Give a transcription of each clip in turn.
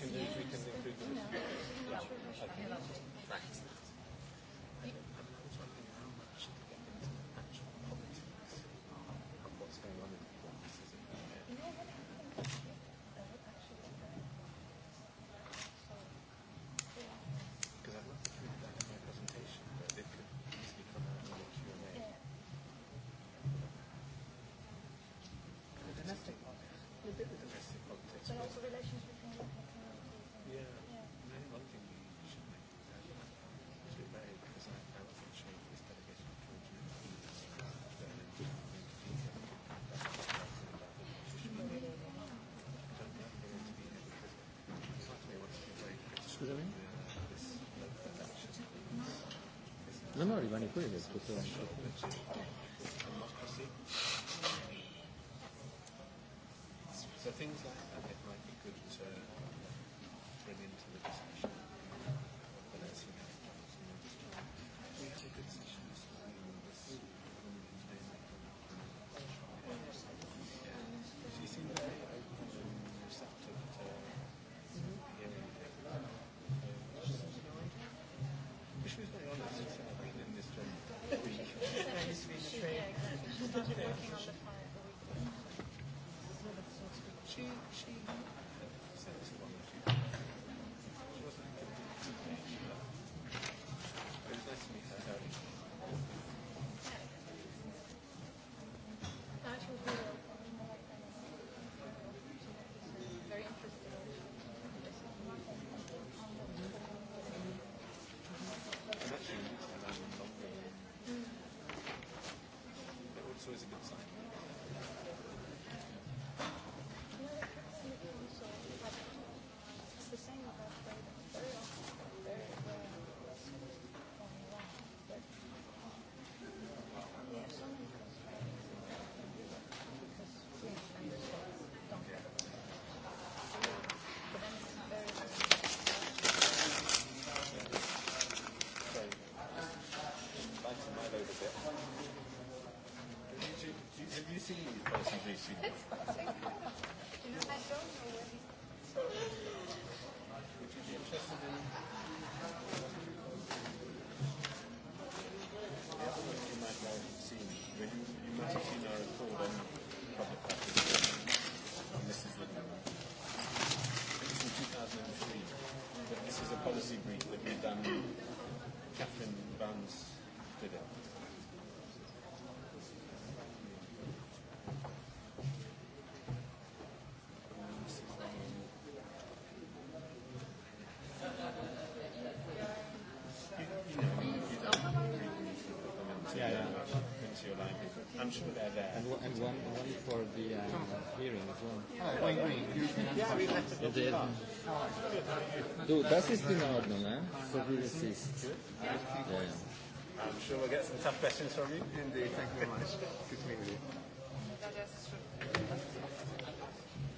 can do we can include the No, no, rimane quello il tuo So things like eh? She, she CBC or CBC? Would you be interested in? The other one you might not have seen, well, you, you might have seen our report on public practice. This is in, it's in 2003, but this is a policy brief that we've done. Catherine Vance did it. I'm sure they're there. And, and one, one for the uh, hearing as well. Du, das ist in Ordnung, eh? so wie es ist. Yeah. I'm sure we'll get some tough questions from you. Indeed, thank you very much. Good to meet you.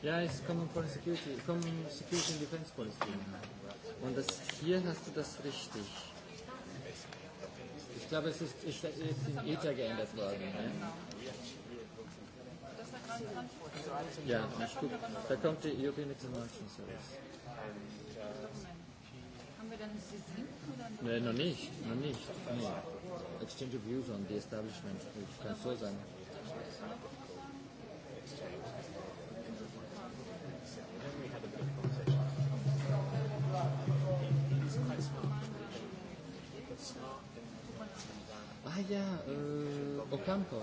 Yeah, it's Common for Security, Common Security and Defense Policy. Und mm-hmm. das, hier hast du das richtig glaube, es ist, ist, ist ist in Ether geändert worden. Ja. Ja, gut. Da kommt die European Information Service. Haben wir dann das oder? Nee, noch nicht, noch nicht. Nee. Exchange of views on the establishment, ich kann so sein. Ah, ya, eh, Ocampo.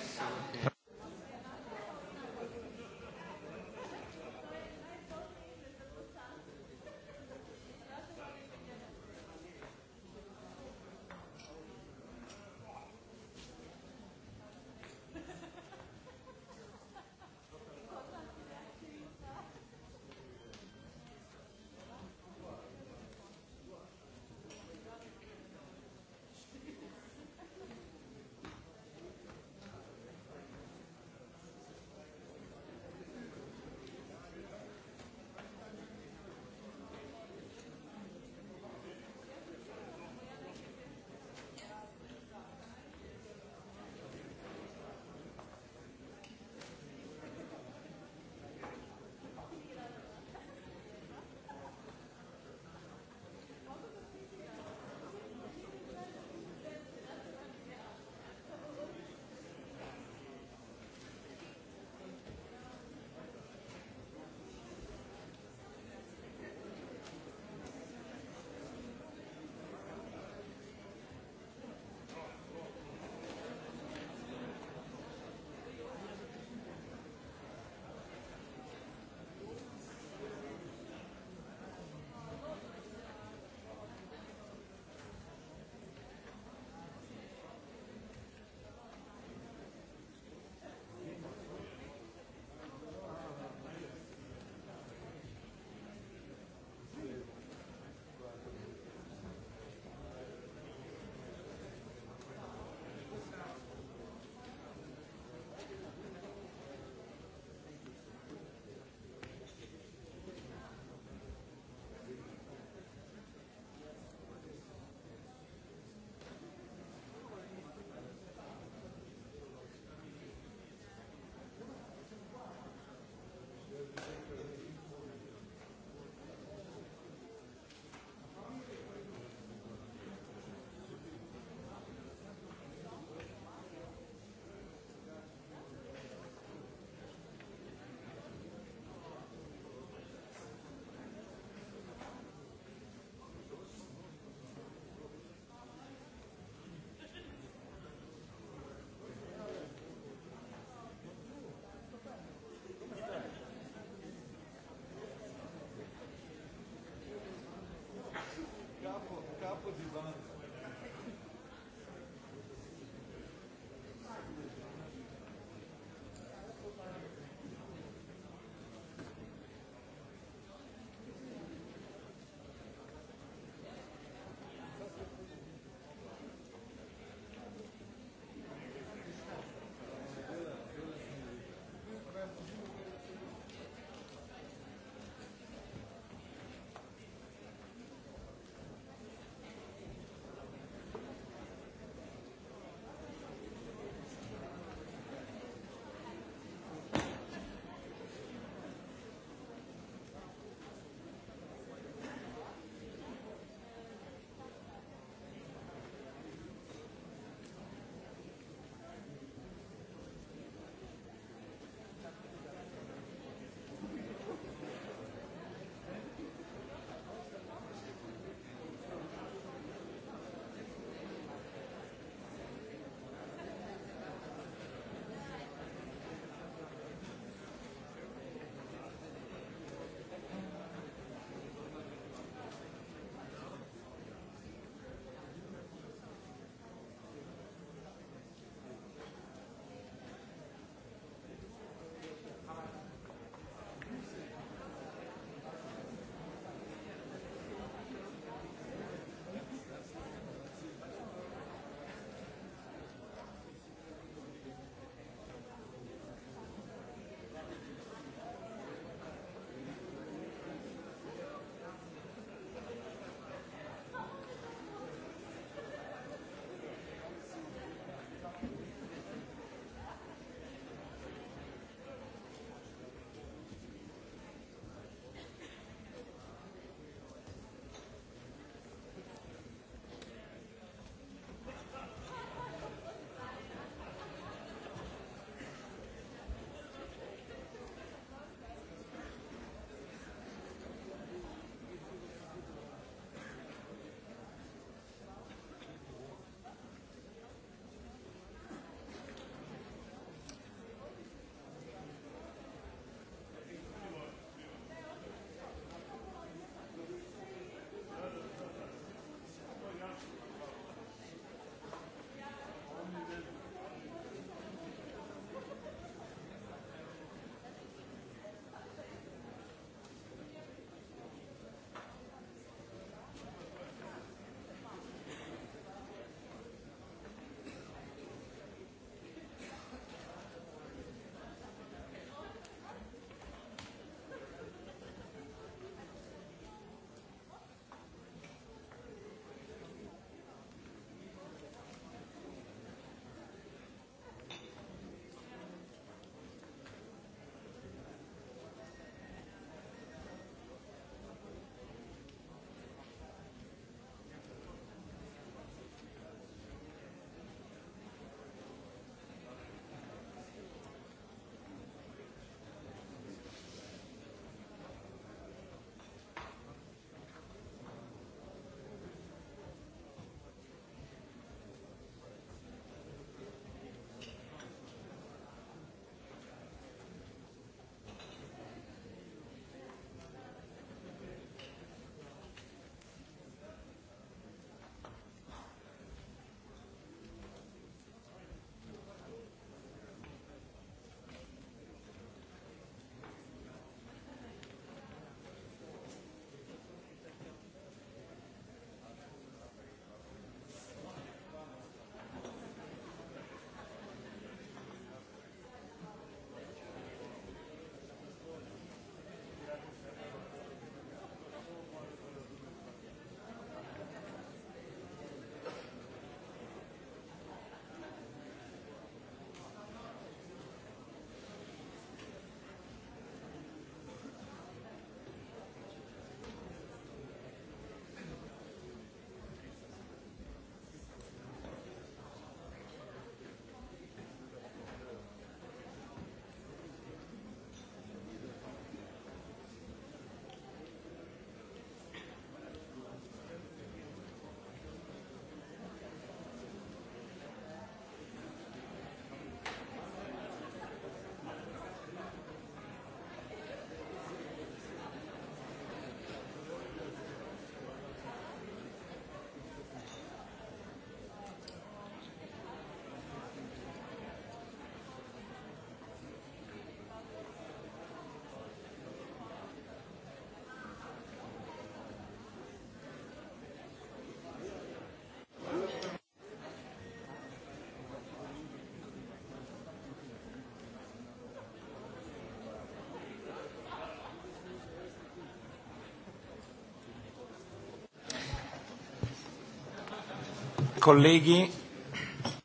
Kolegy.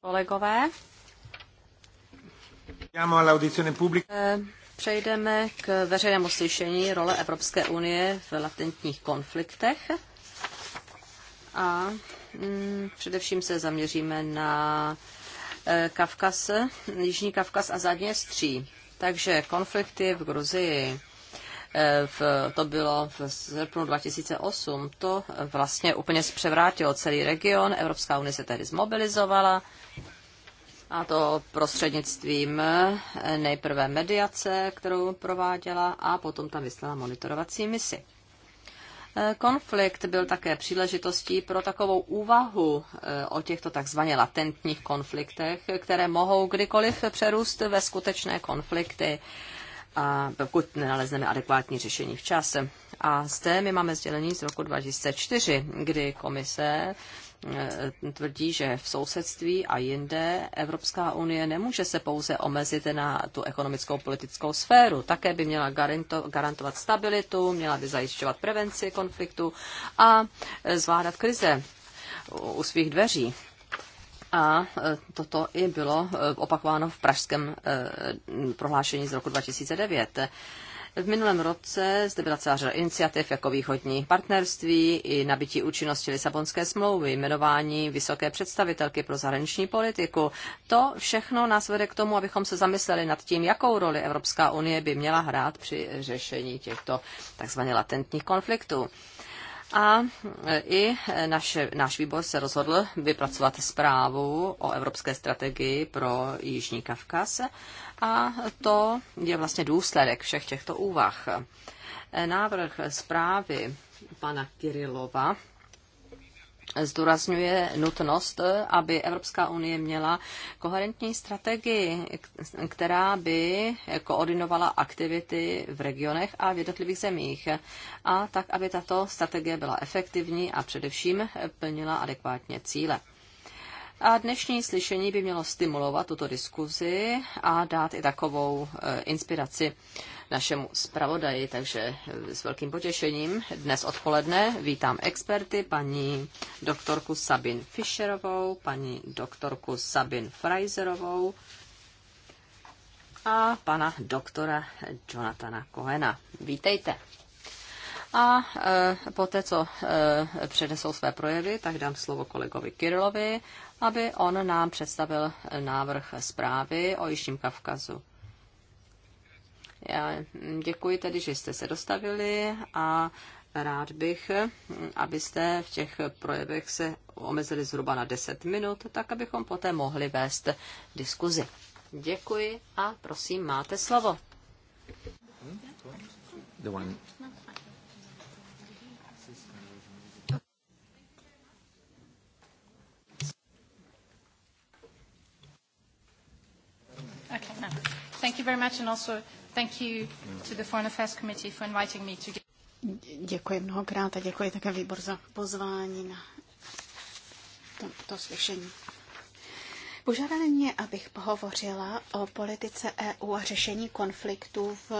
Kolegové. Eh, přejdeme k veřejnému slyšení role Evropské unie v latentních konfliktech. A mm, především se zaměříme na eh, Kavkaz, Jižní Kavkaz a Zadněstří. Takže konflikty v Gruzii Eh, v, to bylo v srpnu 2008, to vlastně úplně zpřevrátilo celý region. Evropská unie se tehdy zmobilizovala a to prostřednictvím eh, nejprve mediace, kterou prováděla a potom tam vyslala monitorovací misi. Eh, konflikt byl také příležitostí pro takovou úvahu o těchto takzvaně latentních konfliktech, které mohou kdykoliv přerůst ve skutečné konflikty a pokud nenalezneme adekvátní řešení včas. A zde my máme sdělení z roku 2004, kdy komise eh, tvrdí, že v sousedství a jinde Evropská unie nemůže se pouze omezit na tu ekonomickou politickou sféru. Také by měla garantovat stabilitu, měla by zajišťovat prevenci konfliktu a eh, zvládat krize u svých dveří a e, toto i bylo e, opakováno v pražském e, prohlášení z roku 2009. V minulém roce zde byla celá řada iniciativ jako východní partnerství i nabití účinnosti Lisabonské smlouvy, jmenování vysoké představitelky pro zahraniční politiku. To všechno nás vede k tomu, abychom se zamysleli nad tím, jakou roli Evropská unie by měla hrát při řešení těchto tzv. latentních konfliktů. A i naše, náš výbor se rozhodl vypracovat zprávu o evropské strategii pro Jižní Kavkaz a to je vlastně důsledek všech těchto úvah. Návrh zprávy pana Kirilova zdůrazňuje nutnost, aby Evropská unie měla koherentní strategii, která by koordinovala aktivity v regionech a v jednotlivých zemích. A tak, aby tato strategie byla efektivní a především plnila adekvátně cíle. A dnešní slyšení by mělo stimulovat tuto diskuzi a dát i takovou eh, inspiraci našemu zpravodaji, takže eh, s velkým potěšením dnes odpoledne vítám experty, paní doktorku Sabin Fischerovou, paní doktorku Sabin Freiserovou a pana doktora Jonathana Kohena. Vítejte. A e, poté, co e, přednesou své projevy, tak dám slovo kolegovi Kirilovi, aby on nám představil návrh zprávy o Jižním Kavkazu já děkuji tedy, že jste se dostavili a rád bych, abyste v těch projevech se omezili zhruba na 10 minut, tak abychom poté mohli vést diskuzi. Děkuji a prosím, máte slovo. Okay, no. Thank you very much and also Děkuji mnohokrát a děkuji také výbor za pozvání na to, to slyšení. Požádali mě, abych pohovořila o politice EU a řešení konfliktů v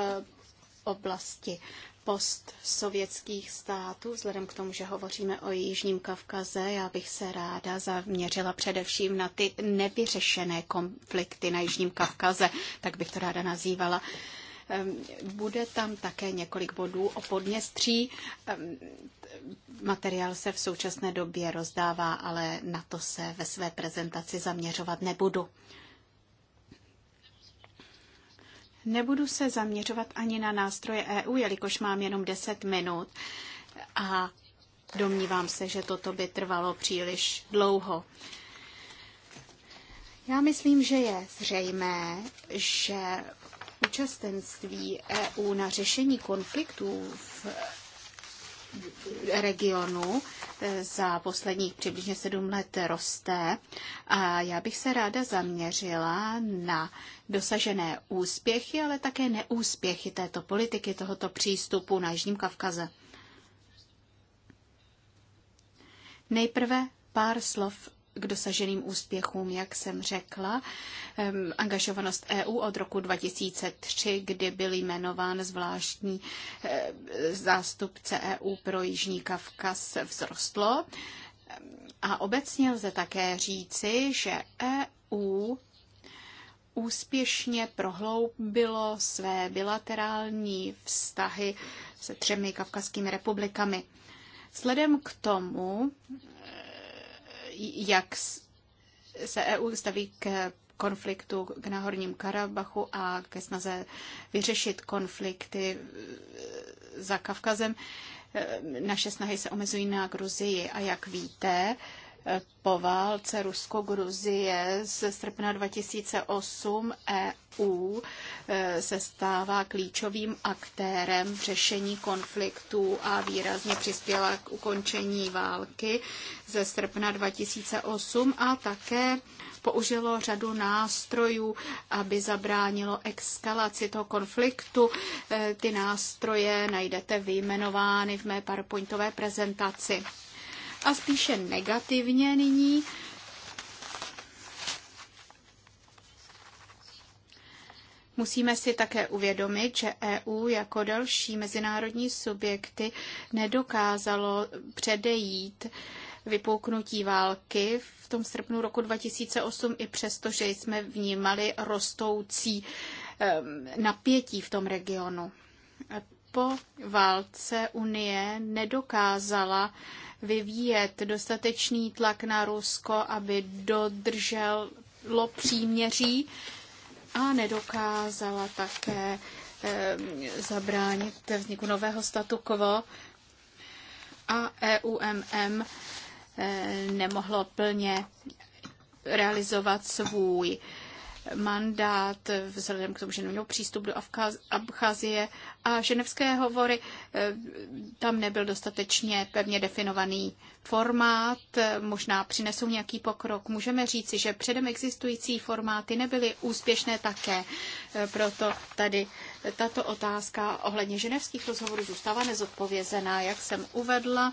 oblasti postsovětských států. Vzhledem k tomu, že hovoříme o Jižním Kavkaze, já bych se ráda zaměřila především na ty nevyřešené konflikty na Jižním Kavkaze, tak bych to ráda nazývala. Uh, bude tam také několik bodů o podněstří. Materiál se v současné době rozdává, ale na to se ve své prezentaci zaměřovat nebudu. Nebudu se zaměřovat ani na nástroje EU, jelikož mám jenom 10 minut a domnívám se, že toto by trvalo příliš dlouho. Já myslím, že je zřejmé, že účastenství EU na řešení konfliktů v regionu eh, za posledních přibližně sedm let roste a já bych se ráda zaměřila na dosažené úspěchy, ale také neúspěchy této politiky, tohoto přístupu na Jižním Kavkaze. Nejprve pár slov k dosaženým úspěchům, jak jsem řekla. Angažovanost EU od roku 2003, kdy byl jmenován zvláštní eh, zástupce EU pro Jižní Kavkaz, vzrostlo. A obecně lze také říci, že EU úspěšně prohloubilo své bilaterální vztahy se třemi kavkazskými republikami. Sledem k tomu jak se EU staví k konfliktu k Náhorním Karabachu a ke snaze vyřešit konflikty e, za Kavkazem. E, naše snahy se omezují na Gruzii a jak víte, po válce Rusko-Gruzie z srpna 2008 EU e, se stává klíčovým aktérem v řešení konfliktů a výrazně přispěla k ukončení války ze srpna 2008 a také použilo řadu nástrojů, aby zabránilo eskalaci toho konfliktu. E, ty nástroje najdete vyjmenovány v mé PowerPointové prezentaci a spíše negativně nyní. Musíme si také uvědomit, že EU jako další mezinárodní subjekty nedokázalo předejít vypouknutí války v tom srpnu roku 2008 i přesto, že jsme vnímali rostoucí napětí v tom regionu po válce Unie nedokázala vyvíjet dostatečný tlak na Rusko, aby dodrželo příměří a nedokázala také zabránit vzniku nového statu quo a EUMM nemohlo plně realizovat svůj mandát vzhledem k tomu, že neměl přístup do Abcházie a ženevské hovory. Eh, tam nebyl dostatečně pevně definovaný formát, možná přinesou nějaký pokrok. Můžeme říci, že předem existující formáty nebyly úspěšné také, eh, proto tady tato otázka ohledně ženevských rozhovorů zůstává nezodpovězená. Jak jsem uvedla,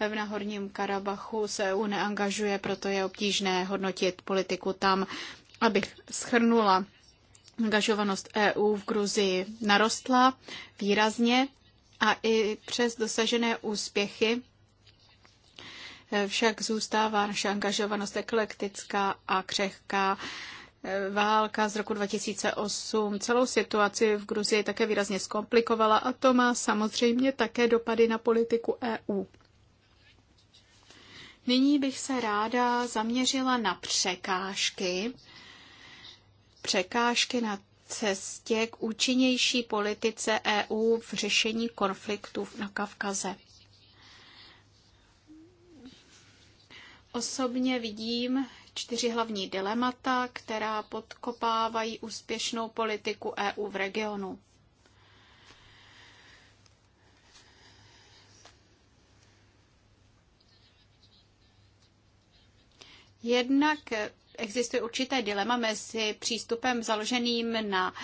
eh, v Nahorním Karabachu se EU neangažuje, proto je obtížné hodnotit politiku tam. Abych schrnula, angažovanost EU v Gruzii narostla výrazně a i přes dosažené úspěchy eh, však zůstává naše angažovanost eklektická a křehká. Eh, válka z roku 2008 celou situaci v Gruzii také výrazně zkomplikovala a to má samozřejmě také dopady na politiku EU. Nyní bych se ráda zaměřila na překážky, překážky na cestě k účinnější politice EU v řešení konfliktů na Kavkaze. Osobně vidím čtyři hlavní dilemata, která podkopávají úspěšnou politiku EU v regionu. Jednak existuje určité dilema mezi přístupem založeným na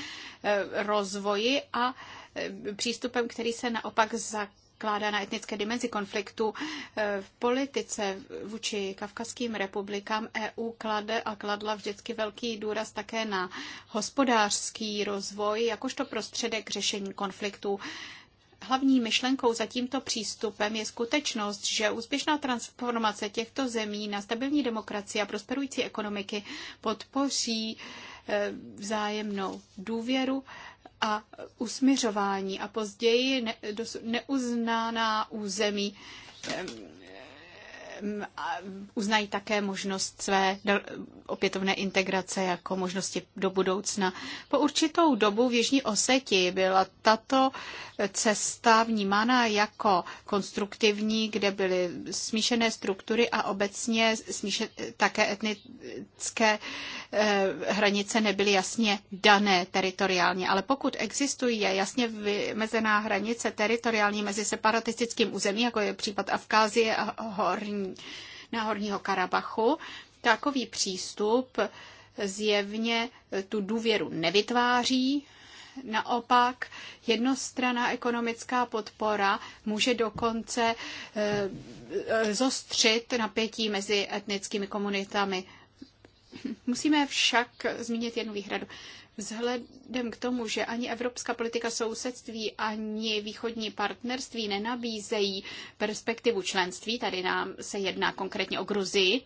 eh, rozvoji a eh, přístupem, který se naopak za zakládá na etnické dimenzi konfliktu. Eh, v politice vůči kavkazským republikám EU klade a kladla vždycky velký důraz také na hospodářský rozvoj jakožto prostředek řešení konfliktu hlavní myšlenkou za tímto přístupem je skutečnost, že úspěšná transformace těchto zemí na stabilní demokracii a prosperující ekonomiky podpoří eh, vzájemnou důvěru a usměřování a později neuznaná území eh, Mm, uznají také možnost své opětovné integrace jako možnosti do budoucna. Po určitou dobu v Jižní Oseti byla tato cesta vnímána jako konstruktivní, kde byly smíšené struktury a obecně smíšen, také etnické eh, hranice nebyly jasně dané teritoriálně. Ale pokud existují jasně vymezená hranice teritoriální mezi separatistickým územím, jako je případ Avkázie a Horní Náhorního Karabachu, takový přístup zjevně tu důvěru nevytváří, Naopak, jednostranná ekonomická podpora může dokonce eh, zostřit napětí mezi etnickými komunitami. Musíme však zmínit jednu výhradu. Vzhledem k tomu, že ani evropská politika sousedství, ani východní partnerství nenabízejí perspektivu členství, tady nám se jedná konkrétně o Gruzii,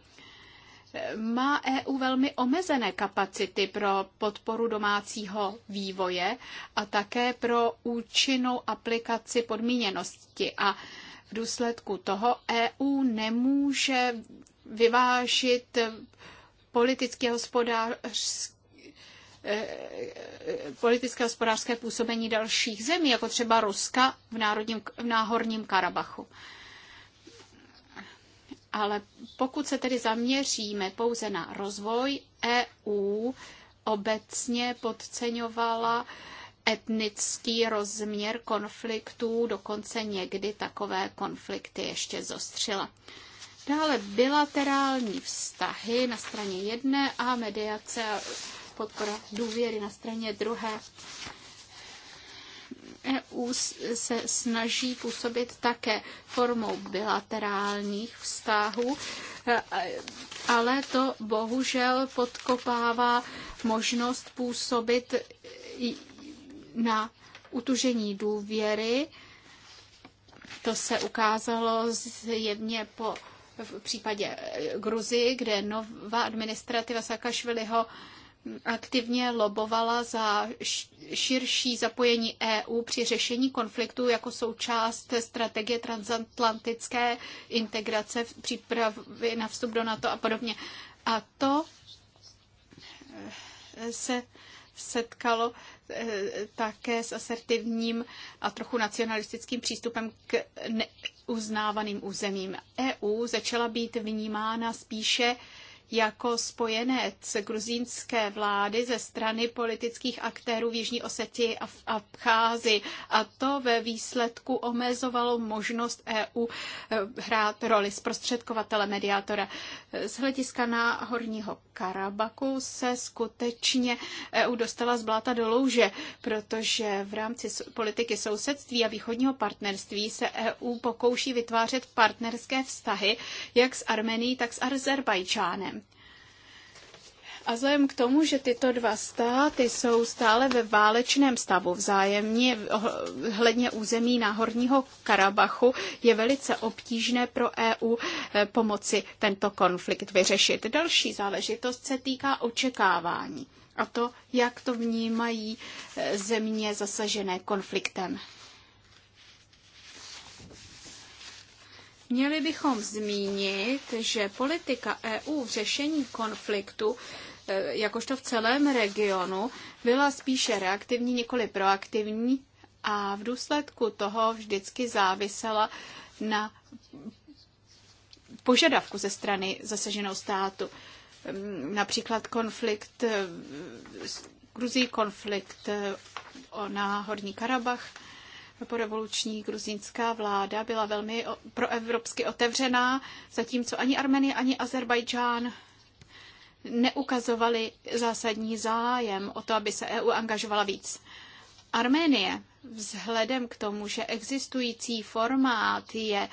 má EU velmi omezené kapacity pro podporu domácího vývoje a také pro účinnou aplikaci podmíněnosti. A v důsledku toho EU nemůže vyvážit politický a hospodářský Eh, eh, politické a hospodářské působení dalších zemí, jako třeba Ruska v, národním, v náhorním Karabachu. Ale pokud se tedy zaměříme pouze na rozvoj, EU obecně podceňovala etnický rozměr konfliktů, dokonce někdy takové konflikty ještě zostřila. Dále bilaterální vztahy na straně jedné a mediace podpora důvěry na straně druhé. EU se snaží působit také formou bilaterálních vztahů, e, ale to bohužel podkopává možnost působit na utužení důvěry. To se ukázalo zjevně po v případě Gruzii, kde nová administrativa Sakašviliho aktivně lobovala za širší zapojení EU při řešení konfliktů jako součást strategie transatlantické integrace, přípravy na vstup do NATO a podobně. A to eh, se setkalo eh, také s asertivním a trochu nacionalistickým přístupem k neuznávaným územím. EU začala být vnímána spíše jako spojenec gruzínské vlády ze strany politických aktérů v Jižní Osetii a v Abcházi. A to ve výsledku omezovalo možnost EU eh, hrát roli zprostředkovatele mediátora. Z hlediska na Horního Karabaku se skutečně EU dostala z bláta do louže, protože v rámci politiky sousedství a východního partnerství se EU pokouší vytvářet partnerské vztahy jak s Armenií, tak s Azerbajčánem. A vzhledem k tomu, že tyto dva státy jsou stále ve válečném stavu vzájemně, oh, hledně území Náhorního Karabachu, je velice obtížné pro EU eh, pomoci tento konflikt vyřešit. Další záležitost se týká očekávání a to, jak to vnímají eh, země zasažené konfliktem. Měli bychom zmínit, že politika EU v řešení konfliktu Eh, jakožto v celém regionu, byla spíše reaktivní, nikoli proaktivní a v důsledku toho vždycky závisela na požadavku ze strany zasaženou státu. Ehm, například konflikt eh, Gruzí, konflikt eh, na Horní Karabach. Porevoluční gruzínská vláda byla velmi proevropsky otevřená, zatímco ani Armenie, ani Azerbajdžán neukazovali zásadní zájem o to, aby se EU angažovala víc. Arménie vzhledem k tomu, že existující formát je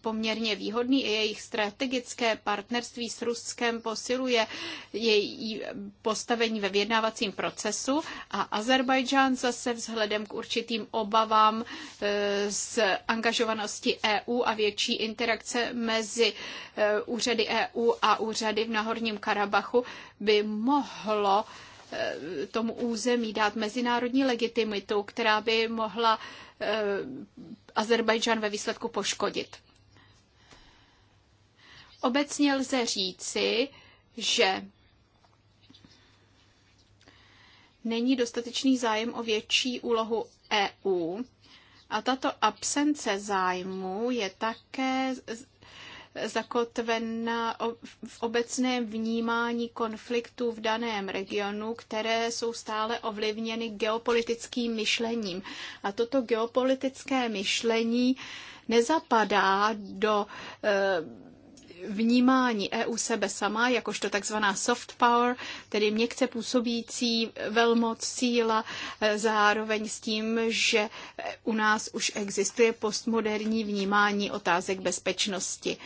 poměrně výhodný. I jejich strategické partnerství s Ruskem posiluje její postavení ve vyjednávacím procesu a Azerbajdžán zase vzhledem k určitým obavám e, z angažovanosti EU a větší interakce mezi e, úřady EU a úřady v Nahorním Karabachu by mohlo Eh, tomu území dát mezinárodní legitimitu, která by mohla eh, Azerbajdžan ve výsledku poškodit. Obecně lze říci, že není dostatečný zájem o větší úlohu EU. A tato absence zájmu je také zakotvena v obecném vnímání konfliktů v daném regionu, které jsou stále ovlivněny geopolitickým myšlením. A toto geopolitické myšlení nezapadá do eh, vnímání EU sebe sama, jakožto takzvaná soft power, tedy měkce působící velmoc síla, eh, zároveň s tím, že u nás už existuje postmoderní vnímání otázek bezpečnosti.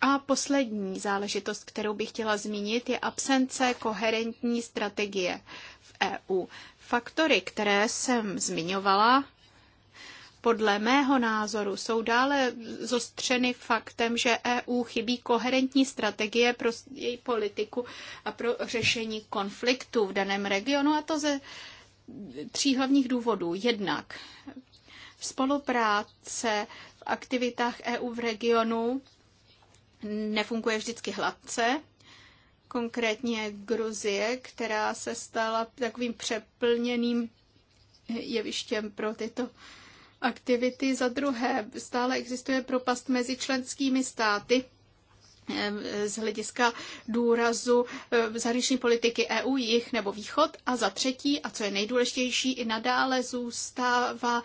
A poslední záležitost, kterou bych chtěla zmínit, je absence koherentní strategie v EU. Faktory, které jsem zmiňovala, podle mého názoru jsou dále zostřeny faktem, že EU chybí koherentní strategie pro její politiku a pro řešení konfliktu v daném regionu, a to ze tří hlavních důvodů. Jednak spolupráce v aktivitách EU v regionu nefunguje vždycky hladce, konkrétně Gruzie, která se stala takovým přeplněným jevištěm pro tyto aktivity. Za druhé, stále existuje propast mezi členskými státy z hlediska důrazu zahraniční politiky EU, jich nebo východ. A za třetí, a co je nejdůležitější, i nadále zůstává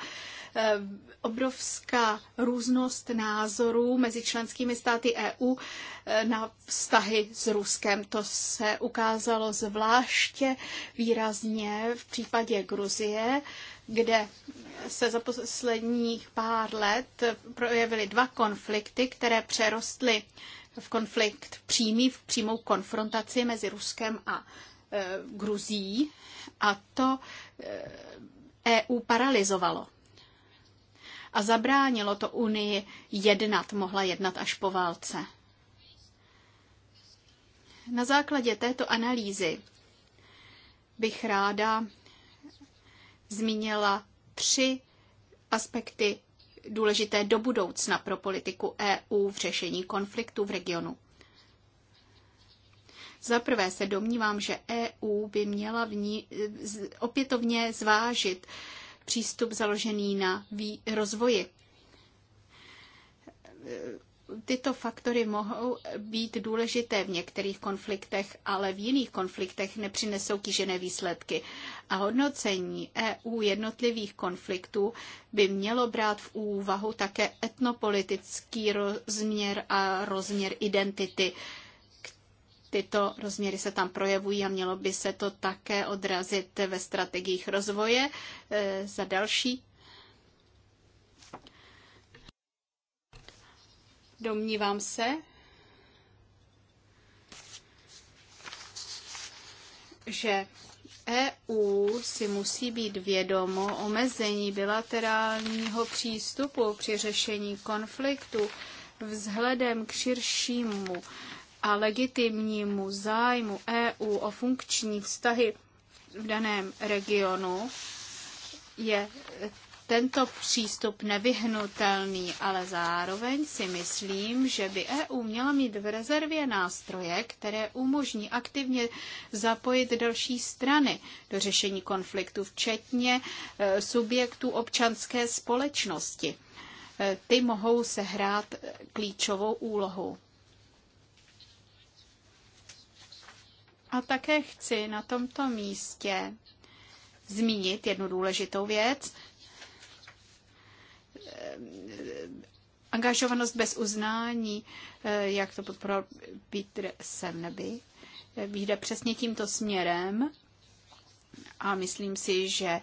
obrovská různost názorů mezi členskými státy EU na vztahy s Ruskem. To se ukázalo zvláště výrazně v případě Gruzie kde se za posledních pár let projevily dva konflikty, které přerostly v konflikt přímý, v přímou konfrontaci mezi Ruskem a e, Gruzí a to e, EU paralizovalo. A zabránilo to Unii jednat, mohla jednat až po válce. Na základě této analýzy bych ráda zmínila tři aspekty důležité do budoucna pro politiku EU v řešení konfliktu v regionu. Za prvé se domnívám, že EU by měla v ní opětovně zvážit přístup založený na rozvoji tyto faktory mohou být důležité v některých konfliktech, ale v jiných konfliktech nepřinesou kýžené výsledky. A hodnocení EU jednotlivých konfliktů by mělo brát v úvahu také etnopolitický rozměr a rozměr identity. Tyto rozměry se tam projevují a mělo by se to také odrazit ve strategiích rozvoje. E, za další Domnívám se, že EU si musí být vědomo omezení bilaterálního přístupu při řešení konfliktu vzhledem k širšímu a legitimnímu zájmu EU o funkční vztahy v daném regionu je tento přístup nevyhnutelný, ale zároveň si myslím, že by EU měla mít v rezervě nástroje, které umožní aktivně zapojit další strany do řešení konfliktu, včetně e, subjektů občanské společnosti. E, ty mohou sehrát klíčovou úlohu. A také chci na tomto místě zmínit jednu důležitou věc, angažovanost bez uznání, eh, jak to podporoval Peter Semneby, eh, jde přesně tímto směrem a myslím si, že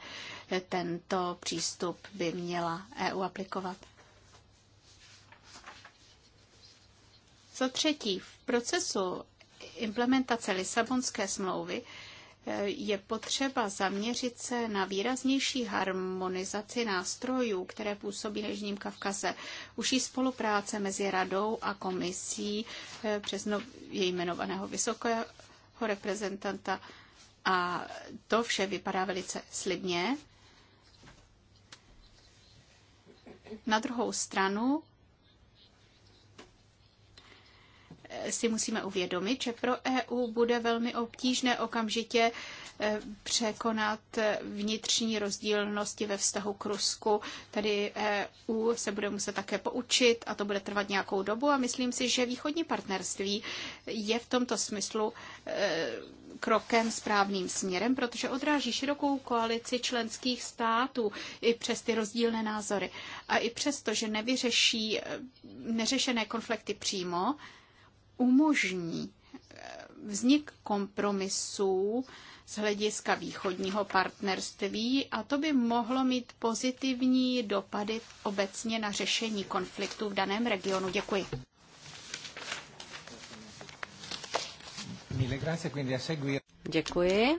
eh, tento přístup by měla EU aplikovat. Co třetí, v procesu implementace Lisabonské smlouvy je potřeba zaměřit se na výraznější harmonizaci nástrojů, které působí na Jižním Kavkaze. Užší spolupráce mezi radou a komisí eh, přes no, její jmenovaného vysokého reprezentanta a to vše vypadá velice slibně. Na druhou stranu si musíme uvědomit, že pro EU bude velmi obtížné okamžitě eh, překonat vnitřní rozdílnosti ve vztahu k Rusku. Tady EU se bude muset také poučit a to bude trvat nějakou dobu a myslím si, že východní partnerství je v tomto smyslu eh, krokem správným směrem, protože odráží širokou koalici členských států i přes ty rozdílné názory. A i přesto, že nevyřeší eh, neřešené konflikty přímo, umožní eh, vznik kompromisů z hlediska východního partnerství a to by mohlo mít pozitivní dopady obecně na řešení konfliktu v daném regionu. Děkuji. Děkuji.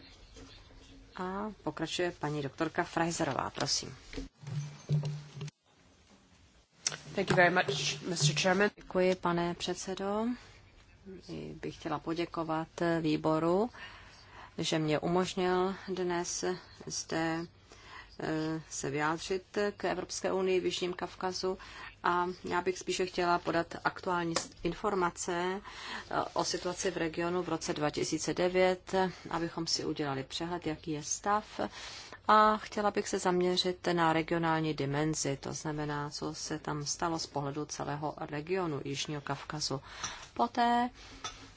A pokračuje paní doktorka Freiserová, prosím. Thank you very much, Mr. Chairman. Děkuji, pane předsedo bych chtěla poděkovat výboru, že mě umožnil dnes zde eh, se vyjádřit k Evropské unii v Jižním Kavkazu a já bych spíše chtěla podat aktuální informace eh, o situaci v regionu v roce 2009, abychom si udělali přehled, jaký je stav a chtěla bych se zaměřit na regionální dimenzi, to znamená, co se tam stalo z pohledu celého regionu Jižního Kavkazu. Poté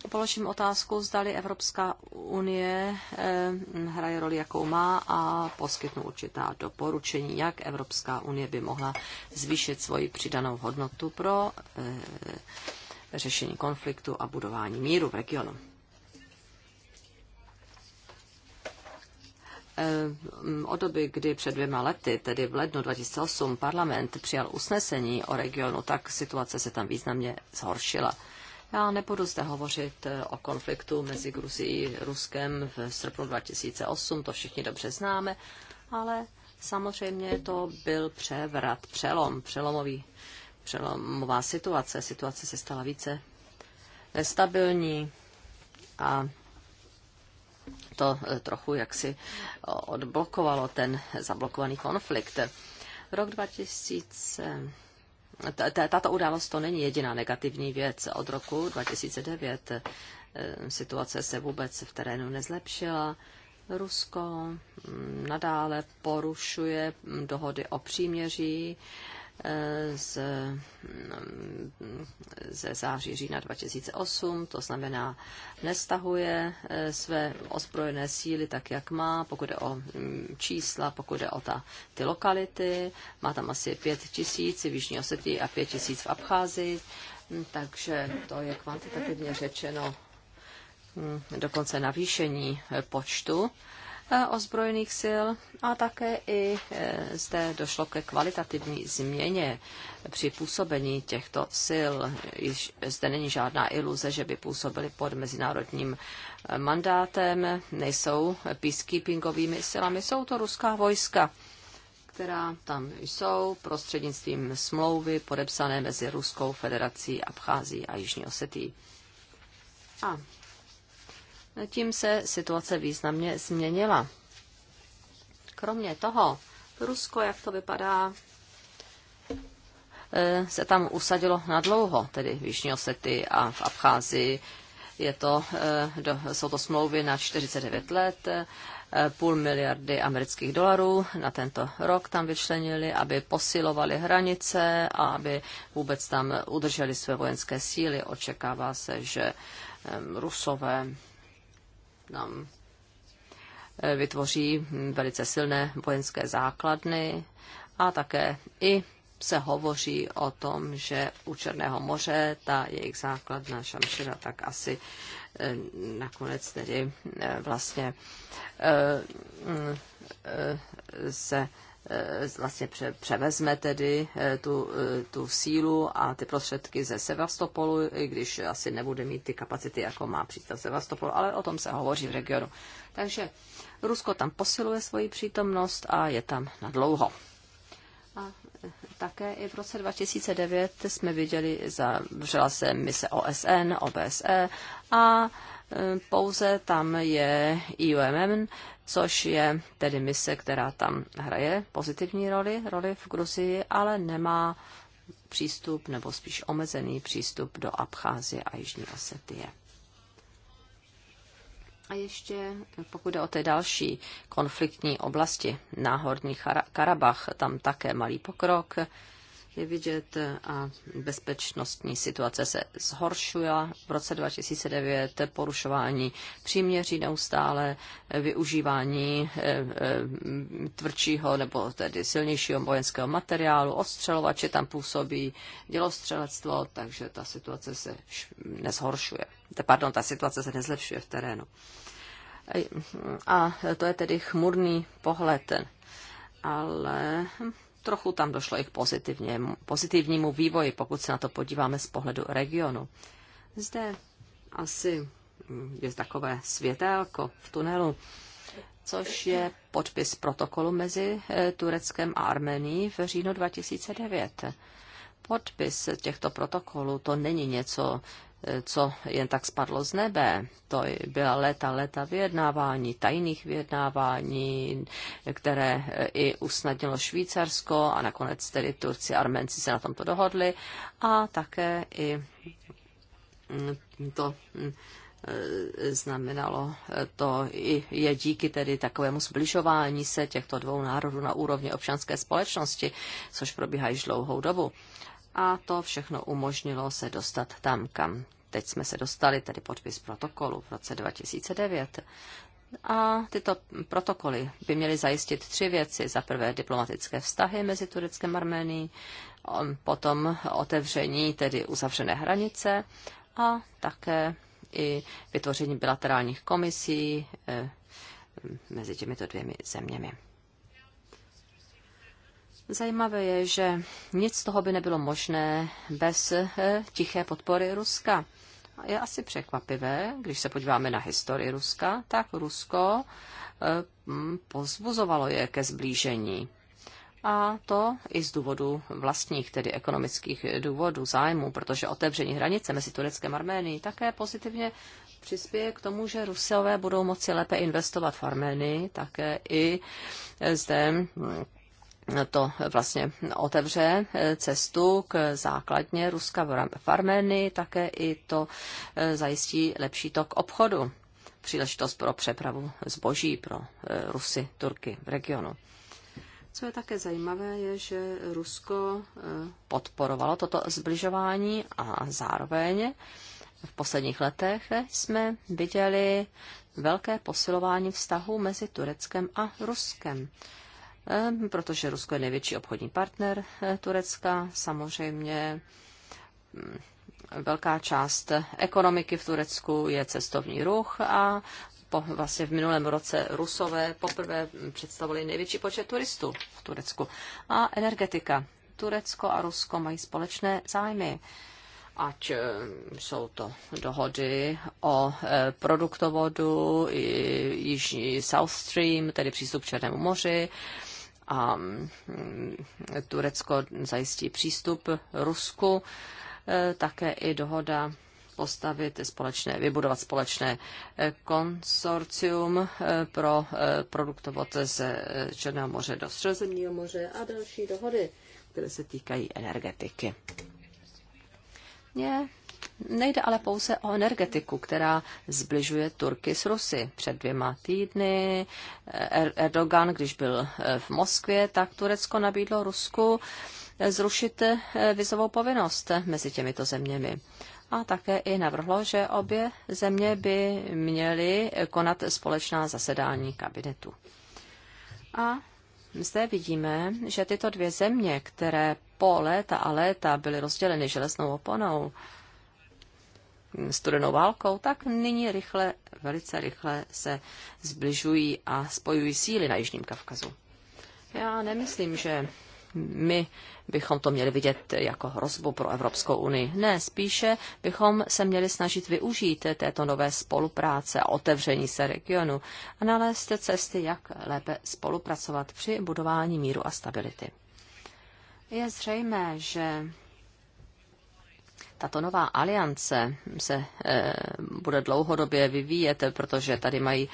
položím otázku, zdali Evropská unie eh, hraje roli, jakou má a poskytnu určitá doporučení, jak Evropská unie by mohla zvýšit svoji přidanou hodnotu pro eh, řešení konfliktu a budování míru v regionu. od doby, kdy před dvěma lety, tedy v lednu 2008, parlament přijal usnesení o regionu, tak situace se tam významně zhoršila. Já nebudu zde hovořit eh, o konfliktu mezi Gruzií a Ruskem v srpnu 2008, to všichni dobře známe, ale samozřejmě to byl převrat, přelom, přelomový, přelomová situace. Situace se stala více nestabilní a to eh, trochu jaksi odblokovalo ten zablokovaný konflikt. Rok 2000 tato událost to není jediná negativní věc. Od roku 2009 eh, situace se vůbec v terénu nezlepšila. Rusko mm, nadále porušuje mm, dohody o příměří z, ze září října 2008, to znamená nestahuje eh, své ozbrojené síly tak, jak má, pokud je o mm, čísla, pokud je o ta, ty lokality, má tam asi pět tisíc v Jižní Osetii a pět tisíc v Abcházii, mm, takže to je kvantitativně řečeno mm, dokonce navýšení eh, počtu Eh, ozbrojených sil a také i eh, zde došlo ke kvalitativní změně při působení těchto sil. Již zde není žádná iluze, že by působili pod mezinárodním eh, mandátem, nejsou peacekeepingovými silami, jsou to ruská vojska která tam jsou prostřednictvím smlouvy podepsané mezi Ruskou federací, Abcházií a Jižní Osetí. A tím se situace významně změnila. Kromě toho, Rusko, jak to vypadá, eh, se tam usadilo nadlouho, tedy v Jižní Osety a v Abcházii. Je to, eh, jsou to smlouvy na 49 let, eh, půl miliardy amerických dolarů na tento rok tam vyčlenili, aby posilovali hranice a aby vůbec tam udrželi své vojenské síly. Očekává se, že Rusové tam eh, vytvoří velice silné vojenské základny a také i se hovoří o tom, že u Černého moře ta jejich základna Šamšira tak asi eh, nakonec tedy eh, vlastně mm, se Eh, vlastně převezme tedy eh, tu, eh, tu sílu a ty prostředky ze Sevastopolu, i když asi nebude mít ty kapacity, jako má přístav Sevastopol, ale o tom se hovoří v regionu. Takže Rusko tam posiluje svoji přítomnost a je tam dlouho. A také i v roce 2009 jsme viděli, zavřela se mise OSN, OBSE a pouze tam je IOMM, což je tedy mise, která tam hraje pozitivní roli, roli v Gruzii, ale nemá přístup nebo spíš omezený přístup do Abcházie a Jižní Osetie. A ještě pokud jde o té další konfliktní oblasti, náhorní Karabach, tam také malý pokrok je vidět eh, a bezpečnostní situace se zhoršuje. V roce 2009 porušování příměří neustále, využívání eh, eh, tvrdšího nebo tedy silnějšího vojenského materiálu, ostřelovače tam působí, dělostřelectvo, takže ta situace se nezhoršuje. Pardon, ta situace se nezlepšuje v terénu. A to je tedy chmurný pohled, ale trochu tam došlo i k pozitivnímu, pozitivnímu vývoji, pokud se na to podíváme z pohledu regionu. Zde asi je takové světélko v tunelu, což je podpis protokolu mezi eh, Tureckem a Armenií v říjnu 2009. Podpis těchto protokolů to není něco, co jen tak spadlo z nebe. To byla léta, léta vyjednávání, tajných vyjednávání, které eh, i usnadnilo Švýcarsko a nakonec tedy Turci a Armenci se na tomto dohodli a také i mm, to mm, eh, znamenalo eh, to i je díky tedy takovému zbližování se těchto dvou národů na úrovni občanské společnosti, což probíhá již dlouhou dobu a to všechno umožnilo se dostat tam, kam teď jsme se dostali, tedy podpis protokolu v roce 2009. A tyto protokoly by měly zajistit tři věci. Za prvé diplomatické vztahy mezi Tureckem a Arménií, potom otevření, tedy uzavřené hranice a také i vytvoření bilaterálních komisí e, mezi těmito dvěmi zeměmi. Zajímavé je, že nic z toho by nebylo možné bez eh, tiché podpory Ruska. Je asi překvapivé, když se podíváme na historii Ruska, tak Rusko eh, pozbuzovalo je ke zblížení. A to i z důvodu vlastních, tedy ekonomických důvodů, zájmu, protože otevření hranice mezi Tureckem a Arménií také pozitivně přispěje k tomu, že Rusové budou moci lépe investovat v Arménii, také i eh, zde to vlastně otevře eh, cestu k základně Ruska v Arménii, také i to eh, zajistí lepší tok obchodu, příležitost pro přepravu zboží pro eh, Rusy, Turky v regionu. Co je také zajímavé, je, že Rusko podporovalo toto zbližování a zároveň v posledních letech jsme viděli velké posilování vztahu mezi Tureckem a Ruskem. Eh, protože Rusko je největší obchodní partner eh, Turecka. Samozřejmě mm, velká část ekonomiky v Turecku je cestovní ruch a po, vlastně v minulém roce Rusové poprvé mm, představili největší počet turistů v Turecku. A energetika. Turecko a Rusko mají společné zájmy ať eh, jsou to dohody o produktovodu Jižní South Stream, tedy přístup k Černému moři, a mm, Turecko zajistí přístup Rusku, e, také i dohoda postavit společné, vybudovat společné e, konsorcium e, pro produktovod z Černého moře do Středozemního moře a další dohody, které se týkají energetiky. Yeah. Nejde ale pouze o energetiku, která zbližuje Turky s Rusy. Před dvěma týdny eh, er- Erdogan, když byl eh, v Moskvě, tak Turecko nabídlo Rusku eh, zrušit vizovou povinnost mezi těmito zeměmi. A také i navrhlo, že obě země by měly konat společná zasedání kabinetu. A zde vidíme, že tyto dvě země, které po léta a léta byly rozděleny železnou oponou, studenou válkou, tak nyní rychle, velice rychle se zbližují a spojují síly na Jižním Kavkazu. Já nemyslím, že my bychom to měli vidět jako hrozbu pro Evropskou unii. Ne, spíše bychom se měli snažit využít této nové spolupráce a otevření se regionu a nalézt cesty, jak lépe spolupracovat při budování míru a stability. Je zřejmé, že tato nová aliance se e, bude dlouhodobě vyvíjet, protože tady mají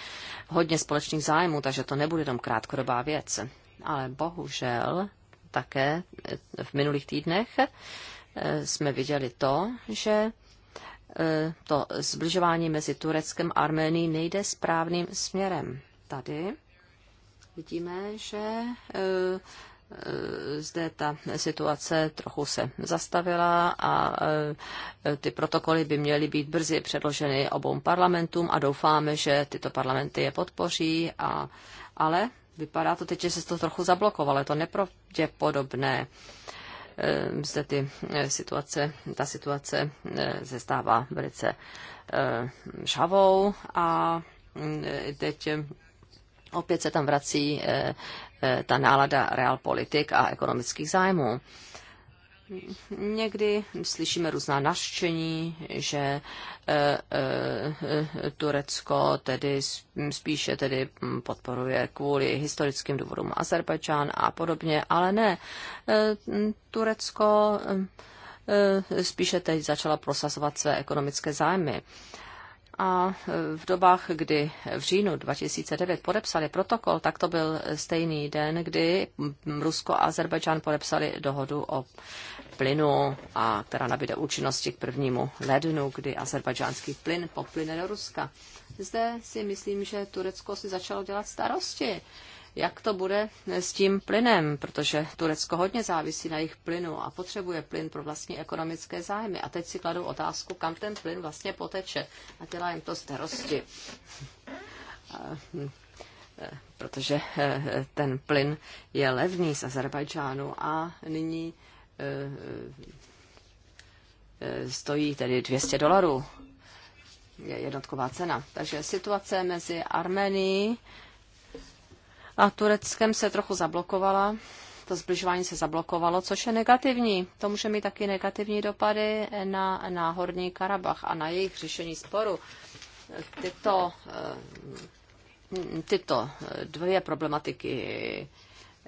hodně společných zájmů, takže to nebude jenom krátkodobá věc. Ale bohužel také eh, v minulých týdnech e, jsme viděli to, že e, to zbližování mezi Tureckem a Arménií nejde správným směrem. Tady vidíme, že e, Eh, zde ta situace trochu se zastavila a eh, ty protokoly by měly být brzy předloženy obou parlamentům a doufáme, že tyto parlamenty je podpoří, a, ale vypadá to teď, že se to trochu zablokovalo, je to nepravděpodobné. Eh, zde ty situace, ta situace se stává velice žavou a teď opět se tam vrací eh, eh, ta nálada realpolitik a ekonomických zájmů. Někdy slyšíme různá naštění, že eh, Turecko tedy spíše tedy podporuje kvůli historickým důvodům Azerbajdžán a podobně, ale ne. Turecko spíše teď začala prosazovat své ekonomické zájmy a e, v dobách, kdy v říjnu 2009 podepsali protokol, tak to byl stejný den, kdy Rusko a Azerbajdžán podepsali dohodu o plynu, a která nabíde účinnosti k prvnímu lednu, kdy azerbajdžánský plyn poplyne do Ruska. Zde si myslím, že Turecko si začalo dělat starosti jak to bude s tím plynem, protože Turecko hodně závisí na jejich plynu a potřebuje plyn pro vlastní ekonomické zájmy. A teď si kladou otázku, kam ten plyn vlastně poteče a dělá jim to starosti. Hm, e, protože e, e, ten plyn je levný z Azerbajdžánu a nyní stojí tedy 200 dolarů je jednotková cena. Takže situace mezi Armenií a Tureckem se trochu zablokovala. To zbližování se zablokovalo, což je negativní. To může mít taky negativní dopady na, na Horní Karabach a na jejich řešení sporu. Tyto, eh, tyto dvě problematiky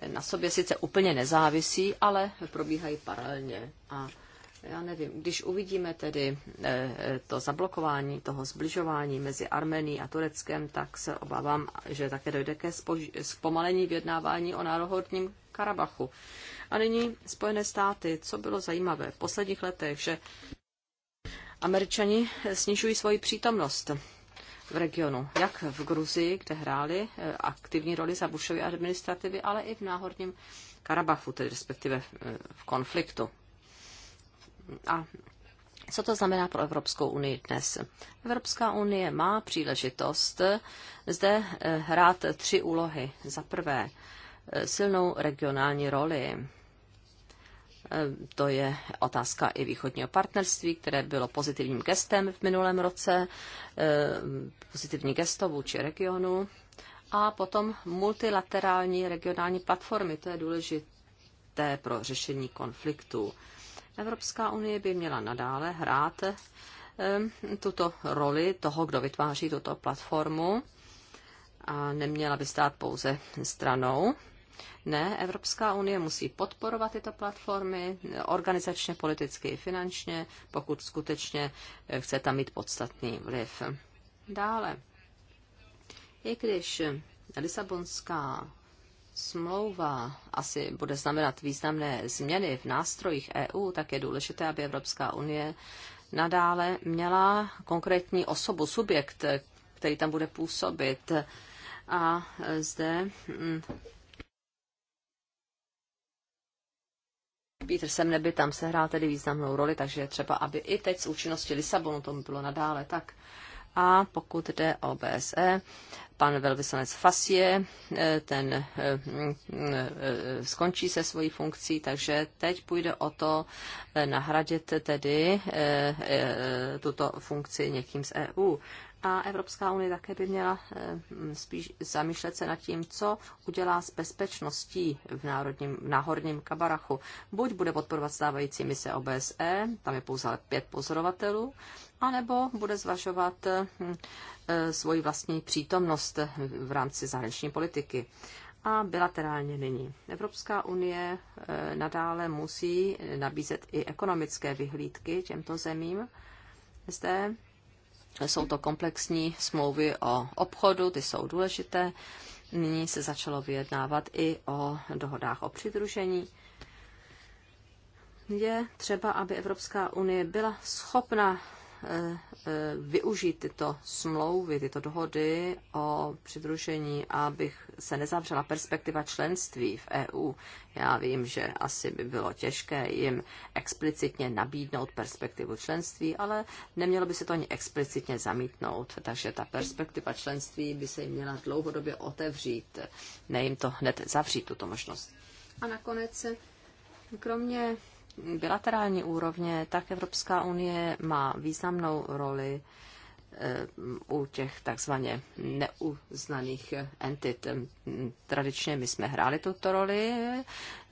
na sobě sice úplně nezávisí, ale probíhají paralelně. A já nevím, když uvidíme tedy eh, eh, to zablokování toho zbližování mezi Armenií a Tureckem, tak se obávám, že také dojde ke zpomalení vyjednávání o národním Karabachu. A nyní Spojené státy, co bylo zajímavé v posledních letech, že Američani snižují svoji přítomnost v regionu, jak v Gruzii, kde hráli eh, aktivní roli za Bushovy administrativy, ale i v náhorním Karabachu, tedy respektive v konfliktu a co to znamená pro Evropskou unii dnes? Evropská unie má příležitost zde eh, hrát tři úlohy. Za prvé, eh, silnou regionální roli. Eh, to je otázka i východního partnerství, které bylo pozitivním gestem v minulém roce, pozitivní gesto vůči regionu. A potom multilaterální regionální platformy, to je důležité pro řešení konfliktů. Evropská unie by měla nadále hrát tuto roli toho, kdo vytváří tuto platformu a neměla by stát pouze stranou. Ne, Evropská unie musí podporovat tyto platformy organizačně, politicky i finančně, pokud skutečně eh, chce tam mít podstatný vliv. Dále, i když Lisabonská smlouva asi bude znamenat významné změny v nástrojích EU, tak je důležité, aby Evropská unie nadále měla konkrétní osobu, subjekt, který tam bude působit. A zde mm, Peter neby tam sehrál tedy významnou roli, takže je třeba, aby i teď z účinnosti Lisabonu tomu bylo nadále tak. A pokud jde o BSE, pan velvyslanec Fasie, eh, ten eh, mm, eh, skončí se svojí funkcí, takže teď půjde o to nahradit tedy tuto funkci někým z EU. A Evropská unie také by měla mm, spíš zamýšlet se nad tím, co udělá s bezpečností v, národním, v náhorním Kabarachu. Buď bude podporovat stávající mise OBSE, tam je pouze pět pozorovatelů, anebo bude zvažovat eh, eh, svoji vlastní přítomnost v rámci zahraniční politiky. A bilaterálně nyní. Evropská unie eh, nadále musí nabízet i ekonomické vyhlídky těmto zemím. Zde jsou to komplexní smlouvy o obchodu, ty jsou důležité. Nyní se začalo vyjednávat i o dohodách o přidružení. Je třeba, aby Evropská unie byla schopna Eh, eh, využít tyto smlouvy, tyto dohody o přidružení, abych se nezavřela perspektiva členství v EU. Já vím, že asi by bylo těžké jim explicitně nabídnout perspektivu členství, ale nemělo by se to ani explicitně zamítnout. Takže ta perspektiva členství by se jim měla dlouhodobě otevřít, ne jim to hned zavřít, tuto možnost. A nakonec, kromě bilaterální úrovně, tak Evropská unie má významnou roli eh, u těch takzvaně neuznaných entit. Tradičně my jsme hráli tuto roli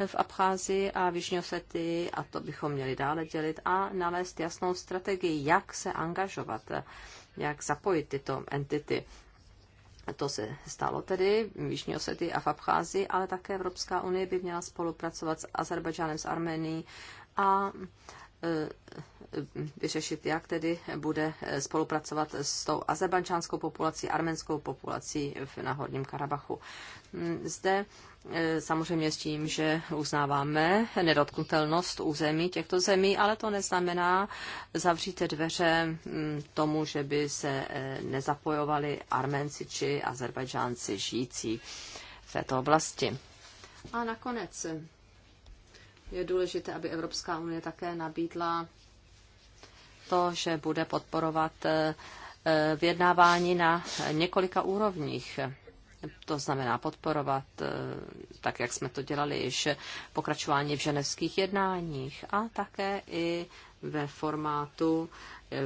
v Abcházii a v Jižní Osety a to bychom měli dále dělit a nalézt jasnou strategii, jak se angažovat, jak zapojit tyto entity to se stalo tedy v Jižní Osety a v Abcházi, ale také Evropská unie by měla spolupracovat s Azerbajdžánem, s Armenií a Eh, vyřešit, jak tedy bude spolupracovat s tou azerbajdžánskou populací, arménskou populací v Nahorním Karabachu. Mm, zde eh, samozřejmě s tím, že uznáváme nedotknutelnost území těchto zemí, ale to neznamená zavřít dveře mm, tomu, že by se eh, nezapojovali arménci či azerbajdžánci žijící v této oblasti. A nakonec je důležité, aby Evropská unie také nabídla to, že bude podporovat eh, eh, vyjednávání na několika úrovních. To znamená podporovat, eh, tak jak jsme to dělali, již pokračování v ženevských jednáních a také i ve formátu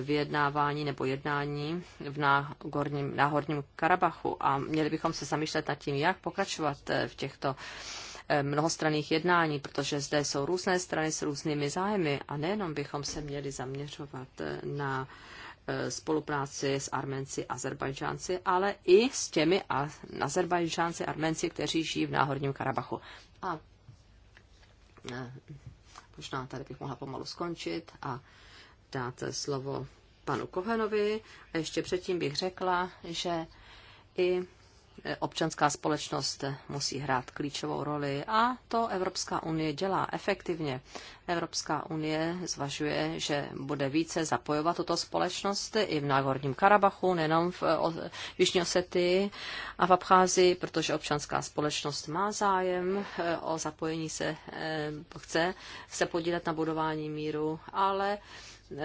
vyjednávání nebo jednání v náhorním, náhorním Karabachu. A měli bychom se zamýšlet nad tím, jak pokračovat v těchto Eh, mnohostranných jednání, protože zde jsou různé strany s různými zájmy a nejenom bychom se měli zaměřovat eh, na eh, spolupráci s Armenci, Azerbajdžánci, ale i s těmi Azerbajdžánci, Armenci, kteří žijí v Náhorním Karabachu. A možná tady bych mohla pomalu skončit a dát slovo panu Kohenovi. A ještě předtím bych řekla, že i občanská společnost musí hrát klíčovou roli a to Evropská unie dělá efektivně. Evropská unie zvažuje, že bude více zapojovat tuto společnost i v Nagorním Karabachu, nejenom v Jižní Osety a v Abcházi, protože občanská společnost má zájem eh, o zapojení se, eh, chce se podílet na budování míru, ale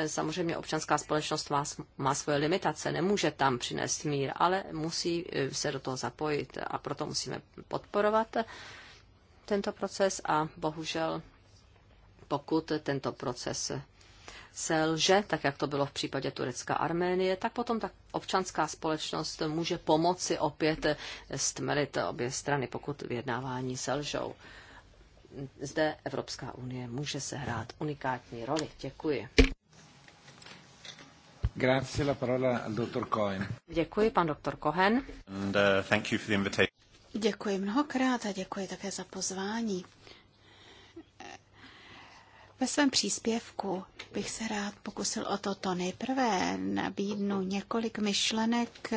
Samozřejmě občanská společnost má, má svoje limitace, nemůže tam přinést mír, ale musí e, se do toho zapojit a proto musíme podporovat tento proces a bohužel pokud tento proces selže, tak jak to bylo v případě Turecka Arménie, tak potom tak občanská společnost může pomoci opět stmelit obě strany, pokud vyjednávání selžou. Zde Evropská unie může sehrát unikátní roli. Děkuji. Děkuji, pan doktor Cohen. And, uh, thank you for the invitation. Děkuji mnohokrát a děkuji také za pozvání. Ve svém příspěvku bych se rád pokusil o toto. Nejprve nabídnu několik myšlenek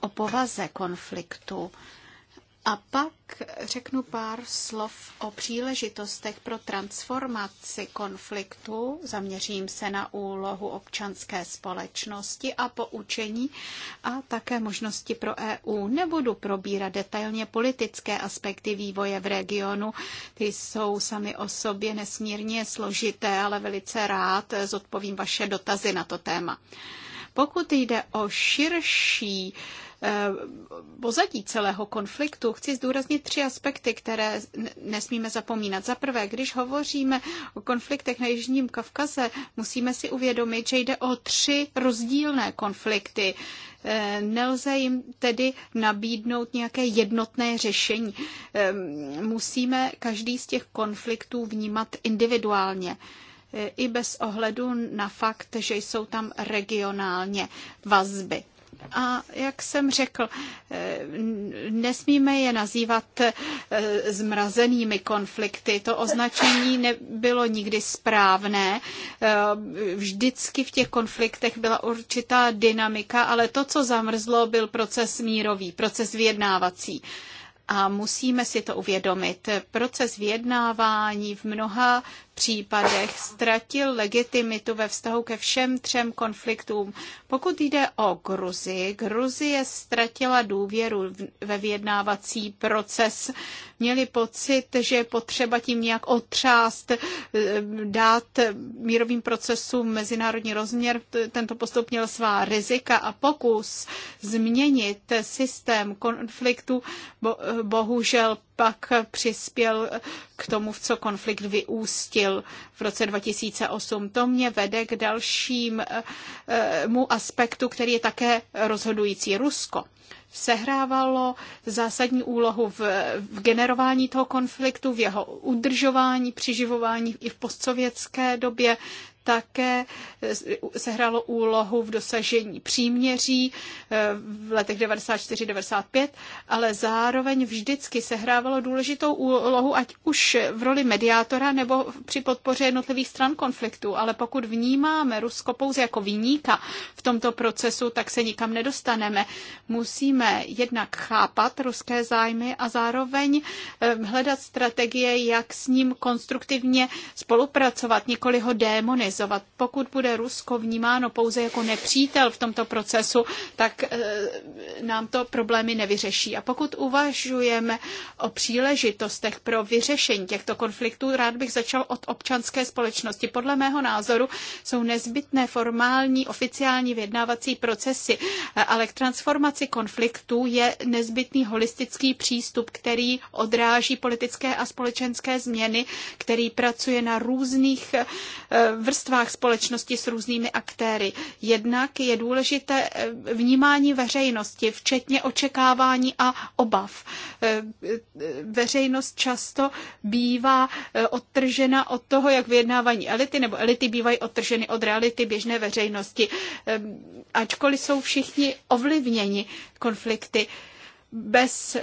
o povaze konfliktu a pak řeknu pár slov o příležitostech pro transformaci konfliktu. Zaměřím se na úlohu občanské společnosti a poučení a také možnosti pro EU. Nebudu probírat detailně politické aspekty vývoje v regionu. Ty jsou sami o sobě nesmírně složité, ale velice rád zodpovím vaše dotazy na to téma. Pokud jde o širší uh, Eh, pozadí celého konfliktu, chci zdůraznit tři aspekty, které nesmíme zapomínat. Za prvé, když hovoříme o konfliktech na Jižním Kavkaze, musíme si uvědomit, že jde o tři rozdílné konflikty. Eh, nelze jim tedy nabídnout nějaké jednotné řešení. Eh, musíme každý z těch konfliktů vnímat individuálně i bez ohledu na fakt, že jsou tam regionálně vazby. A jak jsem řekl, eh, nesmíme je nazývat eh, zmrazenými konflikty. To označení nebylo nikdy správné. Eh, vždycky v těch konfliktech byla určitá dynamika, ale to, co zamrzlo, byl proces mírový, proces vyjednávací a musíme si to uvědomit. Proces vyjednávání v mnoha případech ztratil legitimitu ve vztahu ke všem třem konfliktům. Pokud jde o Gruzi, Gruzie ztratila důvěru ve vyjednávací proces měli pocit, že je potřeba tím nějak otřást, eh, dát mírovým procesům mezinárodní rozměr. Tento postup měl svá rizika a pokus změnit systém konfliktu bohužel pak přispěl k tomu, v co konflikt vyústil v roce 2008. To mě vede k dalšímu eh, eh, aspektu, který je také rozhodující. Rusko sehrávalo zásadní úlohu v, v generování toho konfliktu, v jeho udržování, přiživování i v postsovětské době také sehrálo úlohu v dosažení příměří eh, v letech 94-95, ale zároveň vždycky sehrávalo důležitou úlohu, ať už v roli mediátora nebo při podpoře jednotlivých stran konfliktu. Ale pokud vnímáme Rusko pouze jako výníka v tomto procesu, tak se nikam nedostaneme. Musíme jednak chápat ruské zájmy a zároveň eh, hledat strategie, jak s ním konstruktivně spolupracovat, nikoli ho démonizovat realizovat. Pokud bude Rusko vnímáno pouze jako nepřítel v tomto procesu, tak eh, nám to problémy nevyřeší. A pokud uvažujeme o příležitostech pro vyřešení těchto konfliktů, rád bych začal od občanské společnosti. Podle mého názoru jsou nezbytné formální oficiální vyjednávací procesy, eh, ale k transformaci konfliktů je nezbytný holistický přístup, který odráží politické a společenské změny, který pracuje na různých eh, vrstvách vrstvách společnosti s různými aktéry. Jednak je důležité eh, vnímání veřejnosti, včetně očekávání a obav. Eh, veřejnost často bývá eh, odtržena od toho, jak vyjednávání elity, nebo elity bývají odtrženy od reality běžné veřejnosti. Ehm, ačkoliv jsou všichni ovlivněni konflikty, bez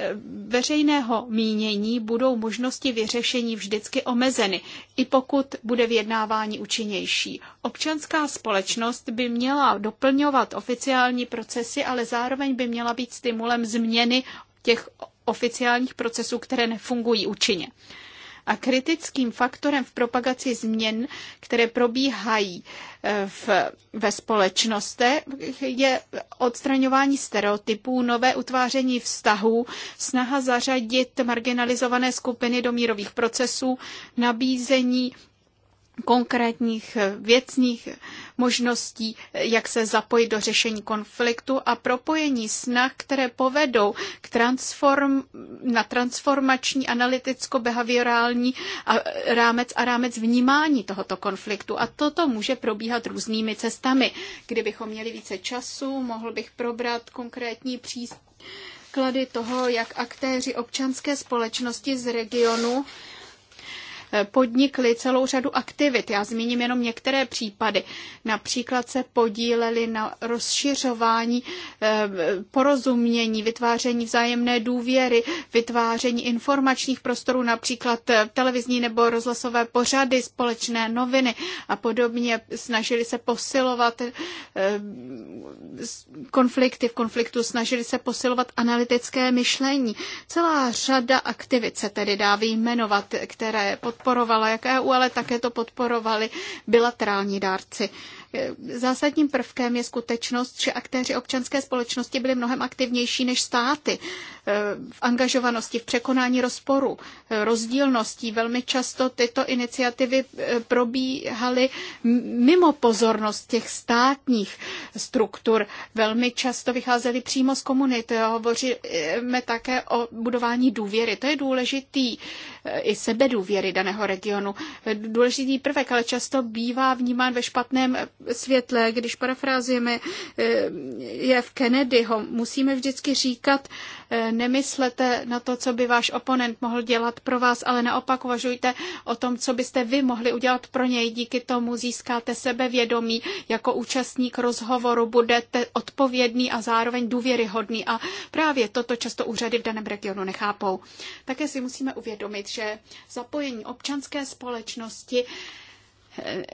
veřejného mínění budou možnosti vyřešení vždycky omezeny, i pokud bude vyjednávání účinnější. Občanská společnost by měla doplňovat oficiální procesy, ale zároveň by měla být stimulem změny těch oficiálních procesů, které nefungují účinně. A kritickým faktorem v propagaci změn, které probíhají eh, v, ve společnostech, je odstraňování stereotypů, nové utváření vztahů, snaha zařadit marginalizované skupiny do mírových procesů, nabízení konkrétních eh, věcných možností, eh, jak se zapojit do řešení konfliktu a propojení snah, které povedou k transform, na transformační, analyticko-behaviorální a eh, rámec a rámec vnímání tohoto konfliktu. A toto může probíhat různými cestami. Kdybychom měli více času, mohl bych probrat konkrétní příklady toho, jak aktéři občanské společnosti z regionu Eh, podnikli celou řadu aktivit. Já zmíním jenom některé případy. Například se podíleli na rozšiřování eh, porozumění, vytváření vzájemné důvěry, vytváření informačních prostorů, například eh, televizní nebo rozhlasové pořady, společné noviny a podobně. Snažili se posilovat konflikty v konfliktu, snažili se posilovat analytické myšlení. Celá řada aktivit se tedy dá vyjmenovat, které pod podporovala jak EU, ale také to podporovali bilaterální dárci. Zásadním prvkem je skutečnost, že aktéři občanské společnosti byli mnohem aktivnější než státy eh, v angažovanosti, v překonání rozporu, eh, rozdílností. Velmi často tyto iniciativy eh, probíhaly mimo pozornost těch státních struktur. Velmi často vycházely přímo z komunity. Hovoříme také o budování důvěry. To je důležitý i sebedůvěry daného regionu. Důležitý prvek, ale často bývá vnímán ve špatném světle, když parafrázujeme eh, je v Kennedyho. Musíme vždycky říkat, eh, nemyslete na to, co by váš oponent mohl dělat pro vás, ale naopak uvažujte o tom, co byste vy mohli udělat pro něj. Díky tomu získáte sebevědomí, jako účastník rozhovoru budete odpovědný a zároveň důvěryhodný. A právě toto často úřady v daném regionu nechápou. Také si musíme uvědomit, že zapojení občanské společnosti eh,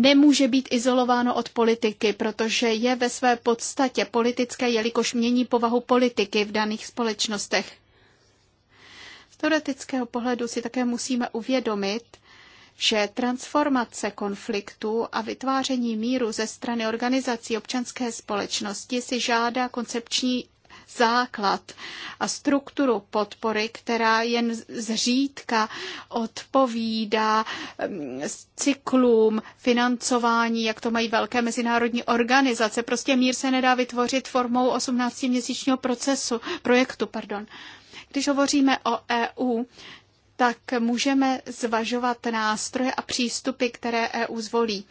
nemůže být izolováno od politiky, protože je ve své podstatě politické, jelikož mění povahu politiky v daných společnostech. Z teoretického pohledu si také musíme uvědomit, že transformace konfliktu a vytváření míru ze strany organizací občanské společnosti si žádá koncepční základ a strukturu podpory, která jen zřídka odpovídá mm, cyklům financování, jak to mají velké mezinárodní organizace. Prostě mír se nedá vytvořit formou 18-měsíčního procesu, projektu. Pardon. Když hovoříme o EU, tak můžeme zvažovat nástroje a přístupy, které EU zvolí.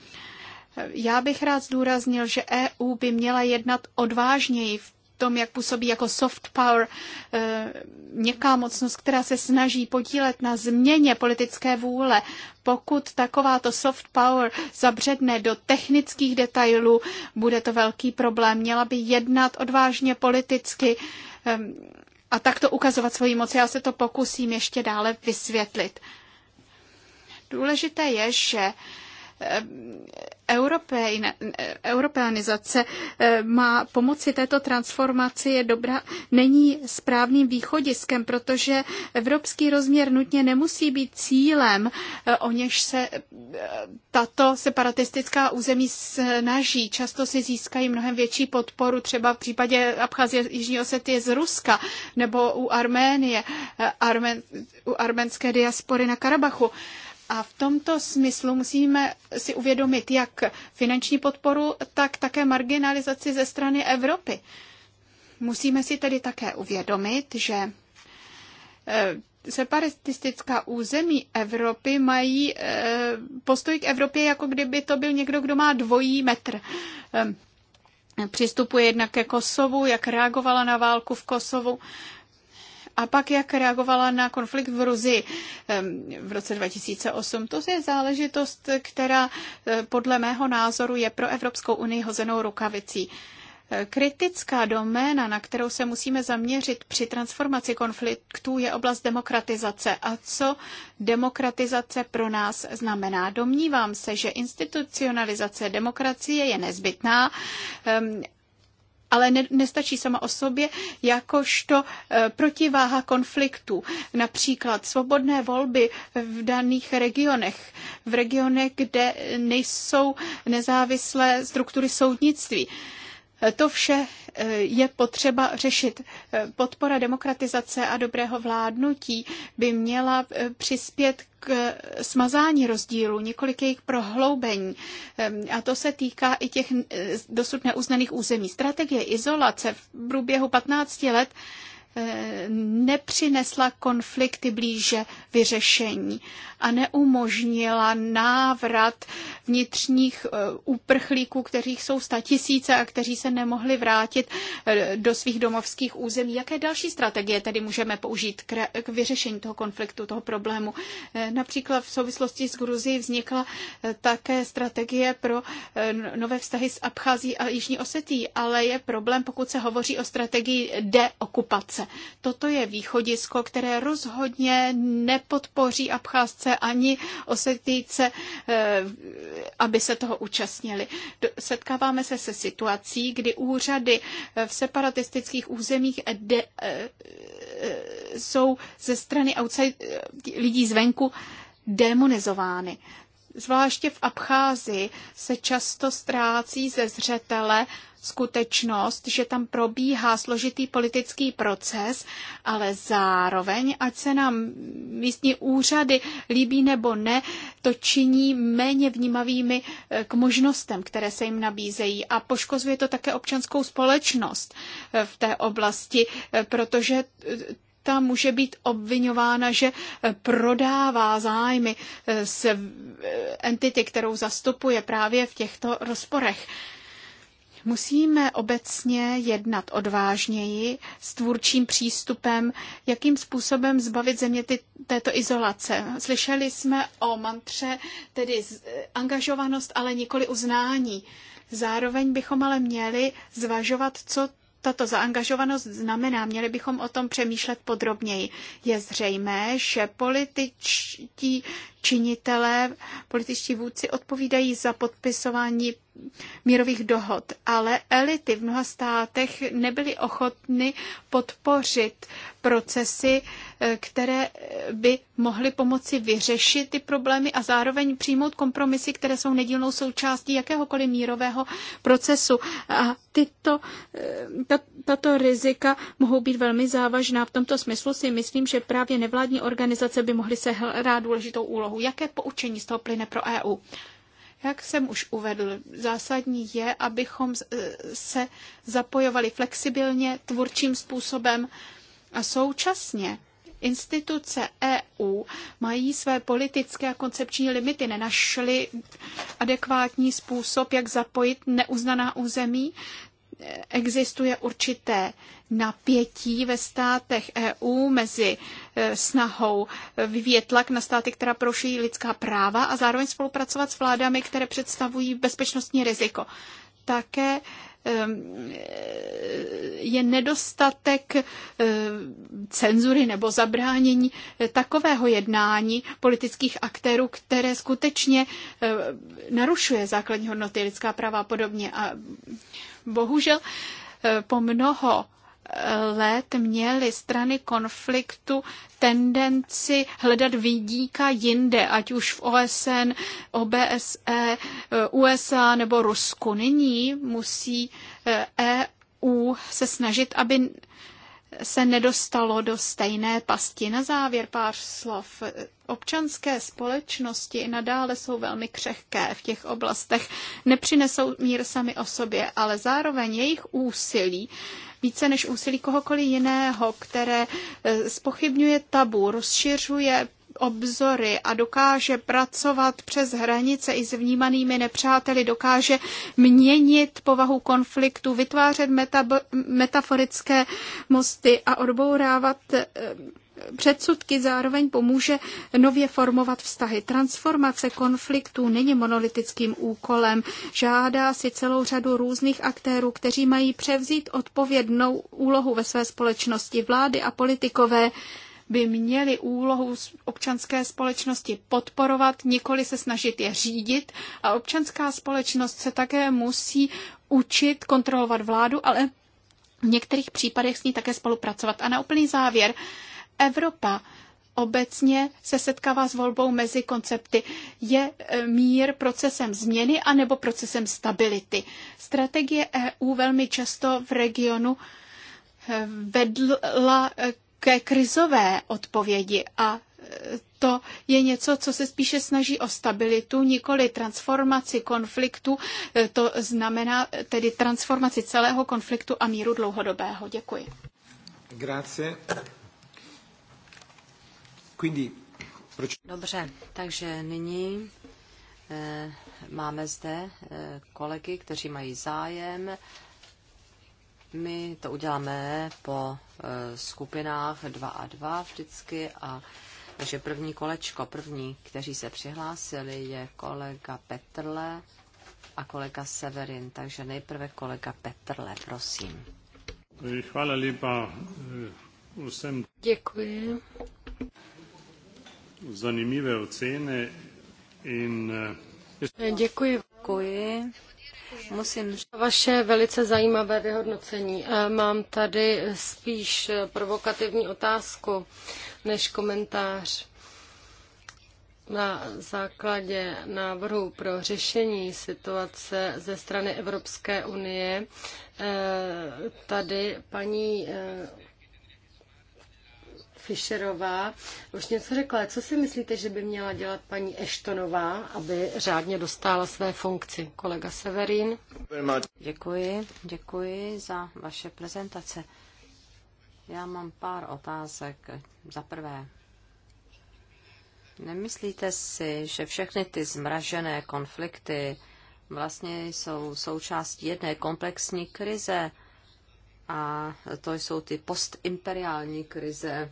Já bych rád zdůraznil, že EU by měla jednat odvážněji v tom, jak působí jako soft power, eh, měkká mocnost, která se snaží podílet na změně politické vůle. Pokud takováto soft power zabředne do technických detailů, bude to velký problém. Měla by jednat odvážně politicky ehm, a takto ukazovat svoji moc. Já se to pokusím ještě dále vysvětlit. Důležité je, že europeanizace má pomoci této transformaci je dobrá, není správným východiskem, protože evropský rozměr nutně nemusí být cílem, e, o něž se e, tato separatistická území snaží. Často si získají mnohem větší podporu, třeba v případě Abcházie Jižní Osety z Ruska nebo u Arménie, e, Armen, u arménské diaspory na Karabachu. A v tomto smyslu musíme si uvědomit jak finanční podporu, tak také marginalizaci ze strany Evropy. Musíme si tedy také uvědomit, že eh, separatistická území Evropy mají eh, postoj k Evropě, jako kdyby to byl někdo, kdo má dvojí metr eh, přistupuje jednak ke Kosovu, jak reagovala na válku v Kosovu a pak jak reagovala na konflikt v Ruzi v roce 2008. To je záležitost, která e, podle mého názoru je pro Evropskou unii hozenou rukavicí. E, kritická doména, na kterou se musíme zaměřit při transformaci konfliktů, je oblast demokratizace. A co demokratizace pro nás znamená? Domnívám se, že institucionalizace demokracie je nezbytná ale ne, nestačí sama o sobě jakožto eh, protiváha konfliktu, Například svobodné volby v daných regionech, v regionech, kde nejsou nezávislé struktury soudnictví. To vše eh, je potřeba řešit. Eh, podpora demokratizace a dobrého vládnutí by měla eh, přispět k smazání rozdílů, několik k jejich prohloubení. A to se týká i těch dosud neuznaných území. Strategie izolace v průběhu 15 let Eh, nepřinesla konflikty blíže vyřešení a neumožnila návrat vnitřních eh, uprchlíků, kterých jsou tisíce a kteří se nemohli vrátit eh, do svých domovských území. Jaké další strategie tedy můžeme použít k vyřešení toho konfliktu, toho problému? Například v souvislosti s Gruzií vznikla také strategie pro nové vztahy s Abchází a Jižní Osetí, ale je problém, pokud se hovoří o strategii deokupace Abcházce. Toto je východisko, které rozhodně nepodpoří Abcházce ani Osetíce, eh, aby se toho účastnili. Setkáváme se se situací, kdy úřady eh, v separatistických územích eh, de, jsou ze strany lidí zvenku demonizovány. Zvláště v Abcházi se často ztrácí ze zřetele skutečnost, že tam probíhá složitý politický proces, ale zároveň, ať se nám místní úřady líbí nebo ne, to činí méně vnímavými eh, k možnostem, které se jim nabízejí. A poškozuje to také občanskou společnost eh, v té oblasti, eh, protože ta může být obvinována, že prodává zájmy z entity, kterou zastupuje právě v těchto rozporech. Musíme obecně jednat odvážněji, s tvůrčím přístupem, jakým způsobem zbavit země ty, této izolace. Slyšeli jsme o mantře, tedy angažovanost, ale nikoli uznání. Zároveň bychom ale měli zvažovat, co tato zaangažovanost znamená, měli bychom o tom přemýšlet podrobněji. Je zřejmé, že političtí činitelé, političtí vůdci odpovídají za podpisování mírových dohod, ale elity v mnoha státech nebyly ochotny podpořit procesy, eh, které by mohly pomoci vyřešit ty problémy a zároveň přijmout kompromisy, které jsou nedílnou součástí jakéhokoliv mírového procesu. A tyto, eh, tato rizika mohou být velmi závažná. V tomto smyslu si myslím, že právě nevládní organizace by mohly sehrát důležitou úlohu. Jaké poučení z toho plyne pro EU? Jak jsem už uvedl, zásadní je, abychom se zapojovali flexibilně, tvůrčím způsobem a současně instituce EU mají své politické a koncepční limity. nenašly adekvátní způsob, jak zapojit neuznaná území existuje určité napětí ve státech EU mezi e, snahou vyvíjet tlak na státy, která prošují lidská práva a zároveň spolupracovat s vládami, které představují bezpečnostní riziko. Také Ehm, je nedostatek eh, cenzury nebo zabránění eh, takového jednání politických aktérů, které skutečně eh, narušuje základní hodnoty lidská práva a podobně. A bohužel po mnoho let měly strany konfliktu tendenci hledat výdíka jinde, ať už v OSN, OBSE, USA nebo Rusku. Nyní musí EU eh, e se snažit, aby se nedostalo do stejné pasti. Na závěr pár slov. Občanské společnosti i nadále jsou velmi křehké v těch oblastech. Nepřinesou mír sami o sobě, ale zároveň jejich úsilí více než úsilí kohokoliv jiného, které spochybňuje eh, tabu, rozšiřuje obzory a dokáže pracovat přes hranice i s vnímanými nepřáteli, dokáže měnit povahu konfliktu, vytvářet metab- metaforické mosty a odbourávat eh, předsudky zároveň pomůže nově formovat vztahy. Transformace konfliktů není monolitickým úkolem. Žádá si celou řadu různých aktérů, kteří mají převzít odpovědnou úlohu ve své společnosti. Vlády a politikové by měly úlohu občanské společnosti podporovat, nikoli se snažit je řídit. A občanská společnost se také musí učit kontrolovat vládu, ale v některých případech s ní také spolupracovat. A na úplný závěr, Evropa obecně se setkává s volbou mezi koncepty. Je e, mír procesem změny anebo procesem stability? Strategie EU velmi často v regionu e, vedla e, ke krizové odpovědi a e, to je něco, co se spíše snaží o stabilitu, nikoli transformaci konfliktu, e, to znamená e, tedy transformaci celého konfliktu a míru dlouhodobého. Děkuji. Grazie. Quindi, proč... Dobře, takže nyní e, máme zde e, kolegy, kteří mají zájem my to uděláme po e, skupinách 2 a 2 vždycky a takže první kolečko, první, kteří se přihlásili, je kolega Petrle a kolega Severin. Takže nejprve kolega Petrle, prosím. E, Děkuji. Zanimivé oceny in... E, Děkuji. Děkuji Musím. Vaše velice zajímavé vyhodnocení. Eh, mám tady spíš eh, provokativní otázku než komentář. Na základě návrhu pro řešení situace ze strany Evropské unie eh, tady paní Fischerová už něco řekla. Co si myslíte, že by měla dělat paní Eštonová, aby řádně dostala své funkci? Kolega Severín. Děkuji, děkuji za vaše prezentace. Já mám pár otázek. Za prvé, nemyslíte si, že všechny ty zmražené konflikty vlastně jsou součástí jedné komplexní krize, a to jsou ty postimperiální krize,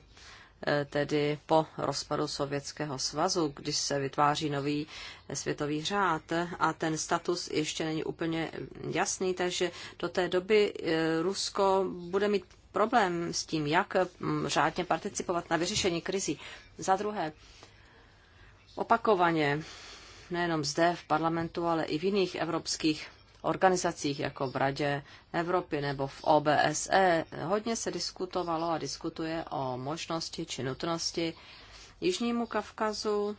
eh, tedy po rozpadu Sovětského svazu, když se vytváří nový světový řád a ten status ještě není úplně jasný, takže do té doby eh, Rusko bude mít problém s tím, jak mm, řádně participovat na vyřešení krizí. Za druhé, opakovaně, nejenom zde v parlamentu, ale i v jiných evropských organizacích jako v Radě Evropy nebo v OBSE. Hodně se diskutovalo a diskutuje o možnosti či nutnosti Jižnímu Kavkazu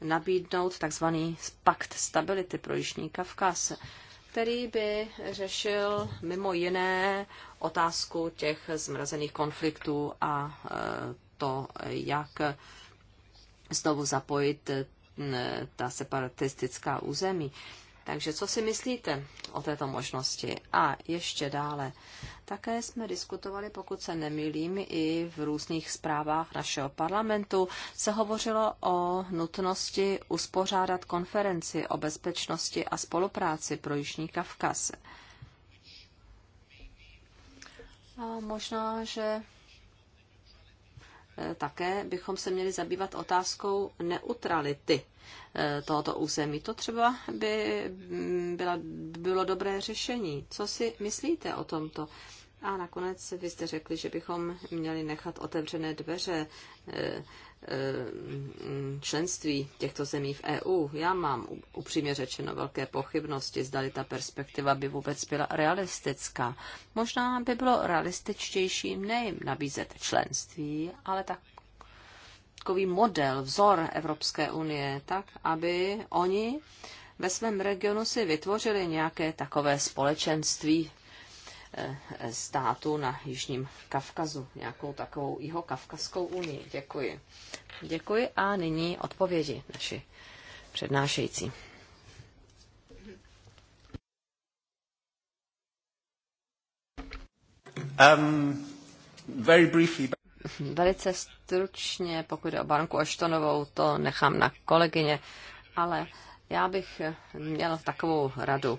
nabídnout takzvaný pakt stability pro Jižní Kavkaz, který by řešil mimo jiné otázku těch zmrazených konfliktů a e, to, jak znovu zapojit e, ta separatistická území. Takže co si myslíte o této možnosti? A ještě dále. Také jsme diskutovali, pokud se nemýlím, i v různých zprávách našeho parlamentu se hovořilo o nutnosti uspořádat konferenci o bezpečnosti a spolupráci pro Jižní Kavkaz. A možná, že Eh, také bychom se měli zabývat otázkou neutrality eh, tohoto území. To třeba by mm, byla, bylo dobré řešení. Co si myslíte o tomto? A nakonec vy jste řekli, že bychom měli nechat otevřené dveře eh, Eh, členství těchto zemí v EU. Já mám upřímně řečeno velké pochybnosti, zdali ta perspektiva by vůbec byla realistická. Možná by bylo realističtější nejen nabízet členství, ale tak takový model, vzor Evropské unie, tak, aby oni ve svém regionu si vytvořili nějaké takové společenství Eh, státu na Jižním Kavkazu, nějakou takovou jeho kavkazskou unii. Děkuji. Děkuji a nyní odpovědi naši přednášející. Um, very briefly. Velice stručně, pokud o banku Aštonovou, to nechám na kolegyně, ale já bych měl takovou radu.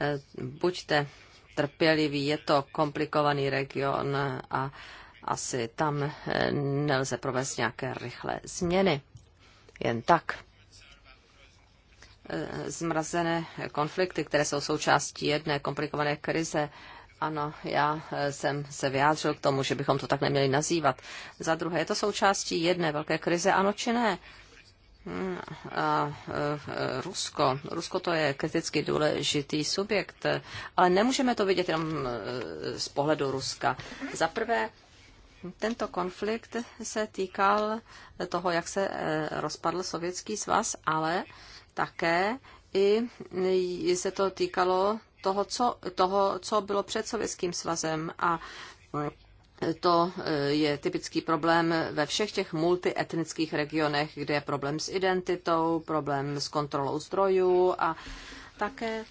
Eh, buďte trpělivý, je to komplikovaný region a asi tam eh, nelze provést nějaké rychlé změny. Jen tak. Eh, zmrazené konflikty, které jsou součástí jedné komplikované krize, ano, já eh, jsem se vyjádřil k tomu, že bychom to tak neměli nazývat. Za druhé, je to součástí jedné velké krize, ano či ne? a Rusko. Rusko to je kriticky důležitý subjekt, ale nemůžeme to vidět jenom e, z pohledu Ruska. Za prvé, tento konflikt se týkal toho, jak se e, rozpadl Sovětský svaz, ale také i se to týkalo toho, co, toho, co bylo před Sovětským svazem a to eh, je typický problém ve všech těch multietnických regionech, kde je problém s identitou, problém s kontrolou zdrojů a také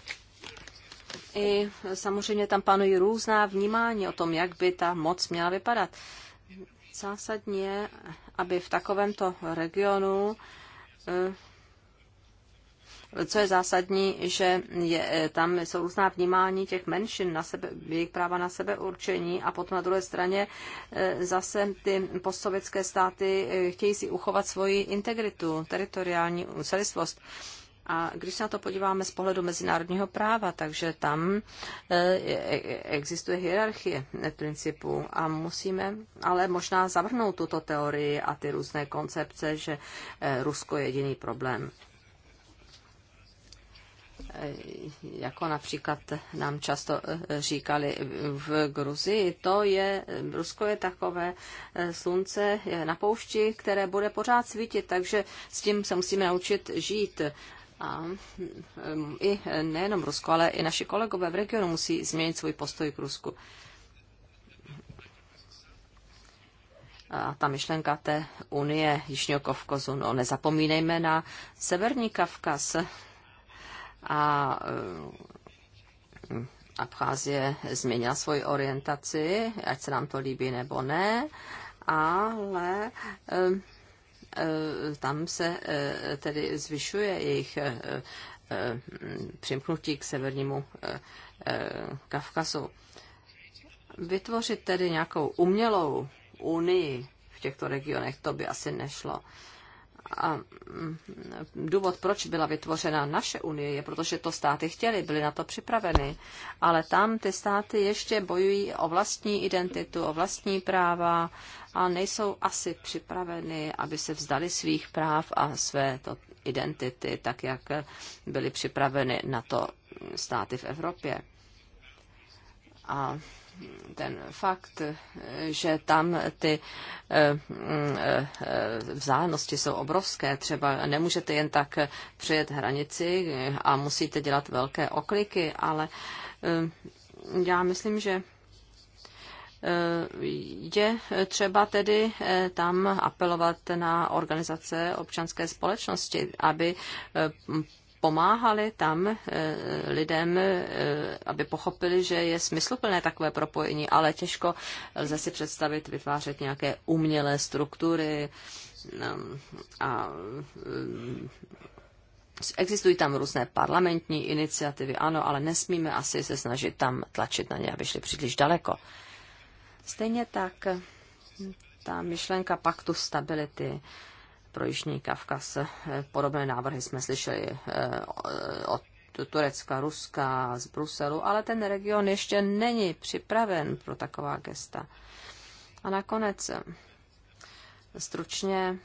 i samozřejmě tam panují různá vnímání o tom, jak by ta moc měla vypadat. Zásadně, aby v takovémto regionu eh, co je zásadní, že je, e, tam jsou různá vnímání těch menšin, na sebe, jejich práva na sebe určení, a potom na druhé straně e, zase ty postsovětské státy e, chtějí si uchovat svoji integritu, teritoriální celistvost. A když se na to podíváme z pohledu mezinárodního práva, takže tam existuje hierarchie principů a musíme ale možná zavrhnout tuto teorii a ty různé koncepce, že Rusko je jediný problém jako například nám často říkali v Gruzii, to je, Rusko je takové eh, slunce na poušti, které bude pořád svítit, takže s tím se musíme naučit žít. A eh, i nejenom Rusko, ale i naši kolegové v regionu musí změnit svůj postoj k Rusku. a ta myšlenka té unie Jižního Kavkazu. No, nezapomínejme na Severní Kavkaz, a eh, Abcházie změnila svoji orientaci, ať se nám to líbí nebo ne, ale eh, eh, tam se tedy zvyšuje jejich přimknutí k severnímu Kavkazu. Vytvořit tedy nějakou umělou unii v těchto regionech, to by asi nešlo. A mm, důvod, proč byla vytvořena naše unie, je, protože to státy chtěly, byly na to připraveny. Ale tam ty státy ještě bojují o vlastní identitu, o vlastní práva a nejsou asi připraveny, aby se vzdali svých práv a své to identity, tak jak byly připraveny na to státy v Evropě. A ten fakt, že tam ty eh, mm, eh, vzájemnosti jsou obrovské, třeba nemůžete jen tak přejet hranici a musíte dělat velké okliky, ale eh, já myslím, že je třeba tedy tam apelovat na organizace občanské společnosti, aby pomáhali tam eh, lidem, eh, aby pochopili, že je smysluplné takové propojení, ale těžko lze si představit vytvářet nějaké umělé struktury no, a eh, Existují tam různé parlamentní iniciativy, ano, ale nesmíme asi se snažit tam tlačit na ně, aby šli příliš daleko. Stejně tak ta myšlenka paktu stability, pro Jižní Kavkaz. Podobné návrhy jsme slyšeli eh, od Turecka, Ruska, z Bruselu, ale ten region ještě není připraven pro taková gesta. A nakonec eh, stručně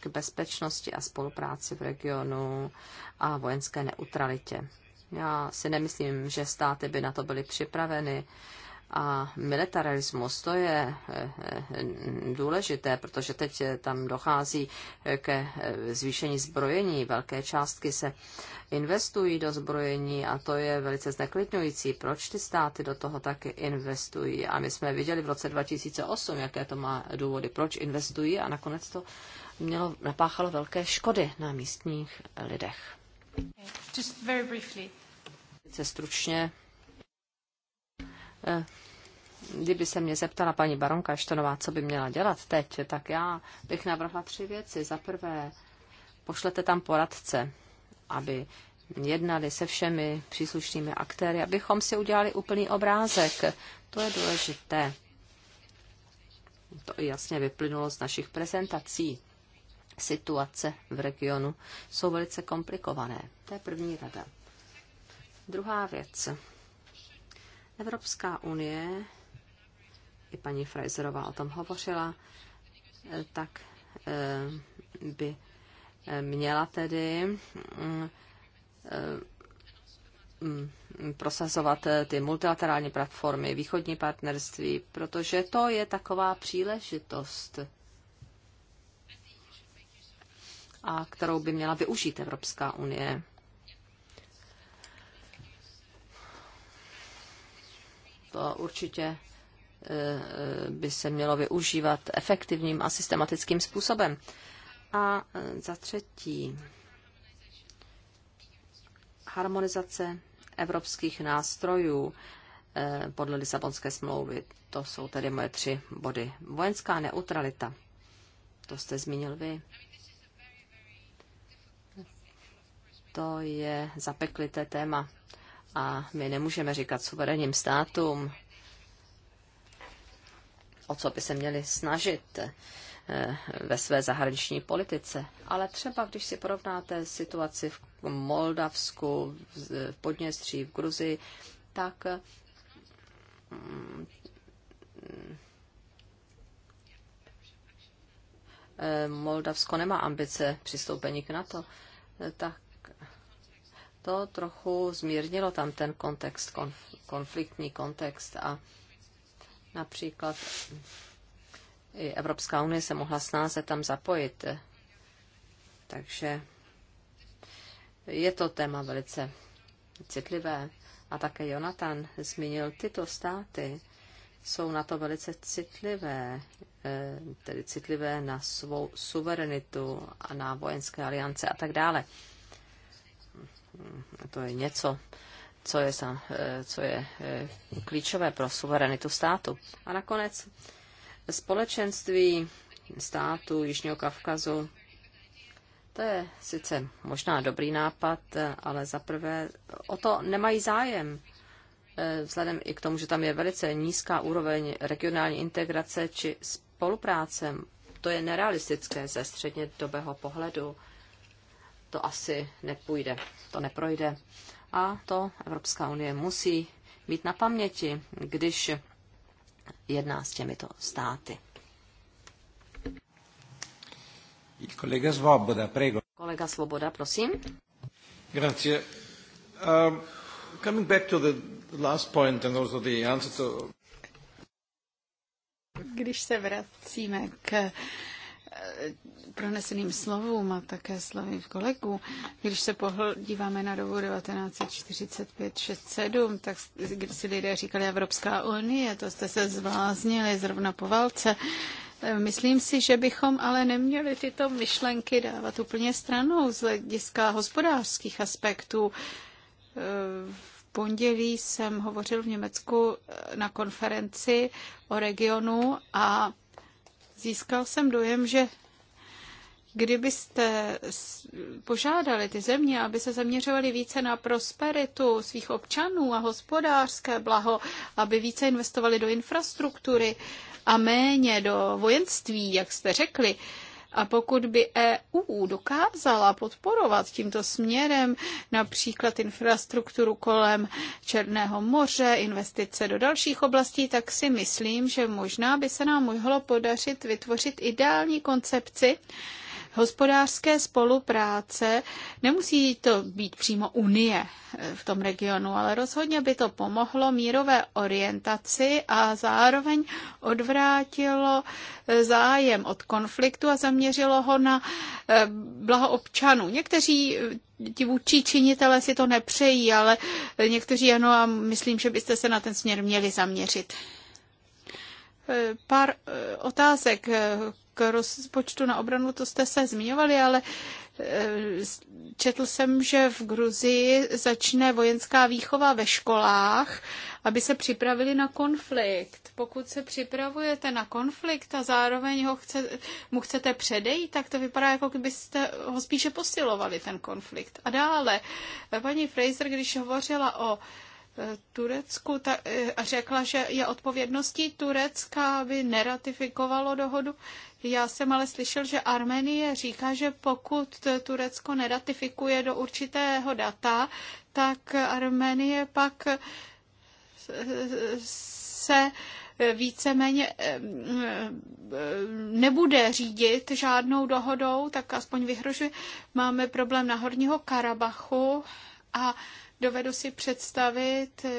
k bezpečnosti a spolupráci v regionu a vojenské neutralitě. Já si nemyslím, že státy by na to byly připraveny a militarismus, to je eh, eh, důležité, protože teď eh, tam dochází ke zvýšení zbrojení. Velké částky se investují do zbrojení a to je velice zneklidňující. Proč ty státy do toho taky investují? A my jsme viděli v roce 2008, jaké to má důvody, proč investují a nakonec to mělo, napáchalo velké škody na místních lidech. Just very briefly. Stručně Eh, kdyby se mě zeptala paní baronka Štonová, co by měla dělat teď, tak já bych navrhla tři věci. Za prvé, pošlete tam poradce, aby jednali se všemi příslušnými aktéry, abychom si udělali úplný obrázek. To je důležité. To jasně vyplynulo z našich prezentací. Situace v regionu jsou velice komplikované. To je první rada. Druhá věc. Evropská unie, i paní Fraserová o tom hovořila, eh, tak eh, by eh, měla tedy mm, mm, prosazovat ty multilaterální platformy, východní partnerství, protože to je taková příležitost, a kterou by měla využít Evropská unie. to určitě e, e, by se mělo využívat efektivním a systematickým způsobem. A e, za třetí, harmonizace evropských nástrojů podle Lisabonské smlouvy. To jsou tedy moje tři body. Vojenská neutralita. To jste zmínil vy. To je zapeklité téma. A my nemůžeme říkat suverénním státům, o co by se měli snažit eh, ve své zahraniční politice. Ale třeba, když si porovnáte situaci v Moldavsku, v Podněstří, v Gruzii, tak mm, eh, Moldavsko nemá ambice přistoupení k NATO, eh, tak to trochu zmírnilo tam ten kontext, konf- konfliktní kontext a například i Evropská unie se mohla snáze tam zapojit. Takže je to téma velice citlivé. A také Jonathan zmínil, tyto státy jsou na to velice citlivé, eh, tedy citlivé na svou suverenitu a na vojenské aliance a tak dále to je něco, co je, sam, eh, co je eh, klíčové pro suverenitu státu. A nakonec společenství státu Jižního Kavkazu. To je sice možná dobrý nápad, ale zaprvé o to nemají zájem. Eh, vzhledem i k tomu, že tam je velice nízká úroveň regionální integrace či spolupráce, to je nerealistické ze střednědobého pohledu to asi nepůjde, to neprojde. A to Evropská unie musí mít na paměti, když jedná s těmito státy. Kolega Svoboda, prego. Kolega Svoboda, prosím. Grazie. Um, coming back to the last point and also the answer to... Když se vracíme k Eh, proneseným slovům a také slovy kolegů. Když se podíváme na dobu 1945-67, tak si lidé říkali Evropská unie, to jste se zvláznili zrovna po válce. Eh, myslím si, že bychom ale neměli tyto myšlenky dávat úplně stranou z hlediska hospodářských aspektů. Eh, v pondělí jsem hovořil v Německu na konferenci o regionu a Získal jsem dojem, že kdybyste požádali ty země, aby se zaměřovaly více na prosperitu svých občanů a hospodářské blaho, aby více investovali do infrastruktury a méně do vojenství, jak jste řekli, a pokud by EU dokázala podporovat tímto směrem například infrastrukturu kolem Černého moře, investice do dalších oblastí, tak si myslím, že možná by se nám mohlo podařit vytvořit ideální koncepci, hospodářské spolupráce. Nemusí to být přímo Unie eh, v tom regionu, ale rozhodně by to pomohlo mírové orientaci a zároveň odvrátilo eh, zájem od konfliktu a zaměřilo ho na eh, blaho občanů. Někteří ti vůči činitelé si to nepřejí, ale někteří ano a myslím, že byste se na ten směr měli zaměřit. Pár otázek k rozpočtu na obranu, to jste se zmiňovali, ale eh, četl jsem, že v Gruzii začne vojenská výchova ve školách, aby se připravili na konflikt. Pokud se připravujete na konflikt a zároveň ho chce, mu chcete předejít, tak to vypadá, jako kdybyste ho spíše posilovali, ten konflikt. A dále, paní Fraser, když hovořila o Turecku ta, eh, řekla, že je odpovědností Turecka, aby neratifikovalo dohodu. Já jsem ale slyšel, že Arménie říká, že pokud Turecko neratifikuje do určitého data, tak Arménie pak eh, se víceméně eh, nebude řídit žádnou dohodou, tak aspoň vyhrožuje. Máme problém na Horního Karabachu a Dovedu si představit, eh,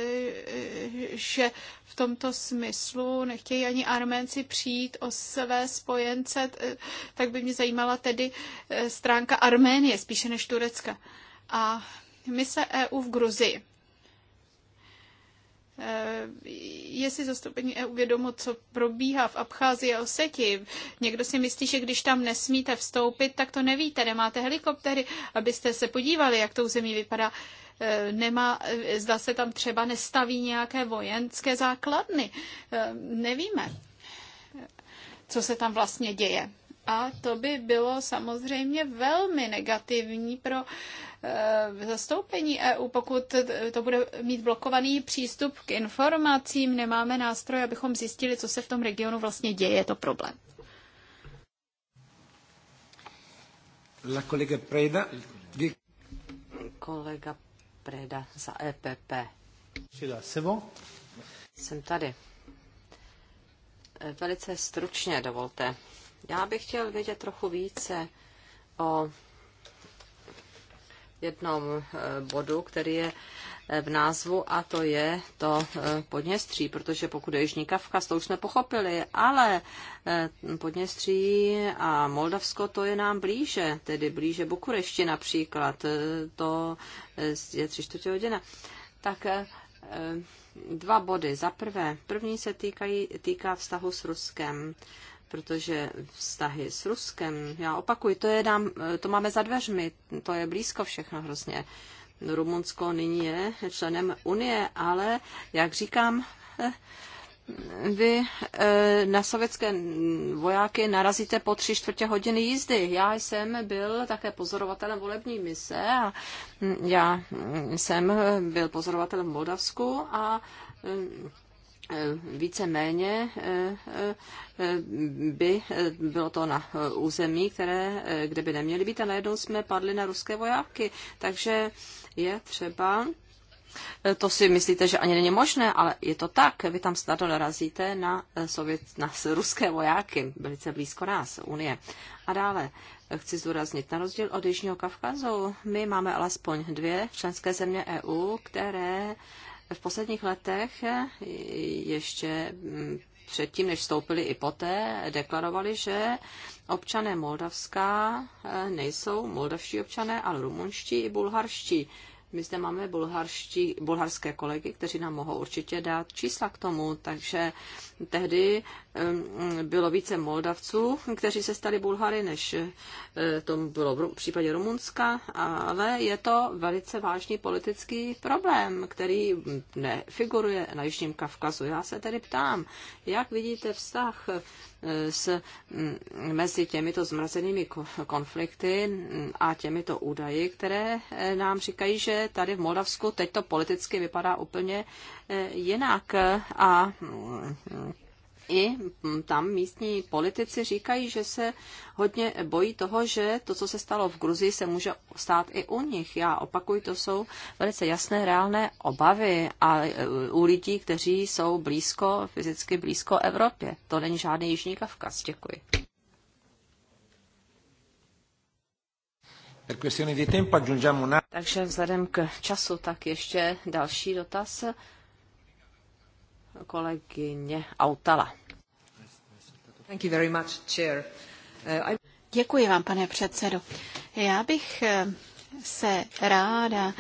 že v tomto smyslu nechtějí ani Arménci přijít o své spojence, eh, tak by mě zajímala tedy eh, stránka Arménie spíše než Turecka. A mise EU v Gruzii. Eh, je si zastoupení EU vědomo, co probíhá v Abcházii a Oseti. Někdo si myslí, že když tam nesmíte vstoupit, tak to nevíte, nemáte helikoptery, abyste se podívali, jak to zemí vypadá. Eh, nemá, eh, zda se tam třeba nestaví nějaké vojenské základny. Nevíme, co se tam vlastně děje a to by bylo samozřejmě velmi negativní pro eh, zastoupení EU, pokud to bude mít blokovaný přístup k informacím, nemáme nástroj, abychom zjistili, co se v tom regionu vlastně děje, je to problém. La kolega Preda. Kolega Preda za EPP. Jsem tady. Velice stručně dovolte já bych chtěl vědět trochu více o jednom eh, bodu, který je eh, v názvu a to je to eh, Podněstří, protože pokud je Jižní Kavkaz, to už jsme pochopili, ale Podněstří a Moldavsko to je nám blíže, tedy blíže Bukurešti například, to je tři čtvrtě hodina. Tak dva body. Za prvé, první se týkají, týká vztahu s Ruskem protože vztahy s Ruskem, já opakuji, to, je nám, to máme za dveřmi, to je blízko všechno hrozně. Rumunsko nyní je členem Unie, ale jak říkám, eh, vy eh, na sovětské vojáky narazíte po tři čtvrtě hodiny jízdy. Já jsem byl také pozorovatelem volební mise a já jsem byl pozorovatelem v Moldavsku a eh, Eh, víceméně eh, eh, by bylo to na území, které, kde by neměly být a najednou jsme padli na ruské vojáky. Takže je třeba to si myslíte, že ani není možné, ale je to tak. Vy tam snadno narazíte na, sovět, na ruské vojáky, velice blízko nás, Unie. A dále chci zdůraznit, na rozdíl od Jižního Kavkazu, my máme alespoň dvě členské země EU, které v posledních letech eh, ještě mm, předtím, než vstoupili i poté, deklarovali, že občané Moldavská eh, nejsou moldavští občané, ale rumunští i bulharští. My zde máme bulharští, bulharské kolegy, kteří nám mohou určitě dát čísla k tomu, takže tehdy bylo více Moldavců, kteří se stali Bulhary, než e, to bylo v případě Rumunska, ale je to velice vážný politický problém, který nefiguruje na Jižním Kavkazu. Já se tedy ptám, jak vidíte vztah e, s, mezi těmito zmrazenými konflikty a těmito údaji, které e, nám říkají, že tady v Moldavsku teď to politicky vypadá úplně Eh, jinak eh, a mm, i tam místní politici říkají, že se hodně bojí toho, že to, co se stalo v Gruzii, se může stát i u nich. Já opakuju, to jsou velice jasné, reálné obavy a eh, u lidí, kteří jsou blízko, fyzicky blízko Evropě. To není žádný Jižní Kavkaz. Děkuji. Takže vzhledem k času, tak ještě další dotaz kolegyně Autala. Uh, Děkuji vám, pane předsedo. Já bych eh, se ráda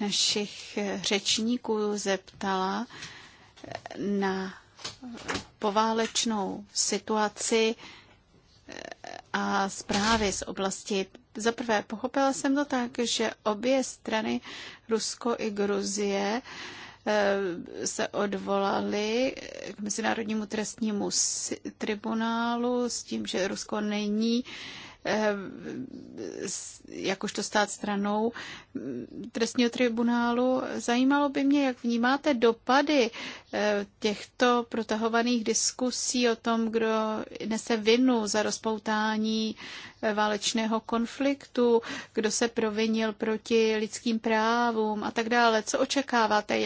našich eh, řečníků zeptala eh, na poválečnou situaci a zprávy z oblasti. Za prvé, pochopila jsem to tak, že obě strany, Rusko i Gruzie, Eh, se odvolali k Mezinárodnímu trestnímu tribunálu s tím, že Rusko není Eh, jakožto stát stranou trestního tribunálu. Zajímalo by mě, jak vnímáte dopady eh, těchto protahovaných diskusí o tom, kdo nese vinu za rozpoutání eh, válečného konfliktu, kdo se provinil proti lidským právům a tak dále. Co očekáváte?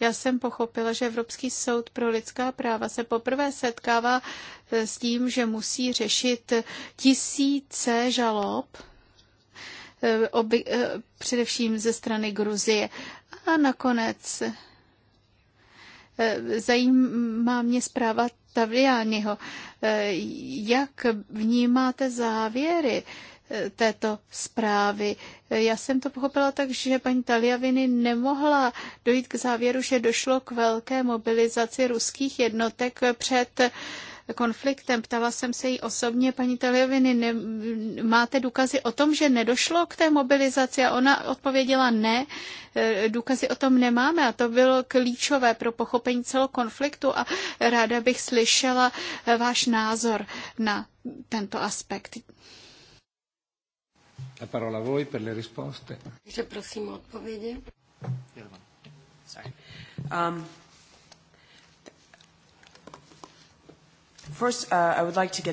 Já jsem pochopila, že Evropský soud pro lidská práva se poprvé setkává s tím, že musí řešit tisíce žalob, eh, oby, eh, především ze strany Gruzie. A nakonec eh, zajímá mě zpráva Tavliányho. Jak vnímáte závěry této zprávy? Já jsem to pochopila tak, že paní Taliaviny nemohla dojít k závěru, že došlo k velké mobilizaci ruských jednotek před konfliktem. Ptala jsem se jí osobně, paní Talioviny, ne, máte důkazy o tom, že nedošlo k té mobilizaci? A ona odpověděla ne, e, důkazy o tom nemáme. A to bylo klíčové pro pochopení celého konfliktu a ráda bych slyšela e, váš názor na tento aspekt. La parola a voi per le risposte. prosím o odpovědi. Um, Uh,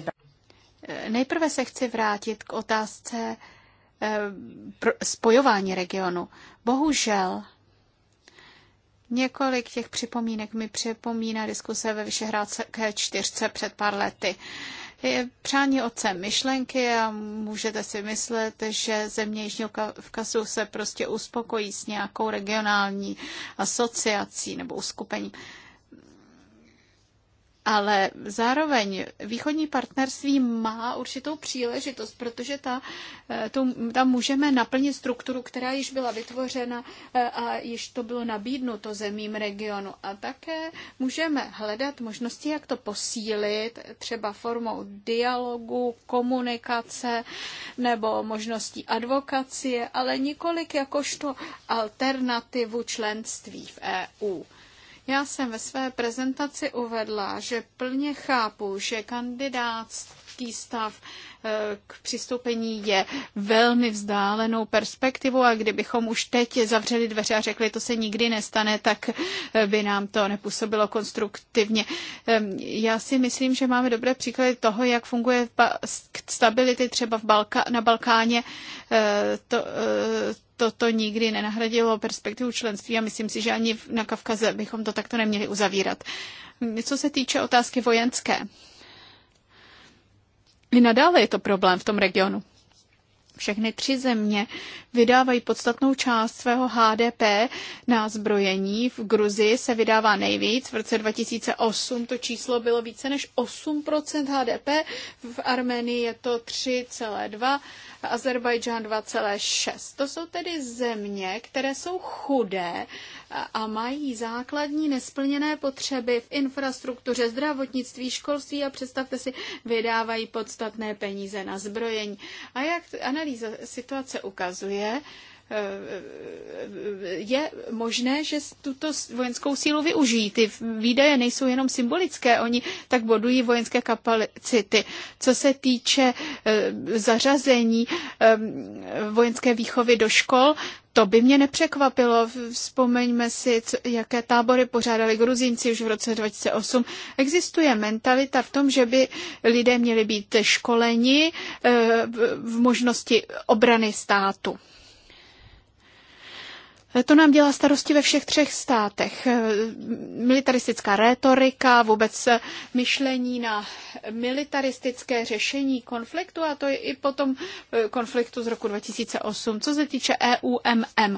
Nejprve se chci vrátit k otázce eh, spojování regionu. Bohužel Několik těch připomínek mi připomíná diskuse ve Vyšehrádské čtyřce před pár lety. Je přání otce myšlenky a můžete si myslet, že země Jižního Kavkazu se prostě uspokojí s nějakou regionální asociací nebo uskupením ale zároveň východní partnerství má určitou příležitost, protože ta, eh, to, tam můžeme naplnit strukturu, která již byla vytvořena eh, a již to bylo nabídnuto zemím regionu. A také můžeme hledat možnosti, jak to posílit, třeba formou dialogu, komunikace nebo možností advokacie, ale nikolik jakožto alternativu členství v EU. Já jsem ve své prezentaci uvedla, že plně chápu, že kandidát řecký stav eh, k přistoupení je velmi vzdálenou perspektivou a kdybychom už teď zavřeli dveře a řekli, to se nikdy nestane, tak eh, by nám to nepůsobilo konstruktivně. Ehm, já si myslím, že máme dobré příklady toho, jak funguje stability třeba v Balka- na Balkáně. Eh, to, toto nikdy nenahradilo perspektivu členství a myslím si, že ani na Kavkaze bychom to takto neměli uzavírat. Co se týče otázky vojenské, i nadále je to problém v tom regionu. Všechny tři země vydávají podstatnou část svého HDP na zbrojení. V Gruzii se vydává nejvíc. V roce 2008 to číslo bylo více než 8% HDP. V Armenii je to 3,2%, Azerbajdžán 2,6%. To jsou tedy země, které jsou chudé a mají základní nesplněné potřeby v infrastruktuře, zdravotnictví, školství a představte si, vydávají podstatné peníze na zbrojení. A jak, a ne analýza situace ukazuje, je možné, že tuto vojenskou sílu využijí. Ty výdaje nejsou jenom symbolické, oni tak bodují vojenské kapacity. Co se týče eh, zařazení eh, vojenské výchovy do škol, to by mě nepřekvapilo. Vzpomeňme si, co, jaké tábory pořádali Gruzinci už v roce 2008. Existuje mentalita v tom, že by lidé měli být školeni eh, v možnosti obrany státu. Eh, to nám dělá starosti ve všech třech státech. Eh, militaristická rétorika, vůbec eh, myšlení na militaristické řešení konfliktu a to je i potom e, konfliktu z roku 2008. Co se týče EUMM,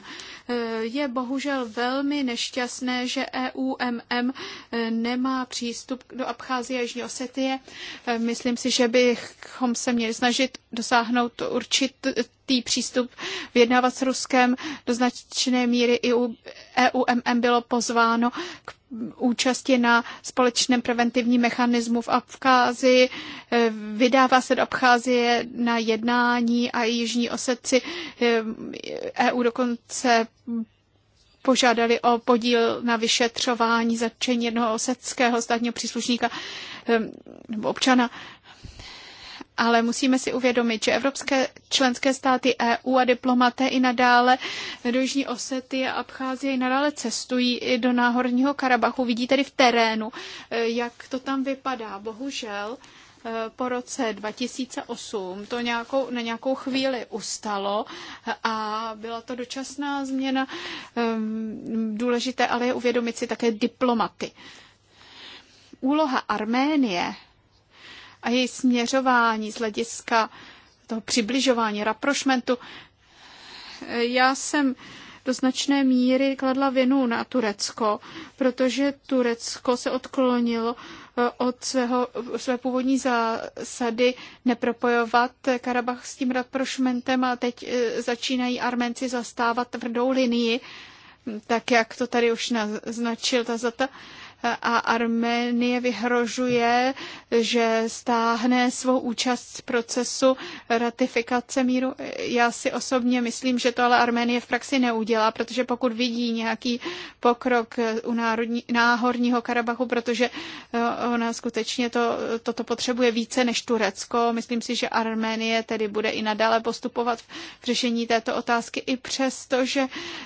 e, je bohužel velmi nešťastné, že EUMM e, nemá přístup do Abcházie a Jižní Osetie. Myslím si, že bychom se měli snažit dosáhnout určitý přístup vyjednávat s Ruskem. Do značné míry i u EUMM bylo pozváno k účasti na společném preventivním mechanismu v Abcházi, eh, vydává se do Abcházie na jednání a Jižní osedci EU eh, e dokonce požádali o podíl na vyšetřování zatčení jednoho osetského státního příslušníka eh, nebo občana ale musíme si uvědomit, že evropské členské státy EU a diplomaté i nadále do Jižní Osety a Abcházie i nadále cestují i do Náhorního Karabachu. Vidí tedy v terénu, eh, jak to tam vypadá. Bohužel eh, po roce 2008 to nějakou, na nějakou chvíli ustalo a byla to dočasná změna. Ehm, důležité ale je uvědomit si také diplomaty. Úloha Arménie a její směřování z hlediska toho přibližování, rapprochementu. Já jsem do značné míry kladla vinu na Turecko, protože Turecko se odklonilo eh, od svého, své původní zásady nepropojovat Karabach s tím rapprochementem a teď eh, začínají Armenci zastávat tvrdou linii, tak jak to tady už naznačil ta zata a Arménie vyhrožuje, že stáhne svou účast z procesu ratifikace míru. Já si osobně myslím, že to ale Arménie v praxi neudělá, protože pokud vidí nějaký pokrok u národní, náhorního Karabachu, protože eh, ona skutečně to, toto potřebuje více než Turecko, myslím si, že Arménie tedy bude i nadále postupovat v řešení této otázky i přesto, že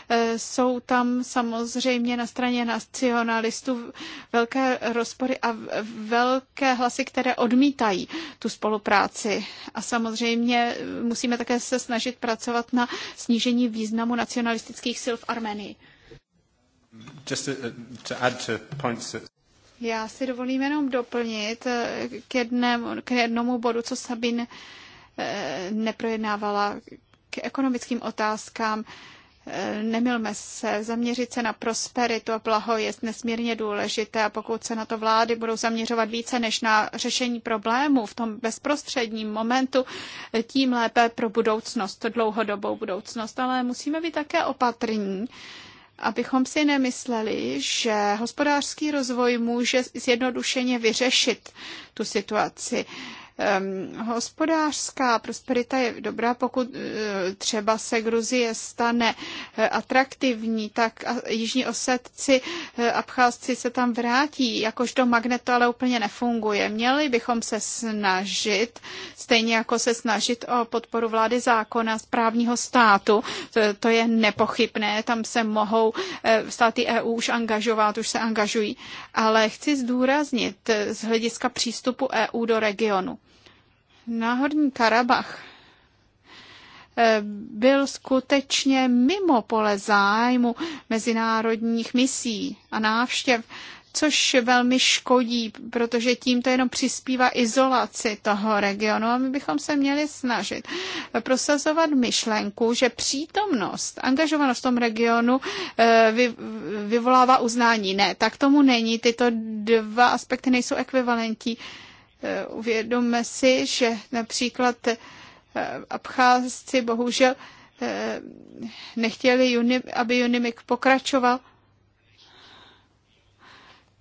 eh, jsou tam samozřejmě na straně nacionalistů velké rozpory a velké hlasy, které odmítají tu spolupráci. A samozřejmě eh, musíme také se snažit pracovat na snížení významu nacionalistických sil v Armenii. Eh, Já si dovolím jenom doplnit eh, k, jednému, k jednomu bodu, co Sabin neprojednávala, k ekonomickým otázkám. Nemilme se, zaměřit se na prosperitu a blaho je nesmírně důležité a pokud se na to vlády budou zaměřovat více než na řešení problémů v tom bezprostředním momentu, tím lépe pro budoucnost, dlouhodobou budoucnost. Ale musíme být také opatrní, abychom si nemysleli, že hospodářský rozvoj může zjednodušeně vyřešit tu situaci. Hospodářská prosperita je dobrá, pokud eh, třeba se Gruzie stane eh, atraktivní, tak Jižní Osetci, eh, Abcházci se tam vrátí, jakožto magnet to ale úplně nefunguje. Měli bychom se snažit, stejně jako se snažit o podporu vlády zákona správního státu, to, to je nepochybné, tam se mohou státy EU už angažovat, už se angažují, ale chci zdůraznit z hlediska přístupu EU do regionu. Náhorní Karabach eh, byl skutečně mimo pole zájmu mezinárodních misí a návštěv, což velmi škodí, protože tím to jenom přispívá izolaci toho regionu a my bychom se měli snažit prosazovat myšlenku, že přítomnost, angažovanost v tom regionu eh, vy, vyvolává uznání. Ne, tak tomu není. Tyto dva aspekty nejsou ekvivalentní. Uvědomme si, že například eh, Abcházci bohužel eh, nechtěli, aby Unimik pokračoval.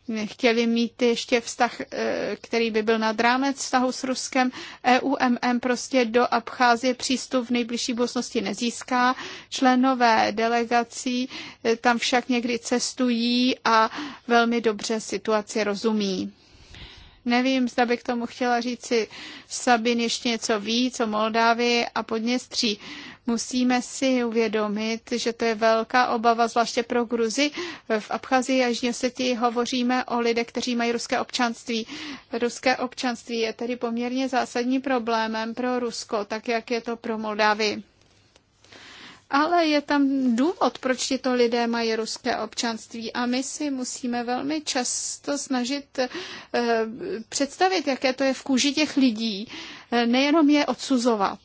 Nechtěli mít ještě vztah, eh, který by byl nad rámec vztahu s Ruskem. EUMM prostě do Abcházie přístup v nejbližší budoucnosti nezíská. Členové delegací tam však někdy cestují a velmi dobře situaci rozumí. Nevím, zda bych tomu chtěla říci Sabin ještě něco víc o Moldávii a Podněstří. Musíme si uvědomit, že to je velká obava, zvláště pro Gruzi. V Abchazii a Jižní Osetii hovoříme o lidech, kteří mají ruské občanství. Ruské občanství je tedy poměrně zásadní problémem pro Rusko, tak jak je to pro Moldávii ale je tam důvod, proč tyto lidé mají ruské občanství a my si musíme velmi často snažit eh, představit, jaké to je v kůži těch lidí, eh, nejenom je odsuzovat,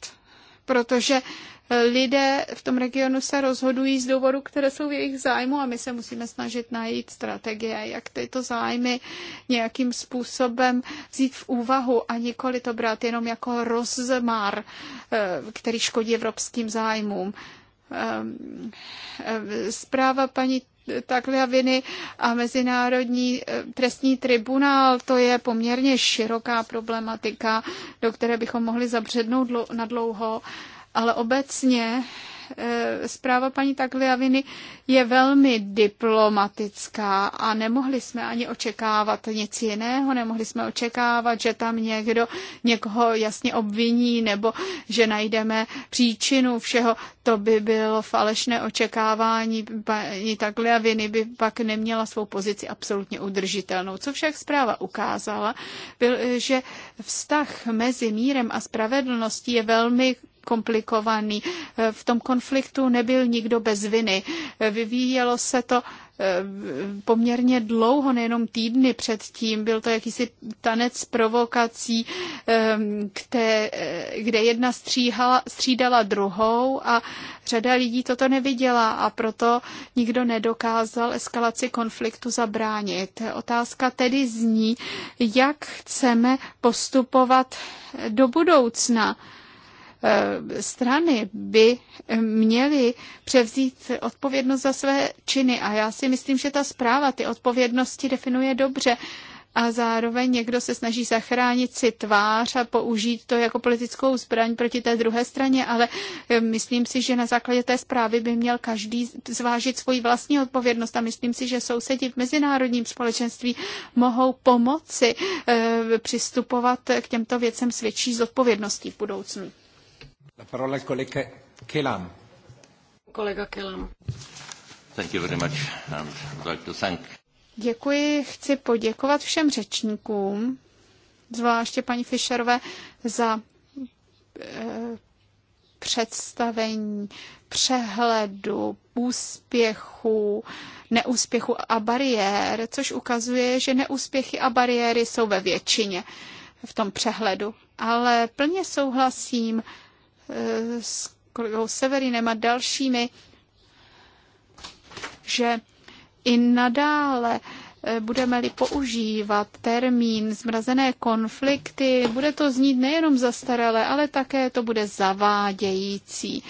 protože eh, lidé v tom regionu se rozhodují z důvodu, které jsou v jejich zájmu a my se musíme snažit najít strategie, jak tyto zájmy nějakým způsobem vzít v úvahu a nikoli to brát jenom jako rozmar, který škodí evropským zájmům. Ehm, ehm, zpráva paní Takliaviny a Mezinárodní ehm, trestní tribunál, to je poměrně široká problematika, do které bychom mohli zabřednout na dlouho, ale obecně Eh, zpráva paní Tagliaviny je velmi diplomatická a nemohli jsme ani očekávat nic jiného, nemohli jsme očekávat, že tam někdo někoho jasně obviní nebo že najdeme příčinu všeho. To by bylo falešné očekávání. Paní Tagliaviny by pak neměla svou pozici absolutně udržitelnou. Co však zpráva ukázala, byl, že Vztah mezi mírem a spravedlností je velmi komplikovaný. V tom konfliktu nebyl nikdo bez viny. Vyvíjelo se to poměrně dlouho, nejenom týdny předtím. Byl to jakýsi tanec provokací, kde, jedna stříhala, střídala druhou a řada lidí toto neviděla a proto nikdo nedokázal eskalaci konfliktu zabránit. Otázka tedy zní, jak chceme postupovat do budoucna. Eh, strany by měly převzít odpovědnost za své činy. A já si myslím, že ta zpráva ty odpovědnosti definuje dobře a zároveň někdo se snaží zachránit si tvář a použít to jako politickou zbraň proti té druhé straně, ale eh, myslím si, že na základě té zprávy by měl každý zvážit svoji vlastní odpovědnost a myslím si, že sousedi v mezinárodním společenství mohou pomoci eh, přistupovat k těmto věcem s větší zodpovědností v budoucnu. Děkuji, chci poděkovat všem řečníkům, zvláště paní Fischerové, za eh, představení, přehledu, úspěchu, neúspěchu a bariér, což ukazuje, že neúspěchy a bariéry jsou ve většině v tom přehledu. Ale plně souhlasím Eh, s kolegou Severinem a dalšími, že i nadále eh, budeme-li používat termín zmrazené konflikty, bude to znít nejenom zastaralé, ale také to bude zavádějící.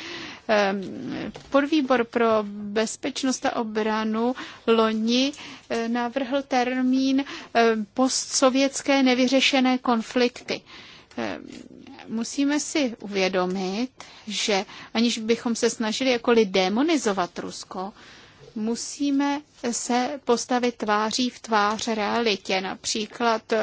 Ehm, podvýbor pro bezpečnost a obranu loni eh, navrhl termín postsovětské nevyřešené konflikty. Ehm, musíme si uvědomit, že aniž bychom se snažili jako demonizovat Rusko, musíme se postavit tváří v tvář realitě. Například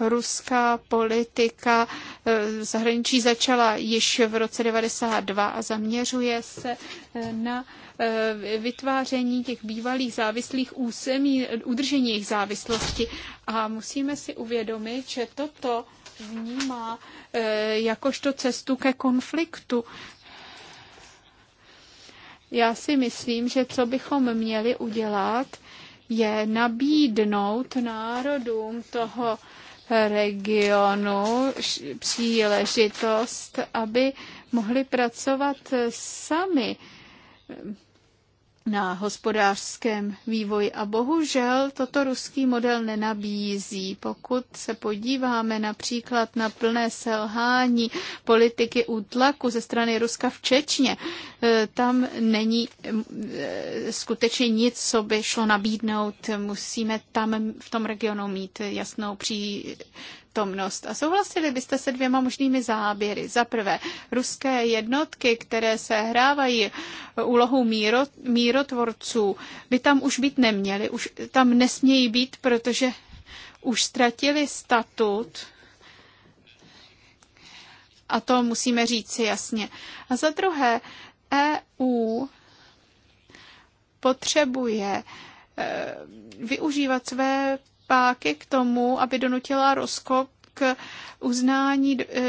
ruská politika eh, zahraničí začala již v roce 92 a zaměřuje se eh, na Eh, vytváření těch bývalých závislých území, udržení jejich závislosti. A musíme si uvědomit, že toto vnímá eh, jakožto cestu ke konfliktu. Já si myslím, že co bychom měli udělat, je nabídnout národům toho regionu příležitost, aby mohli pracovat sami na hospodářském vývoji a bohužel toto ruský model nenabízí. Pokud se podíváme například na plné selhání politiky útlaku ze strany Ruska v Čečně, eh, tam není eh, skutečně nic, co by šlo nabídnout. Musíme tam v tom regionu mít jasnou pří přítomnost. A souhlasili byste se dvěma možnými záběry. Za prvé, ruské jednotky, které se hrávají úlohou míro, mírotvorců, by tam už být neměly, už tam nesmějí být, protože už ztratili statut a to musíme říct si jasně. A za druhé, EU potřebuje eh, využívat své páky k tomu, aby donutila Rusko k uznání eh,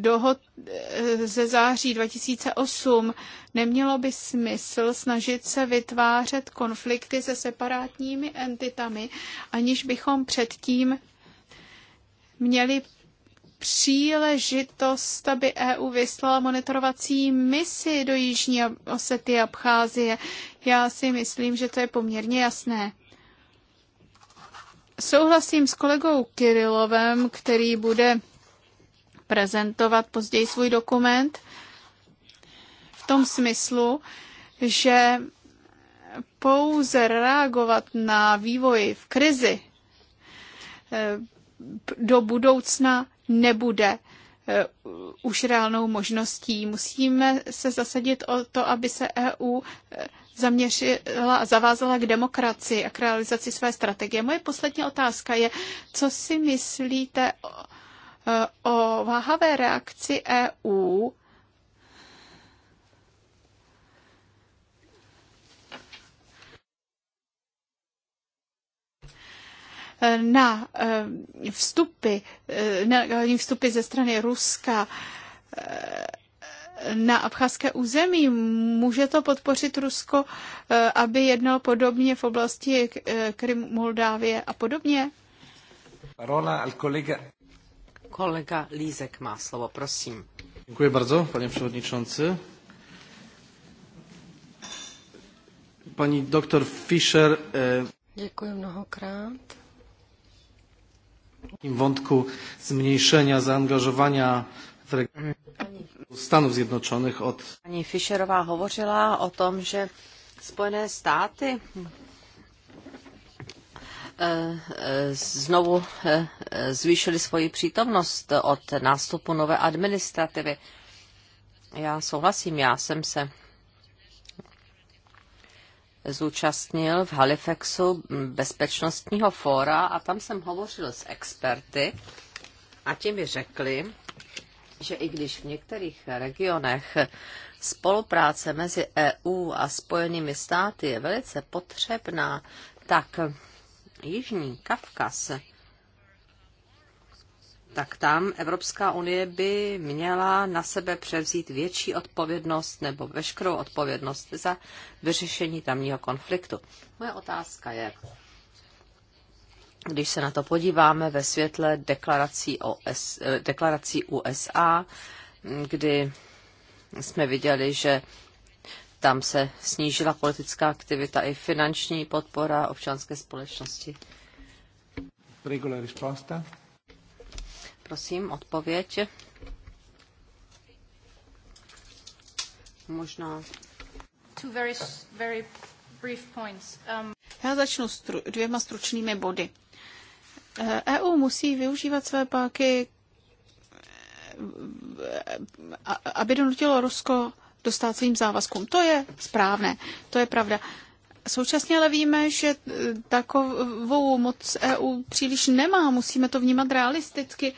dohod eh, ze září 2008. Nemělo by smysl snažit se vytvářet konflikty se separátními entitami, aniž bychom předtím měli příležitost, aby EU vyslala monitorovací misi do Jižní Osety a Abcházie. Já si myslím, že to je poměrně jasné. Souhlasím s kolegou Kirilovem, který bude prezentovat později svůj dokument v tom smyslu, že pouze reagovat na vývoj v krizi eh, do budoucna nebude eh, už reálnou možností. Musíme se zasadit o to, aby se EU eh, zaměřila a zavázala k demokracii a k realizaci své strategie. Moje poslední otázka je, co si myslíte o, eh, o váhavé reakci EU eh, na eh, vstupy, nelegální vstupy ze strany Ruska na abcházské území. Může to podpořit Rusko, eh, aby jednalo podobně v oblasti eh, Krym, Moldávie a podobně? Parola al kolega. Kolega Lízek má slovo, prosím. Děkuji bardzo, pane předsedající. Paní doktor Fischer. Eh... Děkuji mnohokrát wątku zmniejszenia zaangażowania Stanów Zjednoczonych od... Pani Fischerová hovořila o tom, že Spojené státy eh, eh, znovu eh, zvýšili svoji přítomnost od nástupu nové administrativy. Já souhlasím, já jsem se zúčastnil v Halifaxu bezpečnostního fóra a tam jsem hovořil s experty a ti mi řekli, že i když v některých regionech spolupráce mezi EU a Spojenými státy je velice potřebná, tak Jižní Kavkaz, tak tam Evropská unie by měla na sebe převzít větší odpovědnost nebo veškerou odpovědnost za vyřešení tamního konfliktu. Moje otázka je, když se na to podíváme ve světle deklarací, OS, eh, deklarací USA, kdy jsme viděli, že tam se snížila politická aktivita i finanční podpora občanské společnosti. Prosím, odpověď. Možná. Um, Já začnu stru- dvěma stručnými body. EU eh, e musí využívat své páky, eh, aby donutilo Rusko dostat svým závazkům. To je správné, to je pravda. Současně ale víme, že eh, takovou moc EU příliš nemá, musíme to vnímat realisticky.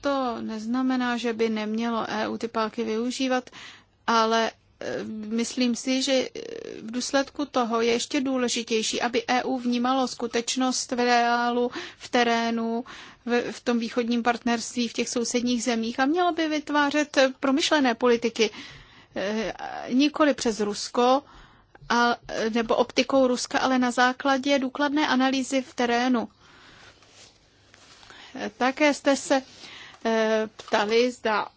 To neznamená, že by nemělo EU ty páky využívat, ale Eh, myslím si, že eh, v důsledku toho je ještě důležitější, aby EU vnímalo skutečnost v reálu, v terénu, v, v tom východním partnerství, v těch sousedních zemích a mělo by vytvářet promyšlené politiky eh, nikoli přes Rusko a, nebo optikou Ruska, ale na základě důkladné analýzy v terénu. Také jste se ptali, zda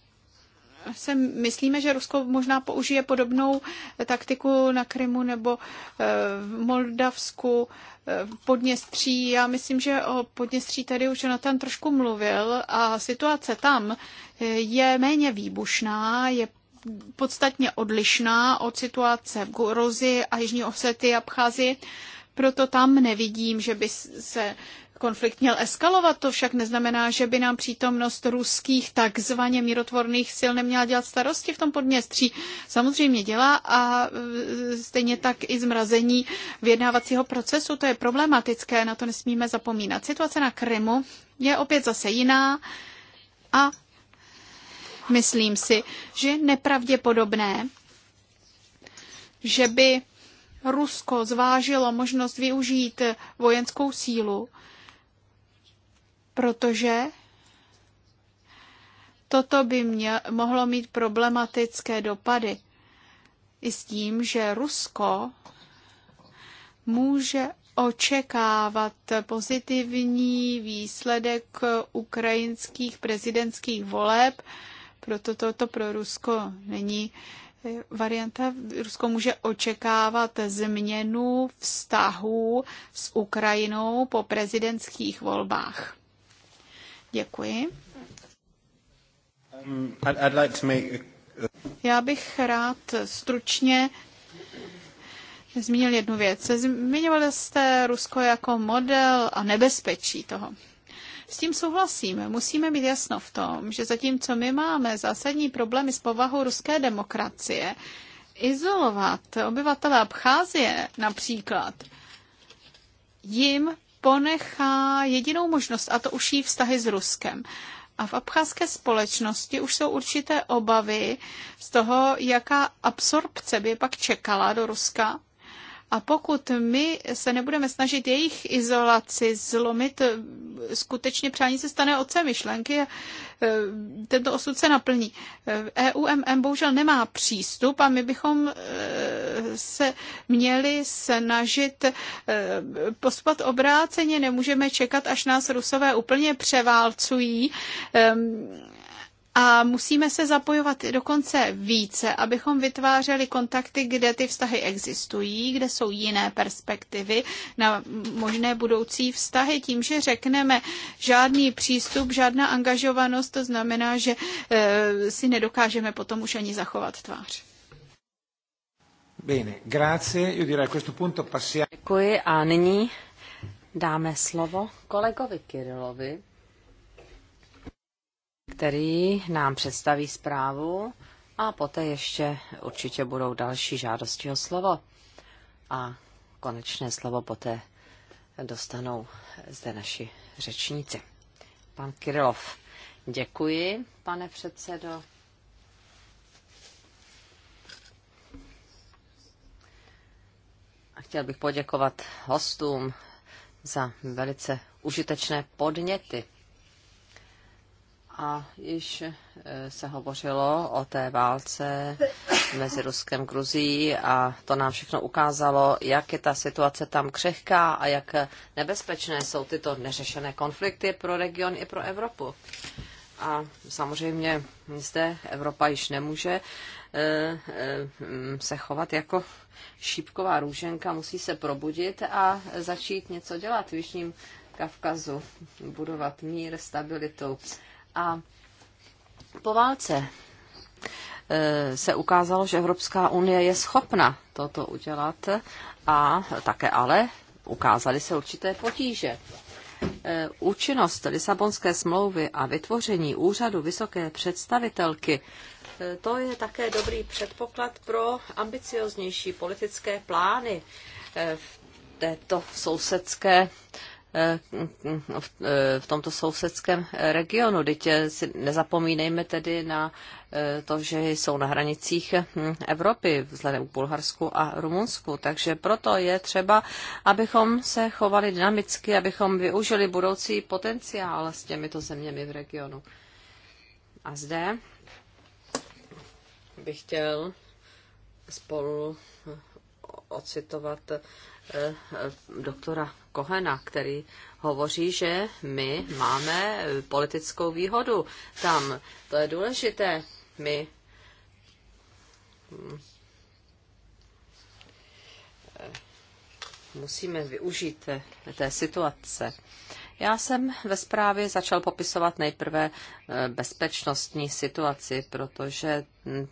se myslíme, že Rusko možná použije podobnou taktiku na Krymu nebo eh, v Moldavsku, eh, v Podněstří. Já myslím, že o Podněstří tady už Jonathan trošku mluvil a situace tam eh, je méně výbušná, je podstatně odlišná od situace v Gorozi a Jižní Osety a Abcházi. Proto tam nevidím, že by se konflikt měl eskalovat. To však neznamená, že by nám přítomnost ruských takzvaně mírotvorných sil neměla dělat starosti v tom podměstří. Samozřejmě dělá a e, stejně tak i zmrazení vyjednávacího procesu. To je problematické, na to nesmíme zapomínat. Situace na Krymu je opět zase jiná a myslím si, že je nepravděpodobné, že by Rusko zvážilo možnost využít vojenskou sílu protože toto by mě, mohlo mít problematické dopady i s tím, že Rusko může očekávat pozitivní výsledek ukrajinských prezidentských voleb, proto toto pro Rusko není eh, varianta. Rusko může očekávat změnu vztahů s Ukrajinou po prezidentských volbách. Děkuji. Um, Já bych rád stručně zmínil jednu věc. Zmiňovali jste Rusko jako model a nebezpečí toho. S tím souhlasím. Musíme být jasno v tom, že zatímco my máme zásadní problémy s povahou ruské demokracie, izolovat obyvatele Abcházie například, jim ponechá jedinou možnost, a to uší vztahy s Ruskem. A v abcházské společnosti už jsou určité obavy z toho, jaká absorpce by pak čekala do Ruska a pokud my se nebudeme snažit jejich izolaci zlomit, eh, skutečně přání se stane otcem myšlenky a eh, tento osud se naplní. EUMM eh, e bohužel nemá přístup a my bychom se měli snažit postupovat obráceně. Nemůžeme čekat, až nás rusové úplně převálcují ehm, a musíme se zapojovat dokonce více, abychom vytvářeli kontakty, kde ty vztahy existují, kde jsou jiné perspektivy na možné budoucí vztahy. Tím, že řekneme žádný přístup, žádná angažovanost, to znamená, že e, si nedokážeme potom už ani zachovat tvář. Bene, grazie. Io direi a questo punto passiamo. Děkuji a nyní dáme slovo kolegovi Kirilovi který nám představí zprávu a poté ještě určitě budou další žádosti o slovo. A konečné slovo poté dostanou zde naši řečníci. Pan Kirilov, děkuji, pane předsedo. A chtěl bych poděkovat hostům za velice užitečné podněty a již eh, se hovořilo o té válce mezi Ruskem a Gruzií a to nám všechno ukázalo, jak je ta situace tam křehká a jak nebezpečné jsou tyto neřešené konflikty pro region i pro Evropu. A samozřejmě zde Evropa již nemůže eh, eh, se chovat jako šípková růženka, musí se probudit a začít něco dělat v Jižním Kavkazu, budovat mír, stabilitu. A po válce e, se ukázalo, že Evropská unie je schopna toto udělat a také ale ukázaly se určité potíže. E, účinnost Lisabonské smlouvy a vytvoření úřadu vysoké představitelky e, to je také dobrý předpoklad pro ambicioznější politické plány v této sousedské Eh, eh, v tomto sousedském regionu. Teď eh, si nezapomínejme tedy na to, že jsou na hranicích hm, Evropy, vzhledem k Bulharsku a Rumunsku. Takže proto je třeba, abychom se chovali dynamicky, abychom využili budoucí potenciál s těmito zeměmi v regionu. A zde bych chtěl spolu ocitovat doktora Kohena, který hovoří, že my máme politickou výhodu tam. To je důležité. My hm, musíme využít té situace. Já jsem ve zprávě začal popisovat nejprve eh, bezpečnostní situaci, protože hm,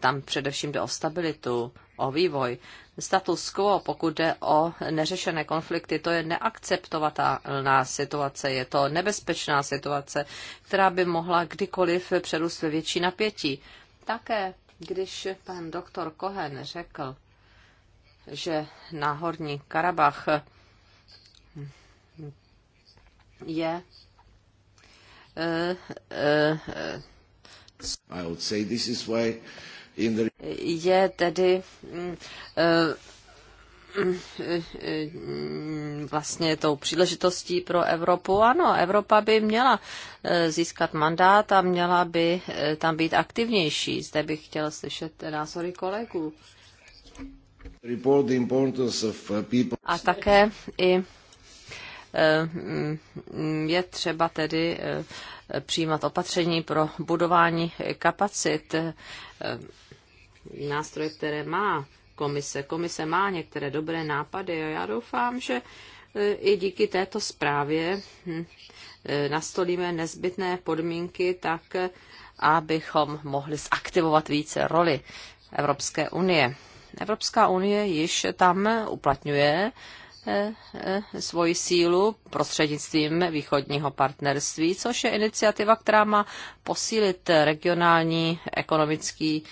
tam především jde o stabilitu, o vývoj. Status quo, pokud jde o neřešené konflikty, to je neakceptovatelná situace, je to nebezpečná situace, která by mohla kdykoliv přerůst ve větší napětí. Také, když pan doktor Kohen řekl, že na Horní Karabach je uh, uh, uh, i would say this is why in the... Je tedy mm, eh, mm, eh, mm, vlastně tou příležitostí pro Evropu. Ano, Evropa by měla eh, získat mandát a měla by tam být aktivnější. Zde bych chtěla slyšet názory kolegů. A také i je třeba tedy přijímat opatření pro budování kapacit, e, nástroje, které má komise. Komise má některé dobré nápady a já doufám, že e, i díky této zprávě hm, e, nastolíme nezbytné podmínky tak, abychom mohli zaktivovat více roli Evropské unie. Evropská unie již tam uplatňuje svoji sílu prostřednictvím východního partnerství, což je iniciativa, která má posílit regionální ekonomický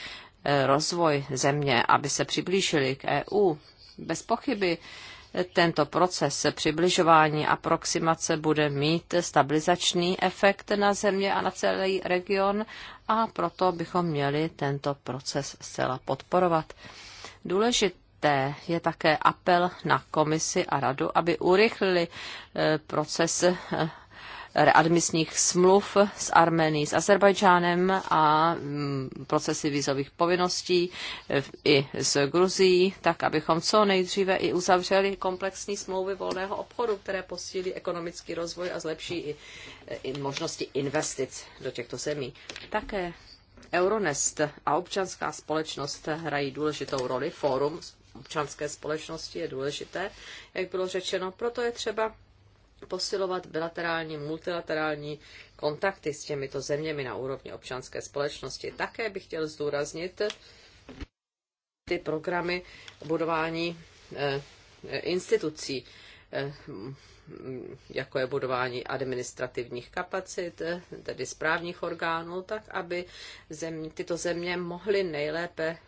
eh, rozvoj země, aby se přiblížili k EU. Bez pochyby eh, tento proces přibližování a proximace bude mít stabilizační efekt na země a na celý region a proto bychom měli tento proces zcela podporovat. Důležité T je také apel na komisi a radu, aby urychlili e, proces e, readmisních smluv s Armenií, s Azerbajdžánem a mm, procesy vízových povinností e, i s Gruzií, tak abychom co nejdříve i uzavřeli komplexní smlouvy volného obchodu, které posílí ekonomický rozvoj a zlepší i, i možnosti investic do těchto zemí. Také Euronest a občanská společnost hrají důležitou roli. Fórum občanské společnosti je důležité, jak bylo řečeno, proto je třeba posilovat bilaterální, multilaterální kontakty s těmito zeměmi na úrovni občanské společnosti. Také bych chtěl zdůraznit ty programy budování eh, institucí, eh, jako je budování administrativních kapacit, eh, tedy správních orgánů, tak aby země, tyto země mohly nejlépe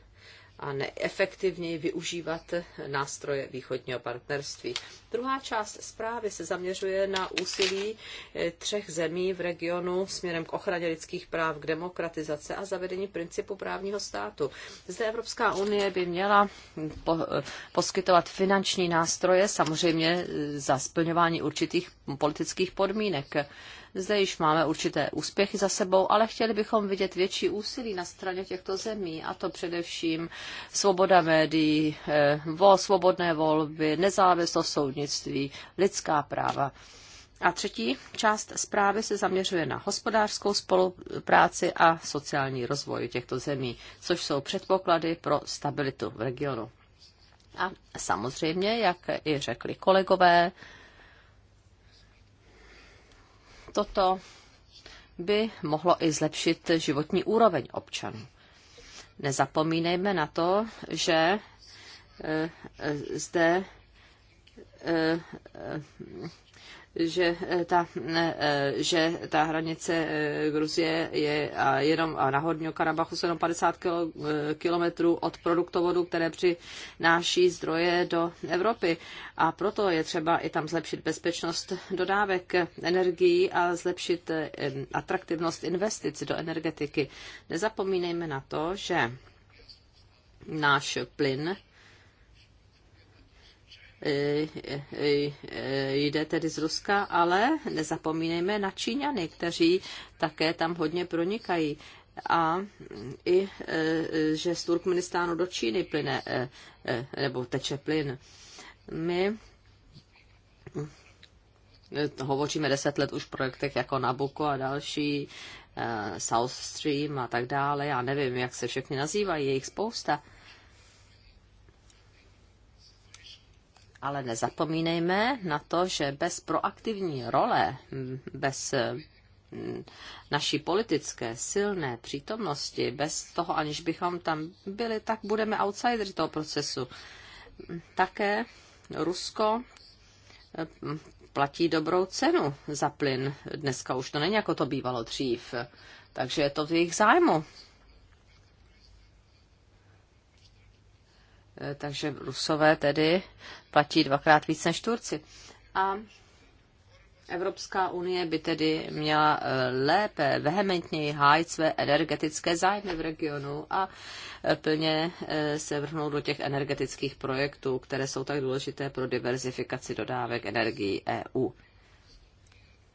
a neefektivněji využívat nástroje východního partnerství. Druhá část zprávy se zaměřuje na úsilí eh, třech zemí v regionu směrem k ochraně lidských práv, k demokratizace a zavedení principu právního státu. Zde Evropská unie by měla po, eh, poskytovat finanční nástroje, samozřejmě eh, za splňování určitých politických podmínek. Zde již máme určité úspěchy za sebou, ale chtěli bychom vidět větší úsilí na straně těchto zemí, a to především svoboda médií, eh, vol, svobodné volby, nezávislost soudnictví, lidská práva. A třetí část zprávy se zaměřuje na hospodářskou spolupráci a sociální rozvoj těchto zemí, což jsou předpoklady pro stabilitu v regionu. A samozřejmě, jak i řekli kolegové, toto by mohlo i zlepšit životní úroveň občanů. Nezapomínejme na to, že e, e, zde e, že eh, ta, eh, eh, že ta hranice Gruzie je a jenom a na Horního Karabachu se jenom 50 kilometrů od produktovodu, které přináší zdroje do Evropy. A proto je třeba i tam zlepšit bezpečnost dodávek energií a zlepšit atraktivnost investic do energetiky. Nezapomínejme na to, že náš plyn Eh, eh, jde tedy z Ruska, ale nezapomínejme na Číňany, kteří také tam hodně pronikají a i eh, že z Turkmenistánu do Číny plyne, nebo teče plyn. My hovoříme deset let už o projektech jako Nabuko a další, South Stream a tak dále. Já nevím, jak se všechny nazývají, je jich spousta. Ale nezapomínejme na to, že bez proaktivní role, bez naší politické silné přítomnosti, bez toho, aniž bychom tam byli, tak budeme outsideri toho procesu. Také Rusko platí dobrou cenu za plyn. Dneska už to není jako to bývalo dřív. Takže je to v jejich zájmu Eh, takže Rusové tedy platí dvakrát víc než Turci. A Evropská unie by tedy měla eh, lépe, vehementněji hájit své energetické zájmy v regionu a eh, plně se vrhnout do těch energetických projektů, které jsou tak důležité pro diverzifikaci dodávek energií EU.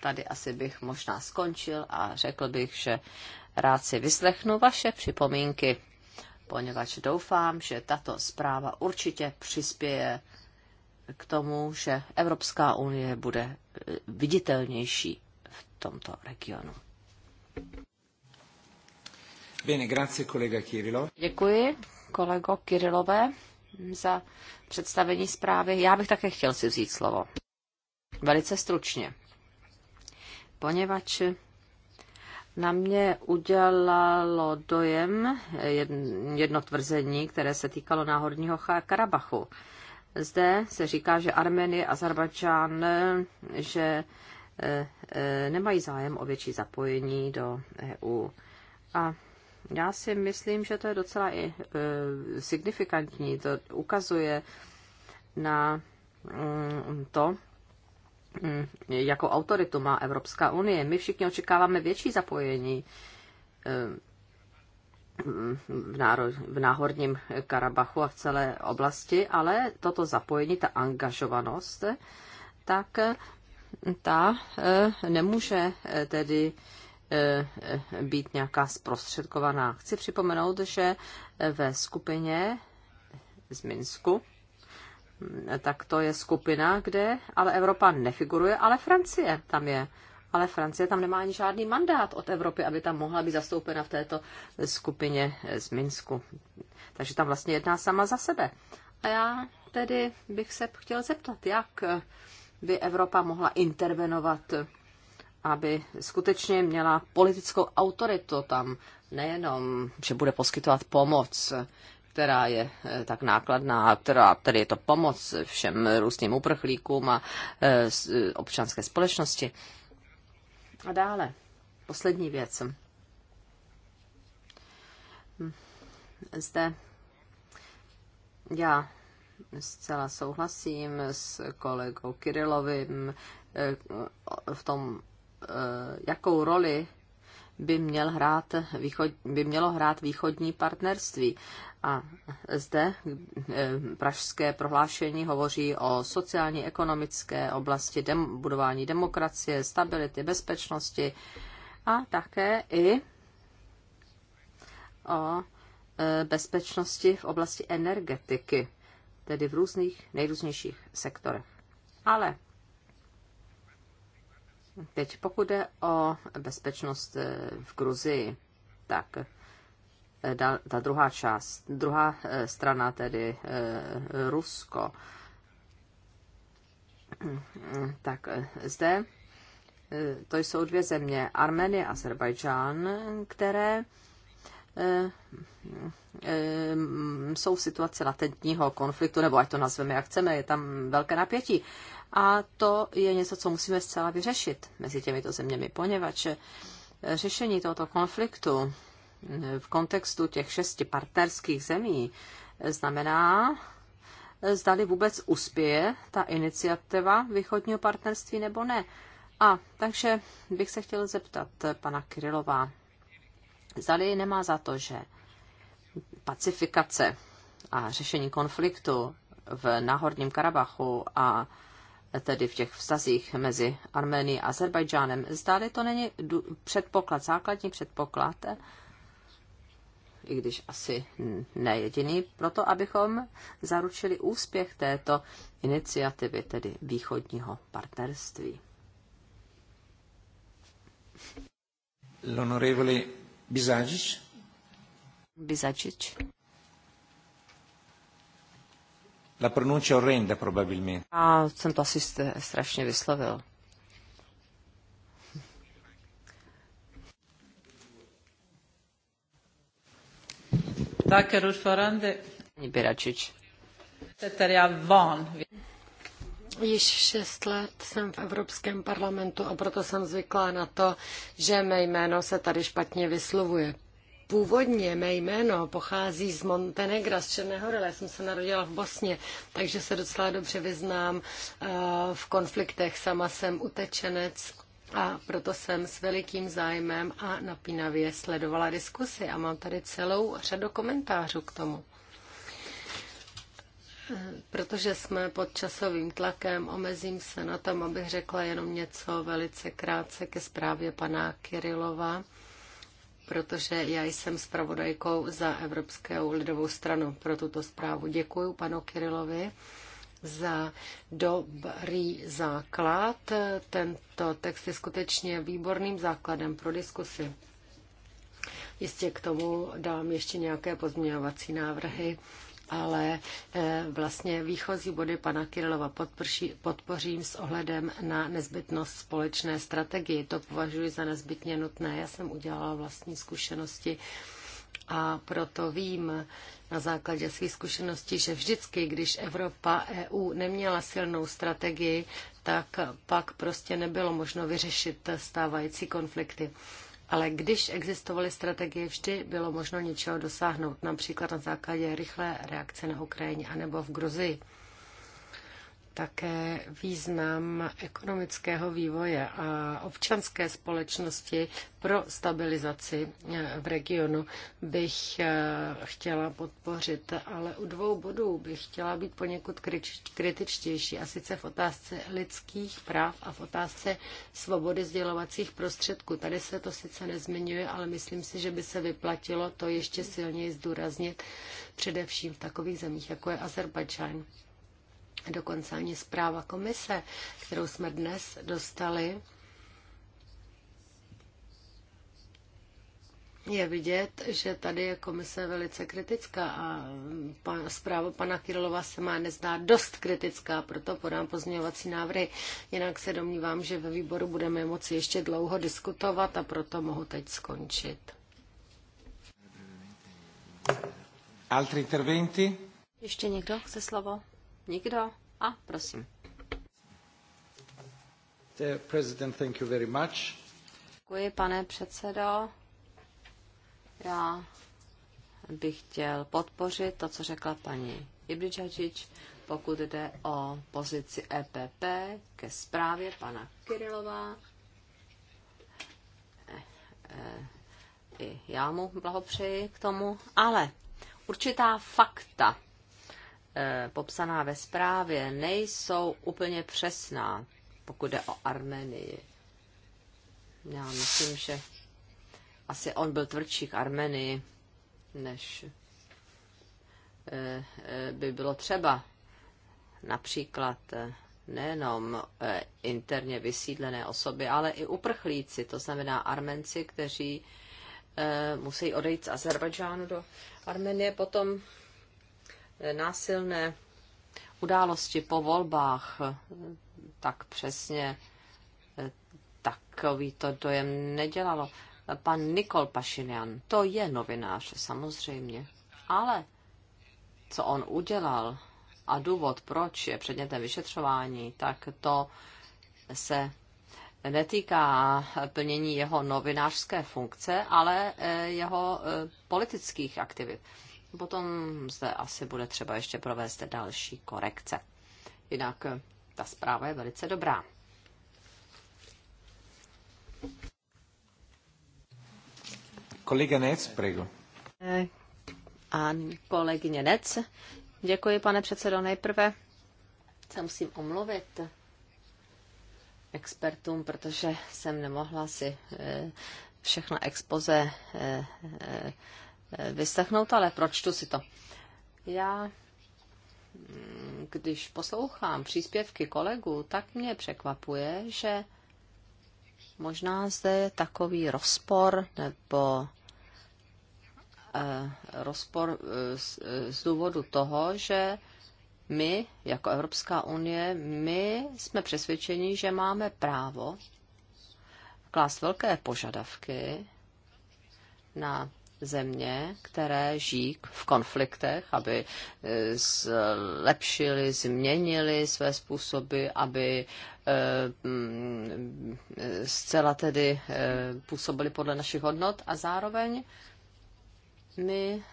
Tady asi bych možná skončil a řekl bych, že rád si vyslechnu vaše připomínky poněvadž doufám, že tato zpráva určitě přispěje k tomu, že Evropská unie bude e, viditelnější v tomto regionu. Bene, grazie, kolega Kirilo. Děkuji, kolego Kirilové, za představení zprávy. Já bych také chtěl si vzít slovo. Velice stručně. Poněvadž na mě udělalo dojem jedno tvrzení, které se týkalo náhodního Karabachu. Zde se říká, že Armenie, Azerbajdžán, že eh, eh, nemají zájem o větší zapojení do EU. A já si myslím, že to je docela i eh, signifikantní. To ukazuje na mm, to, Mm, jako autoritu má Evropská unie. My všichni očekáváme větší zapojení eh, v, v náhorním Karabachu a v celé oblasti, ale toto zapojení, ta angažovanost, tak eh, ta eh, nemůže tedy být nějaká zprostředkovaná. Chci připomenout, že ve skupině z Minsku tak to je skupina, kde ale Evropa nefiguruje, ale Francie tam je. Ale Francie tam nemá ani žádný mandát od Evropy, aby tam mohla být zastoupena v této skupině eh, z Minsku. Takže tam vlastně jedná sama za sebe. A já tedy bych se chtěl zeptat, jak eh, by Evropa mohla intervenovat, eh, aby skutečně měla politickou autoritu tam, nejenom, že bude poskytovat pomoc která je eh, tak nákladná, která, tady je to pomoc všem různým uprchlíkům a eh, eh, občanské společnosti. A dále, poslední věc. Hm, zde já zcela souhlasím s kolegou Kirilovým v tom, jakou roli by, měl hrát východ, by mělo hrát východní partnerství. A zde eh, pražské prohlášení hovoří o sociální, ekonomické oblasti, dem, budování demokracie, stability, bezpečnosti a také i o eh, bezpečnosti v oblasti energetiky, tedy v různých nejrůznějších sektorech. Ale Teď pokud jde o bezpečnost eh, v Gruzii, tak eh, ta druhá část, druhá eh, strana, tedy Rusko, tak zde to jsou dvě země, Arménie a Azerbajdžán, které jsou v situaci latentního konfliktu, nebo ať to nazveme jak chceme, je tam velké napětí. A to je něco, co musíme zcela vyřešit mezi těmito zeměmi, poněvadž eh, řešení tohoto konfliktu eh, v kontextu těch šesti partnerských zemí eh, znamená, zdali vůbec uspěje ta iniciativa východního partnerství nebo ne. A takže bych se chtěl zeptat pana Kirilová, zdali nemá za to, že pacifikace a řešení konfliktu v Náhorním Karabachu a tedy v těch vztazích mezi Arménií a Azerbajdžánem. Zdále to není předpoklad, základní předpoklad, i když asi ne jediný, proto abychom zaručili úspěch této iniciativy, tedy východního partnerství. L'onorevole Bizagic. Bizagic. La pronuncia orrenda probabilmente. Já jsem to asi strašně vyslovil. Tak, ordförande. Biračič. Tady já Již šest let jsem v Evropském parlamentu a proto jsem zvyklá na to, že mé jméno se tady špatně vyslovuje. Původně mé jméno pochází z Montenegra, z Černého Já jsem se narodila v Bosně, takže se docela dobře vyznám eh, v konfliktech. Sama jsem utečenec a proto jsem s velikým zájmem a napínavě sledovala diskusy a mám tady celou řadu komentářů k tomu. Eh, protože jsme pod časovým tlakem, omezím se na tom, abych řekla jenom něco velice krátce ke zprávě pana Kirilova protože já jsem zpravodajkou za Evropskou lidovou stranu pro tuto zprávu. Děkuji panu Kirilovi za dobrý základ. Tento text je skutečně výborným základem pro diskusy. Jistě k tomu dám ještě nějaké pozměňovací návrhy ale eh, vlastně výchozí body pana Kirilova podprší, podpořím s ohledem na nezbytnost společné strategii. To považuji za nezbytně nutné. Já jsem udělala vlastní zkušenosti a proto vím na základě svých zkušeností, že vždycky, když Evropa EU neměla silnou strategii, tak pak prostě nebylo možno vyřešit stávající konflikty. Ale když existovaly strategie, vždy bylo možno něčeho dosáhnout, například na základě rychlé reakce na Ukrajině anebo v Gruzii také význam ekonomického vývoje a občanské společnosti pro stabilizaci eh, v regionu bych eh, chtěla podpořit, ale u dvou bodů bych chtěla být poněkud kritičtější, a sice v otázce lidských práv a v otázce svobody sdělovacích prostředků. Tady se to sice nezmiňuje, ale myslím si, že by se vyplatilo to ještě silněji zdůraznit, především v takových zemích, jako je Azerbajdžán. Dokonce ani zpráva komise, kterou jsme dnes dostali, je vidět, že tady je komise velice kritická a pan, zpráva pana Kirlova se má nezdá dost kritická, proto podám pozměňovací návrhy. Jinak se domnívám, že ve výboru budeme moci ještě dlouho diskutovat a proto mohu teď skončit. Altri interventi? Ještě někdo chce slovo? Nikdo? A prosím. Děkuji, pane předsedo. Já bych chtěl podpořit to, co řekla paní Ibridžačič, pokud jde o pozici EPP ke zprávě pana Kirilova. Eh, eh, I já mu blahopřeji k tomu, ale určitá fakta Eh, popsaná ve zprávě, nejsou úplně přesná, pokud jde o Armenii. Já myslím, že asi on byl tvrdší k Armenii, než eh, eh, by bylo třeba. Například nejenom interně vysídlené osoby, ale i uprchlíci, to znamená Armenci, kteří musí odejít z Azerbajdžánu do Armenie, potom násilné události po volbách, tak přesně eh, takový to dojem nedělalo. Pan Nikol Pašinian, to je novinář, samozřejmě. Ale co on udělal a důvod, proč je předmětem vyšetřování, tak to se netýká plnění jeho novinářské funkce, ale eh, jeho eh, politických aktivit. Potom zde asi bude třeba ještě provést další korekce. Jinak eh, ta zpráva je velice dobrá. Kolega Nec, prego. Eh, a kolegyně Nec, děkuji pane předsedo nejprve. Se musím omluvit expertům, protože jsem nemohla si eh, všechna expoze vyslechnout, ale pročtu si to. Já, když poslouchám příspěvky kolegů, tak mě překvapuje, že možná zde je takový rozpor nebo eh, rozpor eh, z, z důvodu toho, že my, jako Evropská unie, my jsme přesvědčeni, že máme právo klást velké požadavky na země, které žijí v konfliktech, aby eh, zlepšili, změnili své způsoby, aby eh, mm, zcela tedy eh, působili podle našich hodnot a zároveň my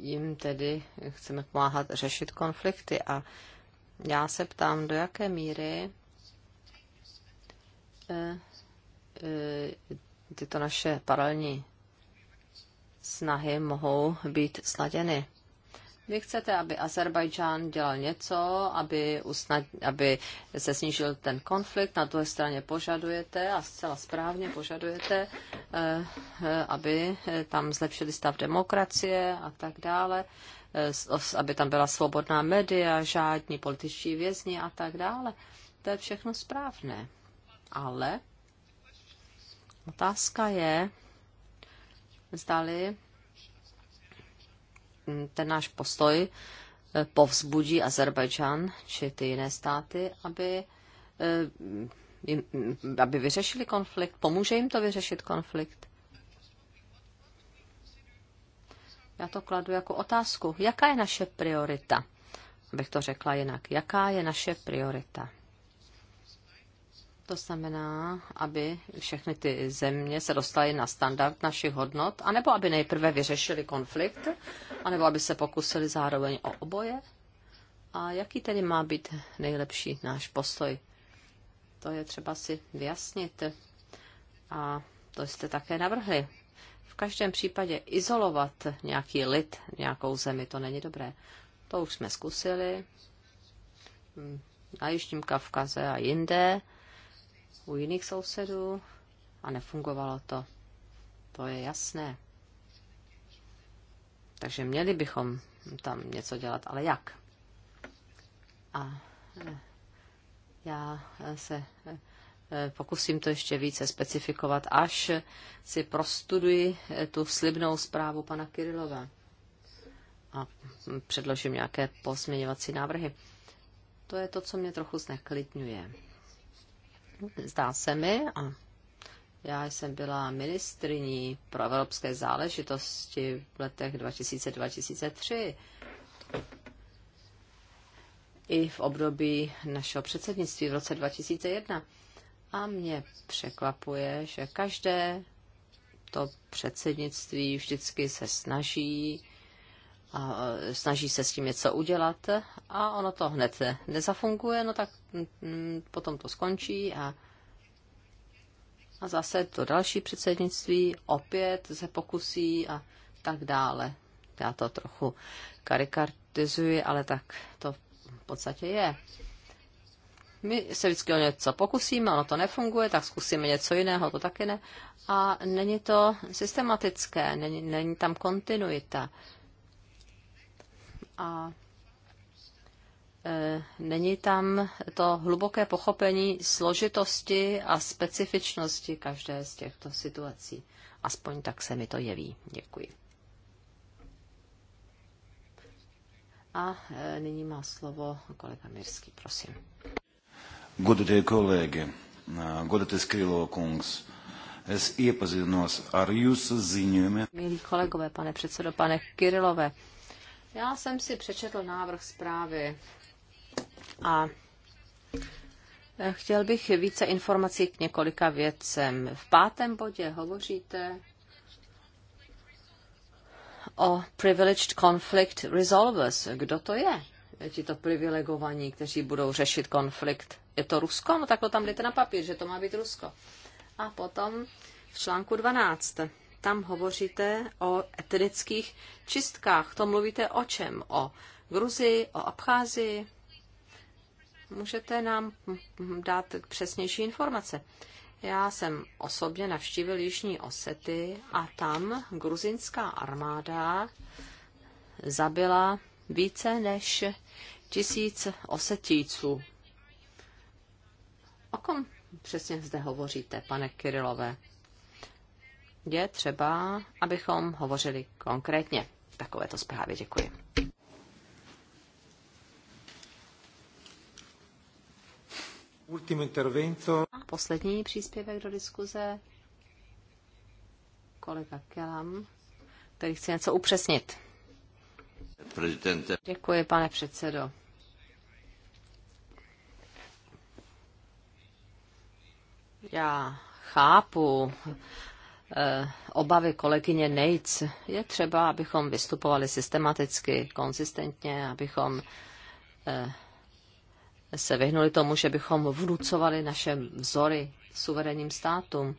jim tedy chceme pomáhat řešit konflikty. A já se ptám, do jaké míry E, tyto naše paralelní snahy mohou být sladěny. Vy chcete, aby Azerbajdžán dělal něco, aby, usnad, aby se snížil ten konflikt, na druhé straně požadujete a zcela správně požadujete, e, e, aby tam zlepšili stav demokracie a tak dále, aby tam byla svobodná média, žádní političtí vězni a tak dále. To je všechno správné. Ale Otázka je, zdali ten náš postoj eh, povzbudí Azerbajdžan či ty jiné státy, aby, eh, mm, aby vyřešili konflikt. Pomůže jim to vyřešit konflikt? Já to kladu jako otázku. Jaká je naše priorita? Abych to řekla jinak. Jaká je naše priorita? To znamená, aby všechny ty země se dostaly na standard našich hodnot, anebo aby nejprve vyřešili konflikt, anebo aby se pokusili zároveň o oboje? A jaký tedy má být nejlepší náš postoj? To je třeba si vyjasnit. A to jste také navrhli. V každém případě izolovat nějaký lid, nějakou zemi, to není dobré. To už jsme zkusili na Jižním Kavkaze a jinde u jiných sousedů a nefungovalo to. To je jasné. Takže měli bychom tam něco dělat, ale jak? A eh, já eh, se eh, pokusím to ještě více specifikovat, až si prostuduji tu slibnou zprávu pana Kirilova a hm, předložím nějaké pozměňovací návrhy. To je to, co mě trochu zneklidňuje zdá se mi, a já jsem byla ministriní pro evropské záležitosti v letech 2000-2003. I v období našeho předsednictví v roce 2001. A mě překvapuje, že každé to předsednictví vždycky se snaží a snaží se s tím něco udělat a ono to hned nezafunguje, no tak mm, mm, potom to skončí a, a zase to další předsednictví opět se pokusí a tak dále. Já to trochu karikatizuji, ale tak to v podstatě je. My se vždycky o něco pokusíme, ono to nefunguje, tak zkusíme něco jiného, to taky ne. A není to systematické, není, není tam kontinuita a e, není tam to hluboké pochopení složitosti a specifičnosti každé z těchto situací. Aspoň tak se mi to jeví. Děkuji. A e, nyní má slovo kolega Mirský, prosím. Godate kolege, godate Skrilo Kungs, es iepazinos ar jūsu ziņojumi. Milí kolegové, pane předsedo, pane Kirilové, já jsem si přečetl návrh zprávy a chtěl bych více informací k několika věcem. V pátém bodě hovoříte o Privileged Conflict Resolvers. Kdo to je? to privilegovaní, kteří budou řešit konflikt. Je to Rusko? No tak to tam jdete na papír, že to má být Rusko. A potom v článku 12 tam hovoříte o etnických čistkách. To mluvíte o čem? O Gruzii, o Abcházii? Můžete nám dát přesnější informace. Já jsem osobně navštívil Jižní Osety a tam gruzinská armáda zabila více než tisíc osetíců. O kom přesně zde hovoříte, pane Kirilové? je třeba, abychom hovořili konkrétně. Takovéto zprávě děkuji. Ultimo intervento. Poslední příspěvek do diskuze. Kolega Kelam, který chce něco upřesnit. Prezidente. Děkuji, pane předsedo. Já chápu Eh, obavy kolegyně Nejc, je třeba, abychom vystupovali systematicky, konzistentně, abychom eh, se vyhnuli tomu, že bychom vnucovali naše vzory suverénním státům.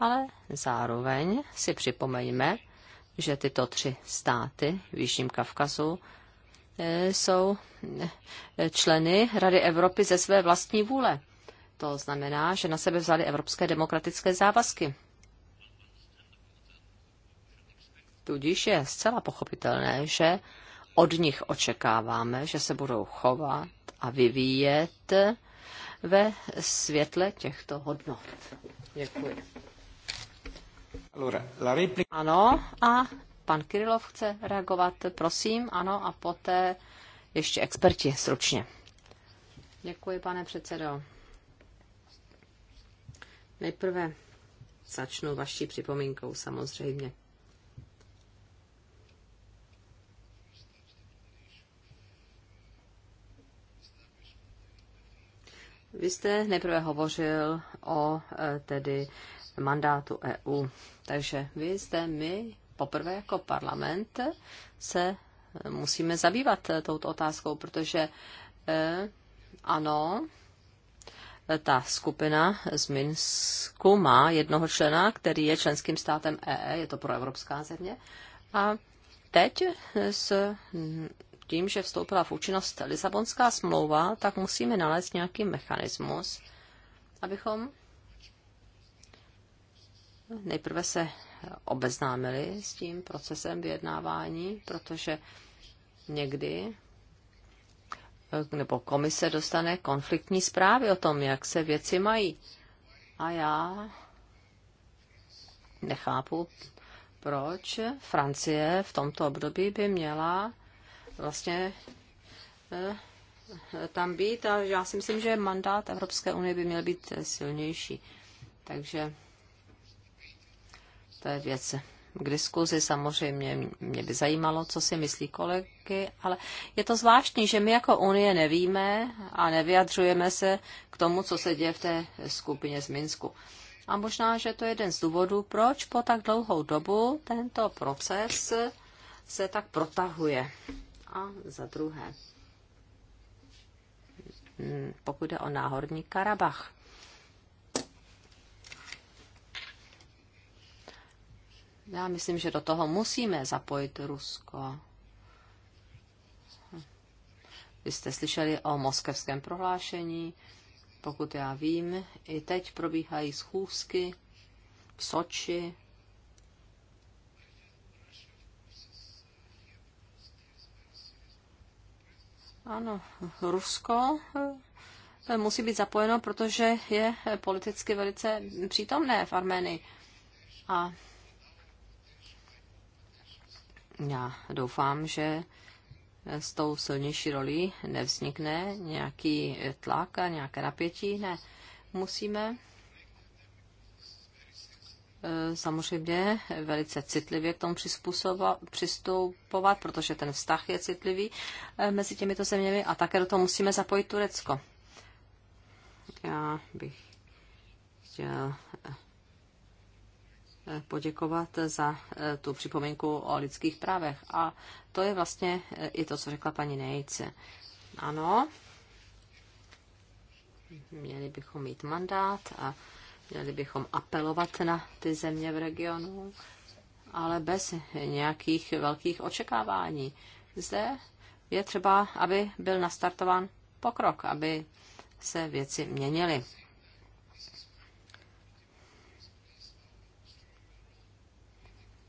Ale zároveň si připomeňme, že tyto tři státy v Jižním Kavkazu eh, jsou členy Rady Evropy ze své vlastní vůle. To znamená, že na sebe vzali evropské demokratické závazky. Tudíž je zcela pochopitelné, že od nich očekáváme, že se budou chovat a vyvíjet ve světle těchto hodnot. Děkuji. Ano, a pan Kirilov chce reagovat, prosím, ano, a poté ještě experti stručně. Děkuji, pane předsedo. Nejprve začnu vaší připomínkou samozřejmě. Vy jste nejprve hovořil o e, tedy mandátu EU, takže vy jste my poprvé jako parlament se musíme zabývat e, touto otázkou, protože e, ano, ta skupina z Minsku má jednoho člena, který je členským státem EE, je to pro evropská země. A teď s tím, že vstoupila v účinnost Lisabonská smlouva, tak musíme nalézt nějaký mechanismus, abychom nejprve se obeznámili s tím procesem vyjednávání, protože někdy nebo komise dostane konfliktní zprávy o tom, jak se věci mají. A já nechápu, proč Francie v tomto období by měla vlastně eh, tam být a já si myslím, že mandát Evropské unie by měl být silnější. Takže to je věc k diskuzi. Samozřejmě mě by zajímalo, co si myslí kolegy, ale je to zvláštní, že my jako Unie nevíme a nevyjadřujeme se k tomu, co se děje v té skupině z Minsku. A možná, že to je jeden z důvodů, proč po tak dlouhou dobu tento proces se tak protahuje. A za druhé, hmm, pokud jde o náhorní Karabach, Já myslím, že do toho musíme zapojit Rusko. Vy jste slyšeli o moskevském prohlášení. Pokud já vím, i teď probíhají schůzky v Soči Ano, Rusko eh, musí být zapojeno, protože je eh, politicky velice přítomné v Arménii. A já doufám, že eh, s tou silnější rolí nevznikne nějaký tlak a nějaké napětí. Ne, musíme Eh, samozřejmě velice citlivě k tomu přistupovat, protože ten vztah je citlivý eh, mezi těmito zeměmi a také do toho musíme zapojit Turecko. Já bych chtěl eh, poděkovat za tu připomínku o lidských právech. A to je vlastně i to, co řekla paní Nejce. Ano, měli bychom mít mandát a Měli bychom apelovat na ty země v regionu, ale bez nějakých velkých očekávání. Zde je třeba, aby byl nastartován pokrok, aby se věci měnily.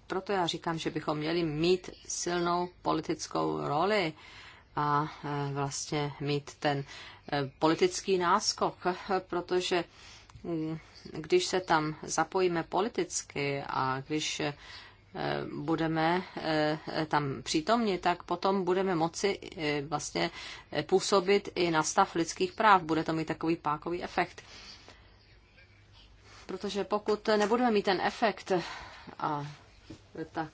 Proto já říkám, že bychom měli mít silnou politickou roli a e, vlastně mít ten e, politický náskok, protože když se tam zapojíme politicky a když eh, budeme eh, tam přítomni, tak potom budeme moci eh, vlastně působit i na stav lidských práv. Bude to mít takový pákový efekt. Protože pokud nebudeme mít ten efekt, a, tak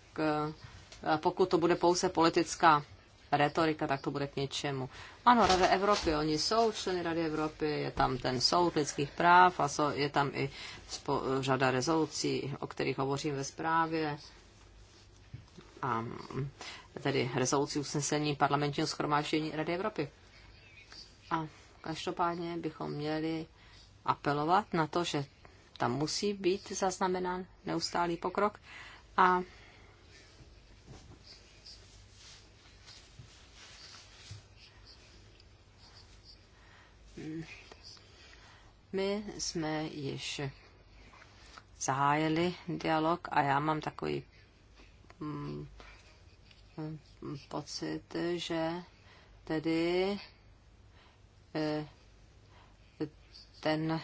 a pokud to bude pouze politická retorika, tak to bude k něčemu. Ano, Rada Evropy, oni jsou členy Rady Evropy, je tam ten soud lidských práv a so, je tam i spo, řada rezolucí, o kterých hovořím ve zprávě. A tedy rezolucí usnesení parlamentního schromáždění Rady Evropy. A každopádně bychom měli apelovat na to, že tam musí být zaznamenán neustálý pokrok a My jsme již zahájili dialog a já mám takový mm, mm, pocit, že tedy e, ten e,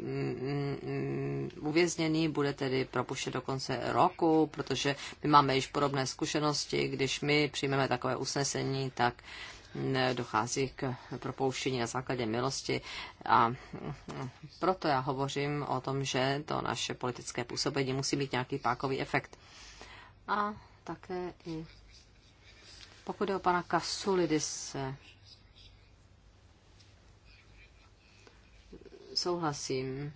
mm, uvězněný bude tedy propuštěn do konce roku, protože my máme již podobné zkušenosti, když my přijmeme takové usnesení, tak dochází k propouštění na základě milosti a proto já hovořím o tom, že to naše politické působení musí mít nějaký pákový efekt. A také i pokud je o pana Kasulidis, souhlasím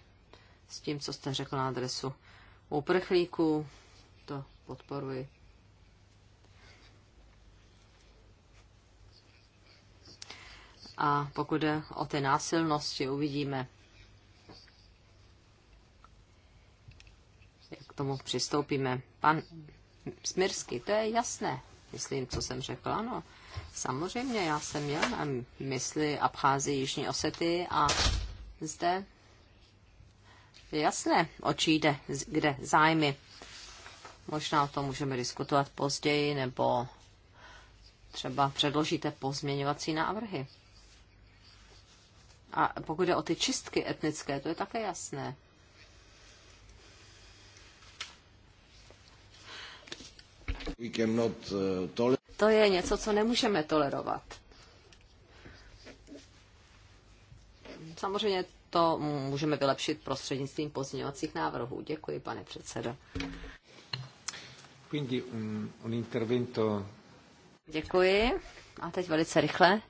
s tím, co jste řekl na adresu uprchlíků, to podporuji. A pokud jde o ty násilnosti, uvidíme, jak k tomu přistoupíme. Pan Smirsky, to je jasné, myslím, co jsem řekla, ano. Samozřejmě, já jsem měl na mysli Abcházy, Jižní Osety a zde je jasné, očí jde, kde zájmy. Možná o tom můžeme diskutovat později, nebo třeba předložíte pozměňovací návrhy. A pokud jde o ty čistky etnické, to je také jasné. Uh, to je něco, co nemůžeme tolerovat. Samozřejmě to můžeme vylepšit prostřednictvím pozměňovacích návrhů. Děkuji, pane předsedo. Děkuji. A teď velice rychle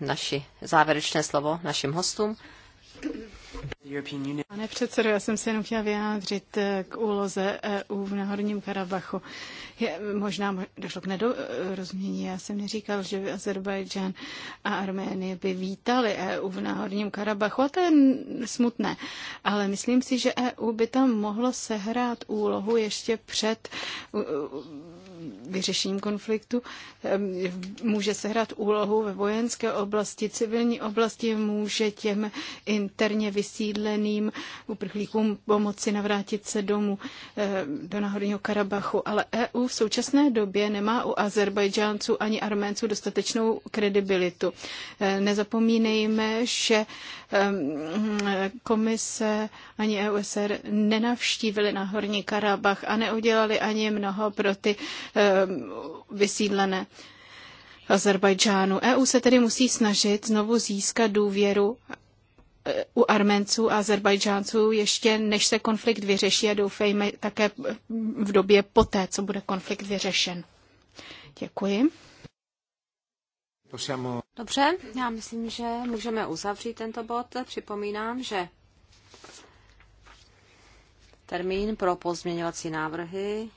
naši závěrečné slovo našim hostům. Pane předsedo, já jsem se jenom chtěla vyjádřit eh, k úloze EU v Nahorním Karabachu. Je, možná došlo k nedorozumění. Já jsem neříkal, že Azerbajdžán a Arménie by vítali EU v Nahorním Karabachu a to je smutné. Ale myslím si, že EU by tam mohlo sehrát úlohu ještě před vyřešením konfliktu. Ehm, může sehrát úlohu ve vojenské oblasti, civilní oblasti, může těm interně vysídlit vysedleným uprchlíkům pomoci navrátit se domů eh, do Náhorního Karabachu. Ale EU v současné době nemá u Azerbajdžánců ani Arménců dostatečnou kredibilitu. Eh, nezapomínejme, že ehm, komise ani EUSR nenavštívili Náhorní Karabach a neudělali ani mnoho pro ty ehm, vysídlené. Azerbajdžánu. EU se tedy musí snažit znovu získat důvěru u Arménců a Azerbajdžánců ještě než se konflikt vyřeší a doufejme také v době poté, co bude konflikt vyřešen. Děkuji. Dobře, já myslím, že můžeme uzavřít tento bod. Připomínám, že termín pro pozměňovací návrhy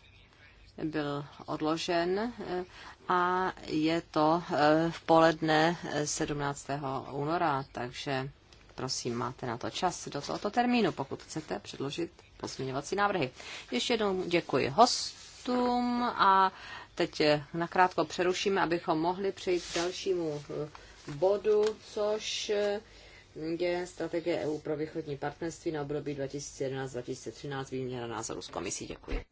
byl odložen eh, a je to eh, v poledne eh, 17. února, takže Prosím, máte na to čas do tohoto termínu, pokud chcete předložit pozměňovací návrhy. Ještě jednou děkuji hostům a teď eh, nakrátko přerušíme, abychom mohli přejít k dalšímu eh, bodu, což eh, je strategie EU pro východní partnerství na období 2011-2013 výměna názoru s komisí. Děkuji.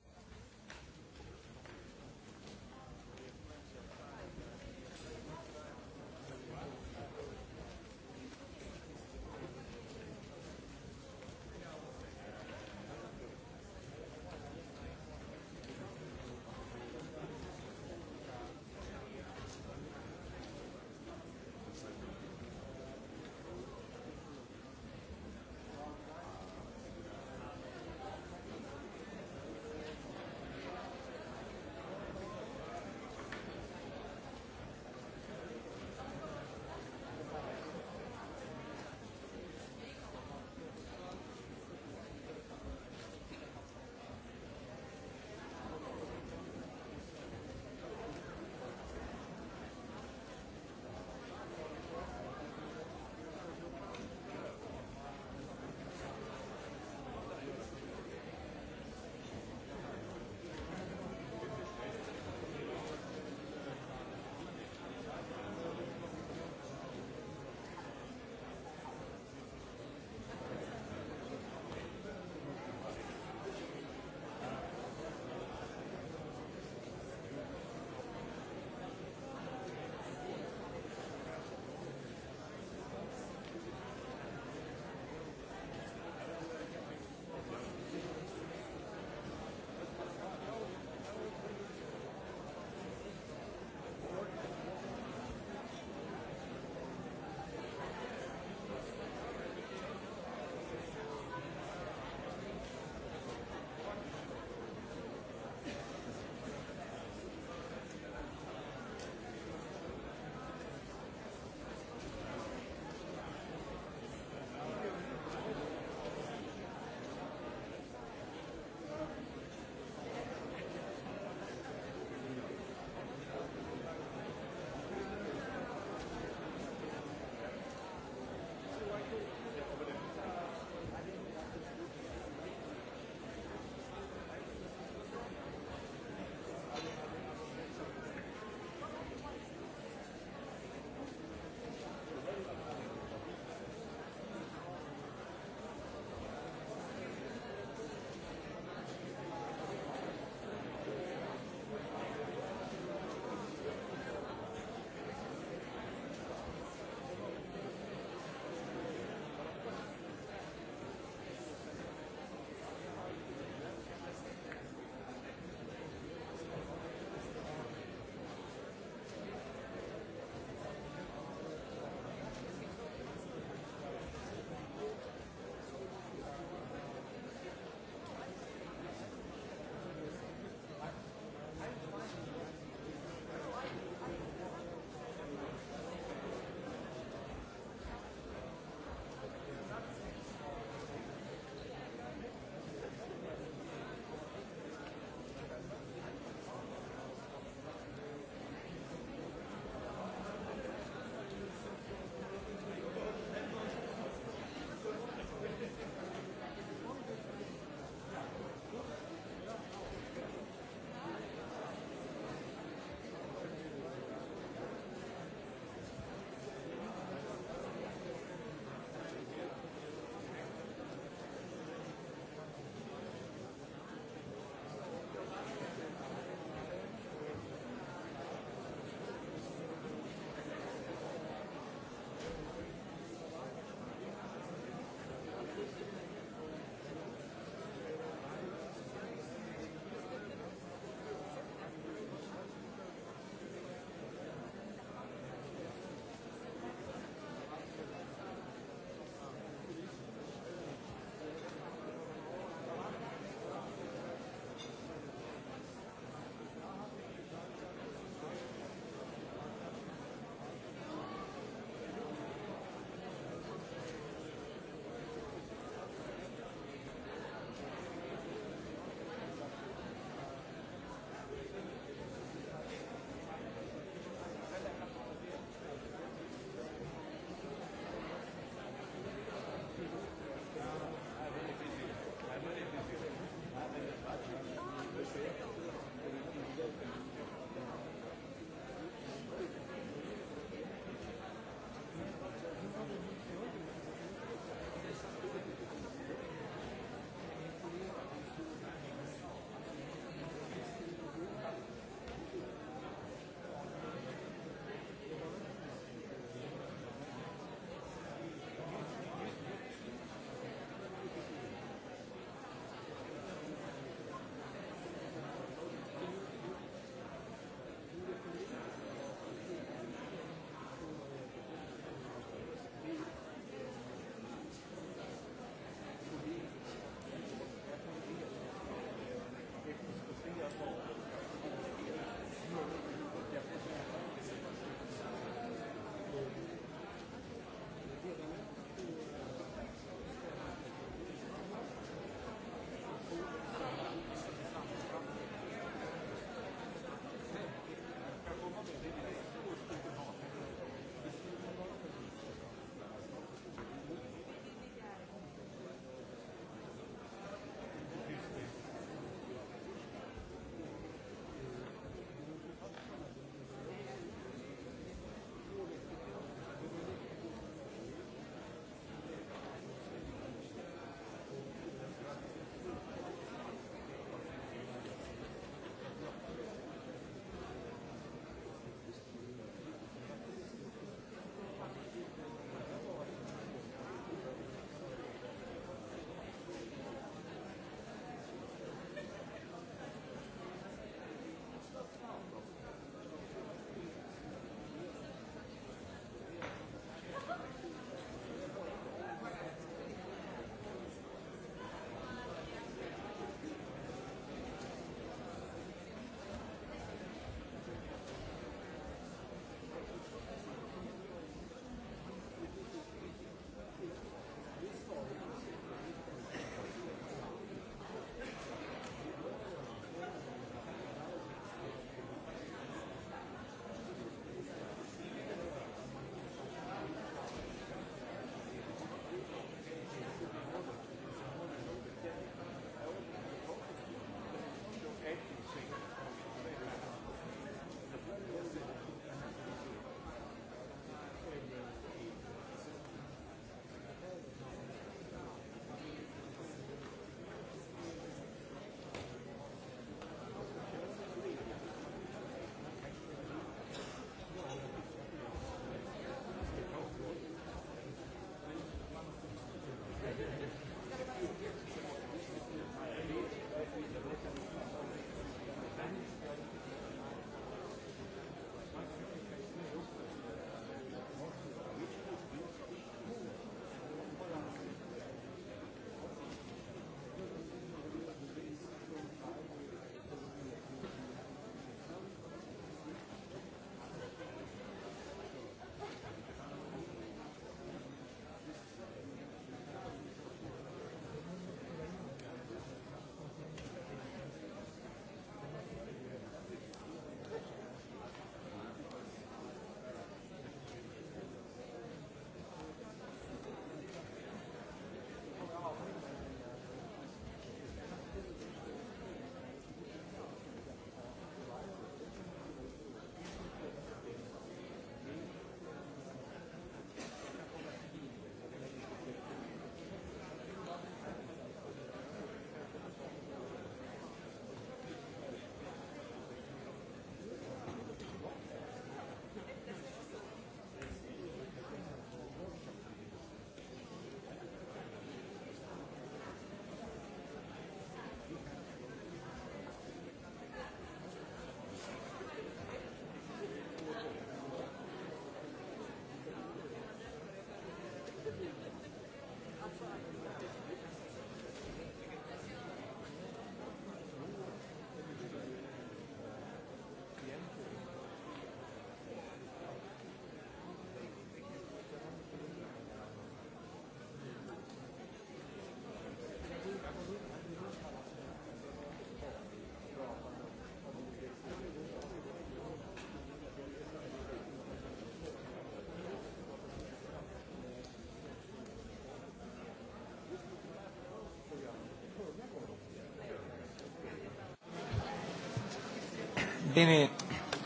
Bene,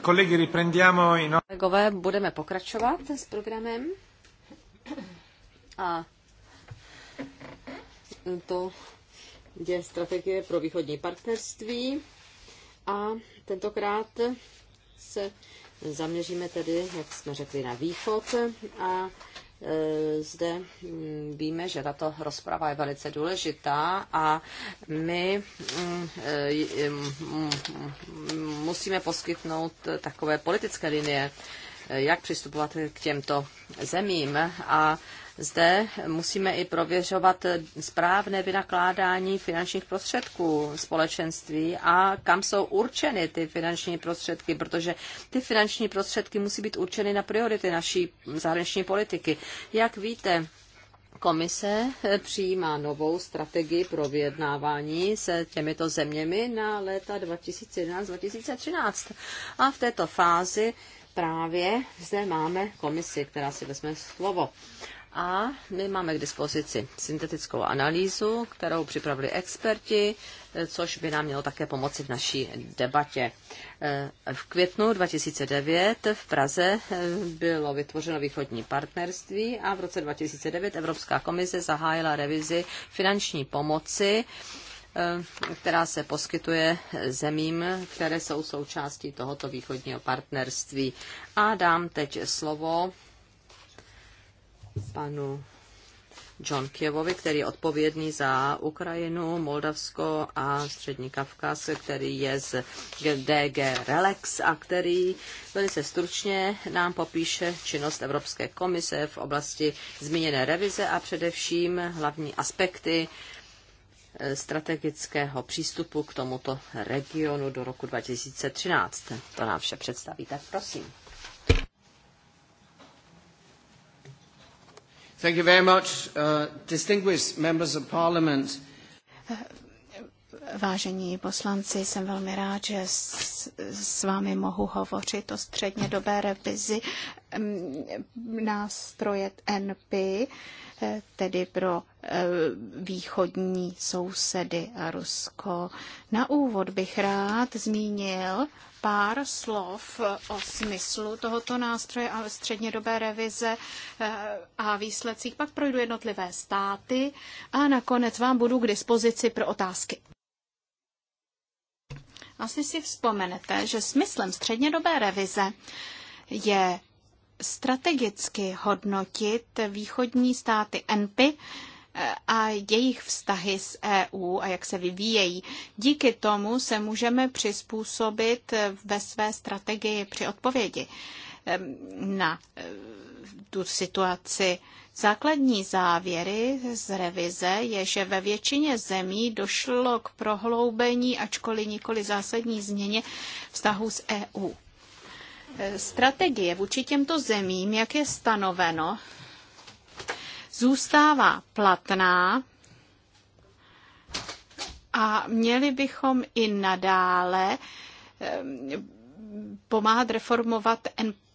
kolegy, riprendiamo i no- Kolegové, budeme pokračovat s programem. A to je strategie pro východní partnerství. A tentokrát se zaměříme tedy, jak jsme řekli, na východ. A e, zde mm, víme, že tato rozprava je velice důležitá a my mm, e, musíme poskytnout eh, takové politické linie, eh, jak přistupovat k těmto zemím. A zde musíme i prověřovat eh, správné vynakládání finančních prostředků společenství a kam jsou určeny ty finanční prostředky, protože ty finanční prostředky musí být určeny na priority naší zahraniční politiky. Jak víte, Komise eh, přijímá novou strategii pro vyjednávání se těmito zeměmi na léta 2011-2013. A v této fázi právě zde máme komisi, která si vezme slovo. A my máme k dispozici syntetickou analýzu, kterou připravili experti, eh, což by nám mělo také pomoci v naší debatě. Eh, v květnu 2009 v Praze eh, bylo vytvořeno východní partnerství a v roce 2009 Evropská komise zahájila revizi finanční pomoci která se poskytuje zemím, které jsou součástí tohoto východního partnerství. A dám teď slovo panu John Kievovi, který je odpovědný za Ukrajinu, Moldavsko a Střední Kavkaz, který je z DG Relax a který velice stručně nám popíše činnost Evropské komise v oblasti zmíněné revize a především hlavní aspekty eh, strategického přístupu k tomuto regionu do roku 2013. To nám vše představí, tak prosím. Thank you very much, uh, distinguished members of parliament. Vážení poslanci, jsem velmi rád, že s, s vámi mohu hovořit o středně dobé revizi mm, nástroje NP, tedy pro eh, východní sousedy a Rusko. Na úvod bych rád zmínil, pár slov o smyslu tohoto nástroje a střednědobé revize eh, a výsledcích. Pak projdu jednotlivé státy a nakonec vám budu k dispozici pro otázky. Asi si vzpomenete, že smyslem střednědobé revize je strategicky hodnotit východní státy NPI a jejich vztahy s EU a jak se vyvíjejí. Díky tomu se můžeme přizpůsobit ve své strategii při odpovědi na eh, tu situaci. Základní závěry z revize je, že ve většině zemí došlo k prohloubení, ačkoliv nikoli zásadní změně vztahu s EU. Eh, strategie vůči těmto zemím, jak je stanoveno, zůstává platná a měli bychom i nadále ehm, pomáhat reformovat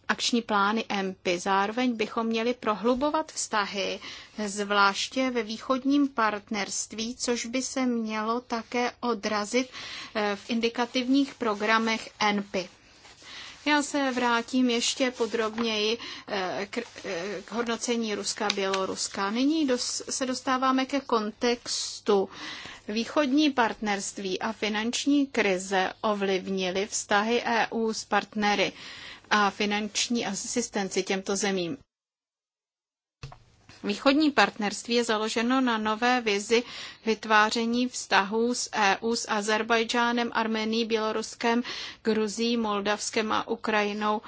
akční plány MP. Zároveň bychom měli prohlubovat vztahy, zvláště ve východním partnerství, což by se mělo také odrazit eh, v indikativních programech ENPy. Já se vrátím ještě podrobněji eh, eh, k hodnocení Ruska a Běloruska. Nyní se dostáváme ke kontextu. Východní partnerství a finanční krize ovlivnily vztahy EU s partnery a finanční asistenci těmto zemím. Východní partnerství je založeno na nové vizi vytváření vztahů s EU s Azerbajdžánem, Armenií, Běloruskem, Gruzí, Moldavskem a Ukrajinou,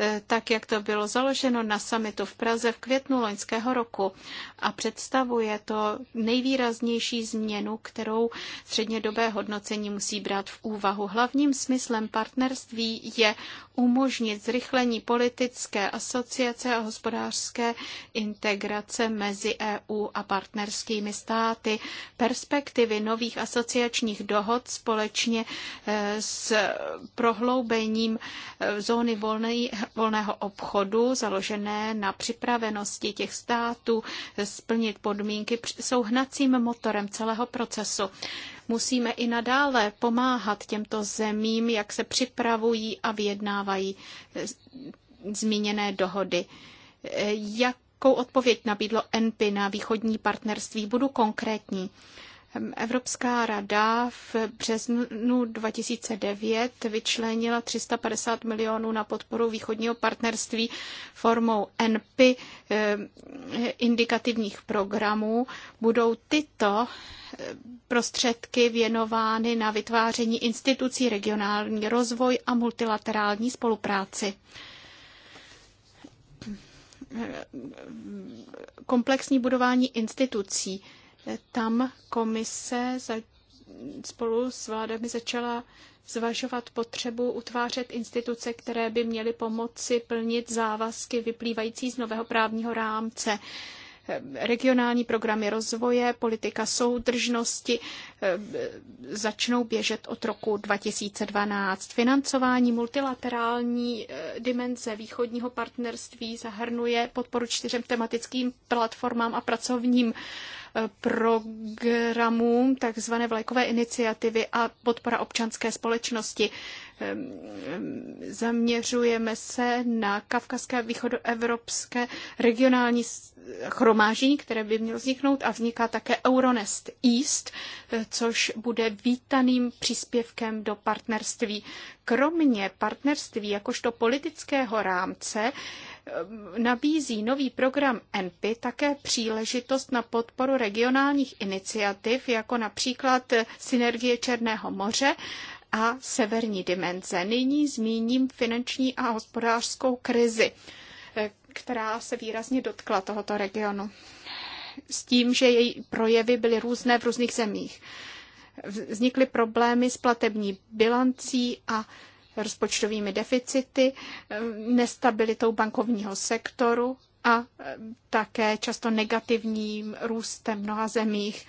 e, tak jak to bylo založeno na samitu v Praze v květnu loňského roku. A představuje to nejvýraznější změnu, kterou střednědobé hodnocení musí brát v úvahu. Hlavním smyslem partnerství je umožnit zrychlení politické asociace a hospodářské integrace mezi EU a partnerskými státy. Perspektivy nových asociačních dohod společně eh, s prohloubením eh, zóny volného obchodu založené na připravenosti těch států eh, splnit podmínky jsou hnacím motorem celého procesu. Musíme i nadále pomáhat těmto zemím, jak se připravují a vyjednávají eh, zmíněné dohody. Eh, jakou odpověď nabídlo NP na východní partnerství? Budu konkrétní. Evropská rada v březnu 2009 vyčlenila 350 milionů na podporu východního partnerství formou NP eh, indikativních programů. Budou tyto eh, prostředky věnovány na vytváření institucí regionální rozvoj a multilaterální spolupráci eh, komplexní budování institucí tam komise za, spolu s vládami začala zvažovat potřebu utvářet instituce, které by měly pomoci plnit závazky vyplývající z nového právního rámce regionální programy rozvoje, politika soudržnosti eh, začnou běžet od roku 2012. Financování multilaterální eh, dimenze východního partnerství zahrnuje podporu čtyřem tematickým platformám a pracovním programům takzvané vlajkové iniciativy a podpora občanské společnosti. Ehm, ehm, zaměřujeme se na kavkazské a východoevropské regionální chromáží, které by mělo vzniknout a vzniká také Euronest East, eh, což bude vítaným příspěvkem do partnerství. Kromě partnerství jakožto politického rámce Eh, nabízí nový program ENPI také příležitost na podporu regionálních iniciativ, jako například Synergie Černého moře a Severní dimenze. Nyní zmíním finanční a hospodářskou krizi, eh, která se výrazně dotkla tohoto regionu. S tím, že její projevy byly různé v různých zemích. Vznikly problémy s platební bilancí a rozpočtovými deficity, eh, nestabilitou bankovního sektoru a eh, také často negativním růstem mnoha zemích.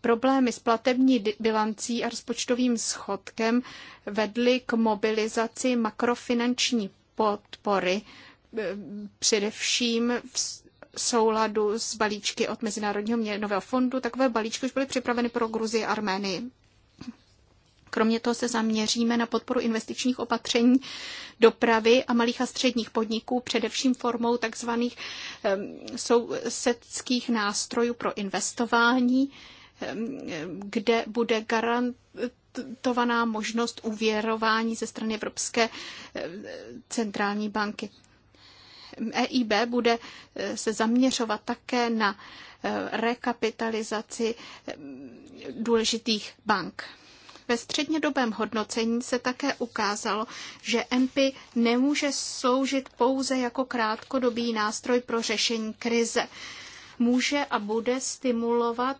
Problémy s platební bilancí a rozpočtovým schodkem vedly k mobilizaci makrofinanční podpory, eh, především v souladu s balíčky od Mezinárodního měnového fondu. Takové balíčky už byly připraveny pro Gruzii a Arménii. Kromě toho se zaměříme na podporu investičních opatření dopravy a malých a středních podniků, především formou tzv. sousedských nástrojů pro investování, kde bude garantovaná možnost uvěrování ze strany Evropské centrální banky. EIB bude se zaměřovat také na rekapitalizaci důležitých bank. Ve střednědobém hodnocení se také ukázalo, že MP nemůže sloužit pouze jako krátkodobý nástroj pro řešení krize může a bude stimulovat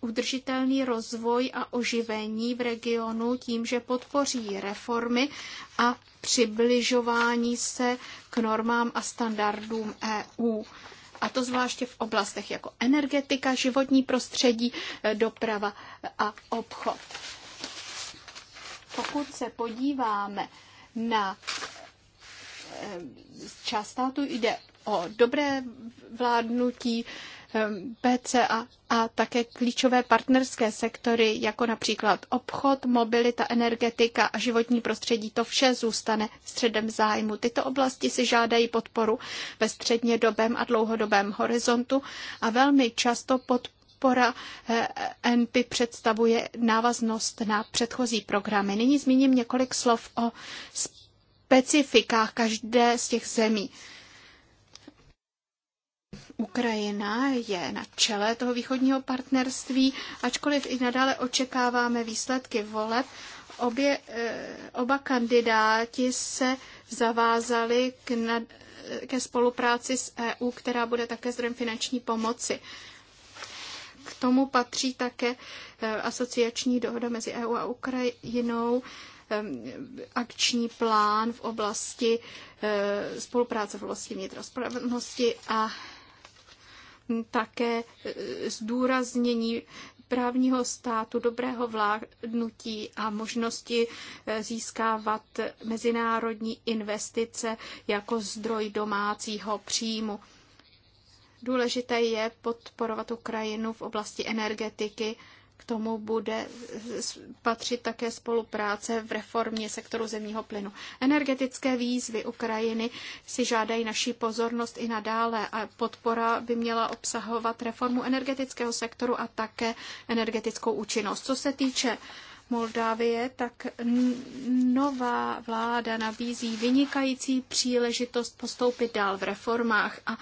udržitelný rozvoj a oživení v regionu tím, že podpoří reformy a přibližování se k normám a standardům EU. A to zvláště v oblastech jako energetika, životní prostředí, doprava a obchod pokud se podíváme na eh, část státu, jde o dobré vládnutí, PCA eh, a také klíčové partnerské sektory, jako například obchod, mobilita, energetika a životní prostředí, to vše zůstane středem zájmu. Tyto oblasti si žádají podporu ve střednědobém a dlouhodobém horizontu a velmi často podporu podpora ENPI eh, eh, představuje návaznost na předchozí programy. Nyní zmíním několik slov o specifikách každé z těch zemí. Ukrajina je na čele toho východního partnerství, ačkoliv i nadále očekáváme výsledky voleb. Obě, eh, oba kandidáti se zavázali k nad, ke spolupráci s EU, která bude také zdrojem finanční pomoci. K tomu patří také eh, asociační dohoda mezi EU a Ukrajinou, eh, akční plán v oblasti eh, spolupráce v oblasti vnitrospravedlnosti a hm, také zdůraznění právního státu, dobrého vládnutí a možnosti získávat mezinárodní investice jako zdroj domácího příjmu. Důležité je podporovat Ukrajinu v oblasti energetiky. K tomu bude patřit také spolupráce v reformě sektoru zemního plynu. Energetické výzvy Ukrajiny si žádají naší pozornost i nadále a podpora by měla obsahovat reformu energetického sektoru a také energetickou účinnost. Co se týče Moldávie, tak nová vláda nabízí vynikající příležitost postoupit dál v reformách a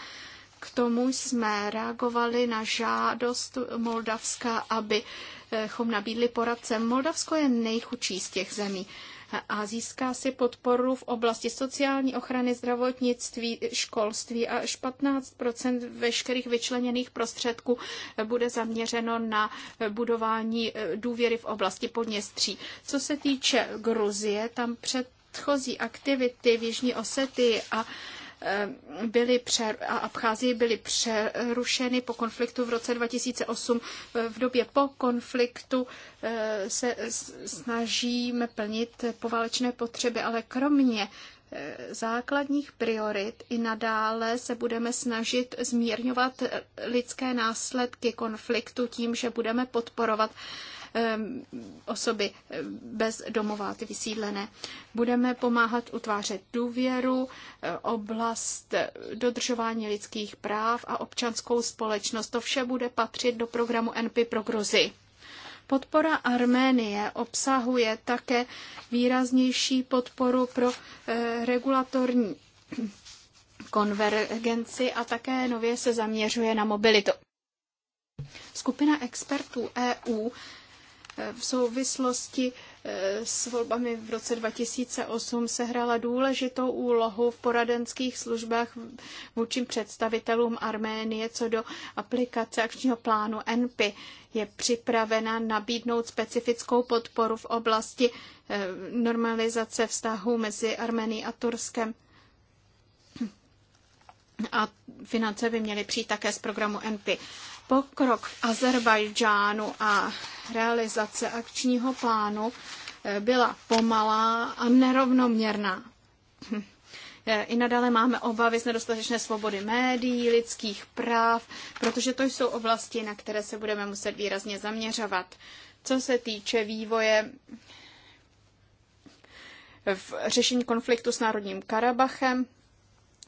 k tomu jsme reagovali na žádost Moldavska, abychom nabídli poradce. Moldavsko je nejchudší z těch zemí a získá si podporu v oblasti sociální ochrany, zdravotnictví, školství a až 15 veškerých vyčleněných prostředků bude zaměřeno na budování důvěry v oblasti podněstří. Co se týče Gruzie, tam předchozí aktivity v Jižní Osety a Eh, byly pře, a Abcházie byly přerušeny po konfliktu v roce 2008. Eh, v době po konfliktu eh, se snažíme plnit poválečné potřeby, ale kromě základních priorit i nadále se budeme snažit zmírňovat lidské následky konfliktu tím, že budeme podporovat osoby eh, bez domova, ty vysídlené. Budeme pomáhat utvářet důvěru, eh, oblast eh, dodržování lidských práv a občanskou společnost. To vše bude patřit do programu NP pro Gruzi. Podpora Arménie obsahuje také výraznější podporu pro regulatorní konvergenci a také nově se zaměřuje na mobilitu. Skupina expertů EU v souvislosti eh, s volbami v roce 2008 se hrala důležitou úlohu v poradenských službách vůči představitelům Arménie co do aplikace akčního plánu NP. Je připravena nabídnout specifickou podporu v oblasti eh, normalizace vztahů mezi Arménií a Turskem. A finance by měly přijít také z programu NP. Pokrok v Azerbajdžánu a realizace akčního plánu eh, byla pomalá a nerovnoměrná. Eh, I nadále máme obavy z nedostatečné svobody médií, lidských práv, protože to jsou oblasti, na které se budeme muset výrazně zaměřovat. Co se týče vývoje v řešení konfliktu s Národním Karabachem,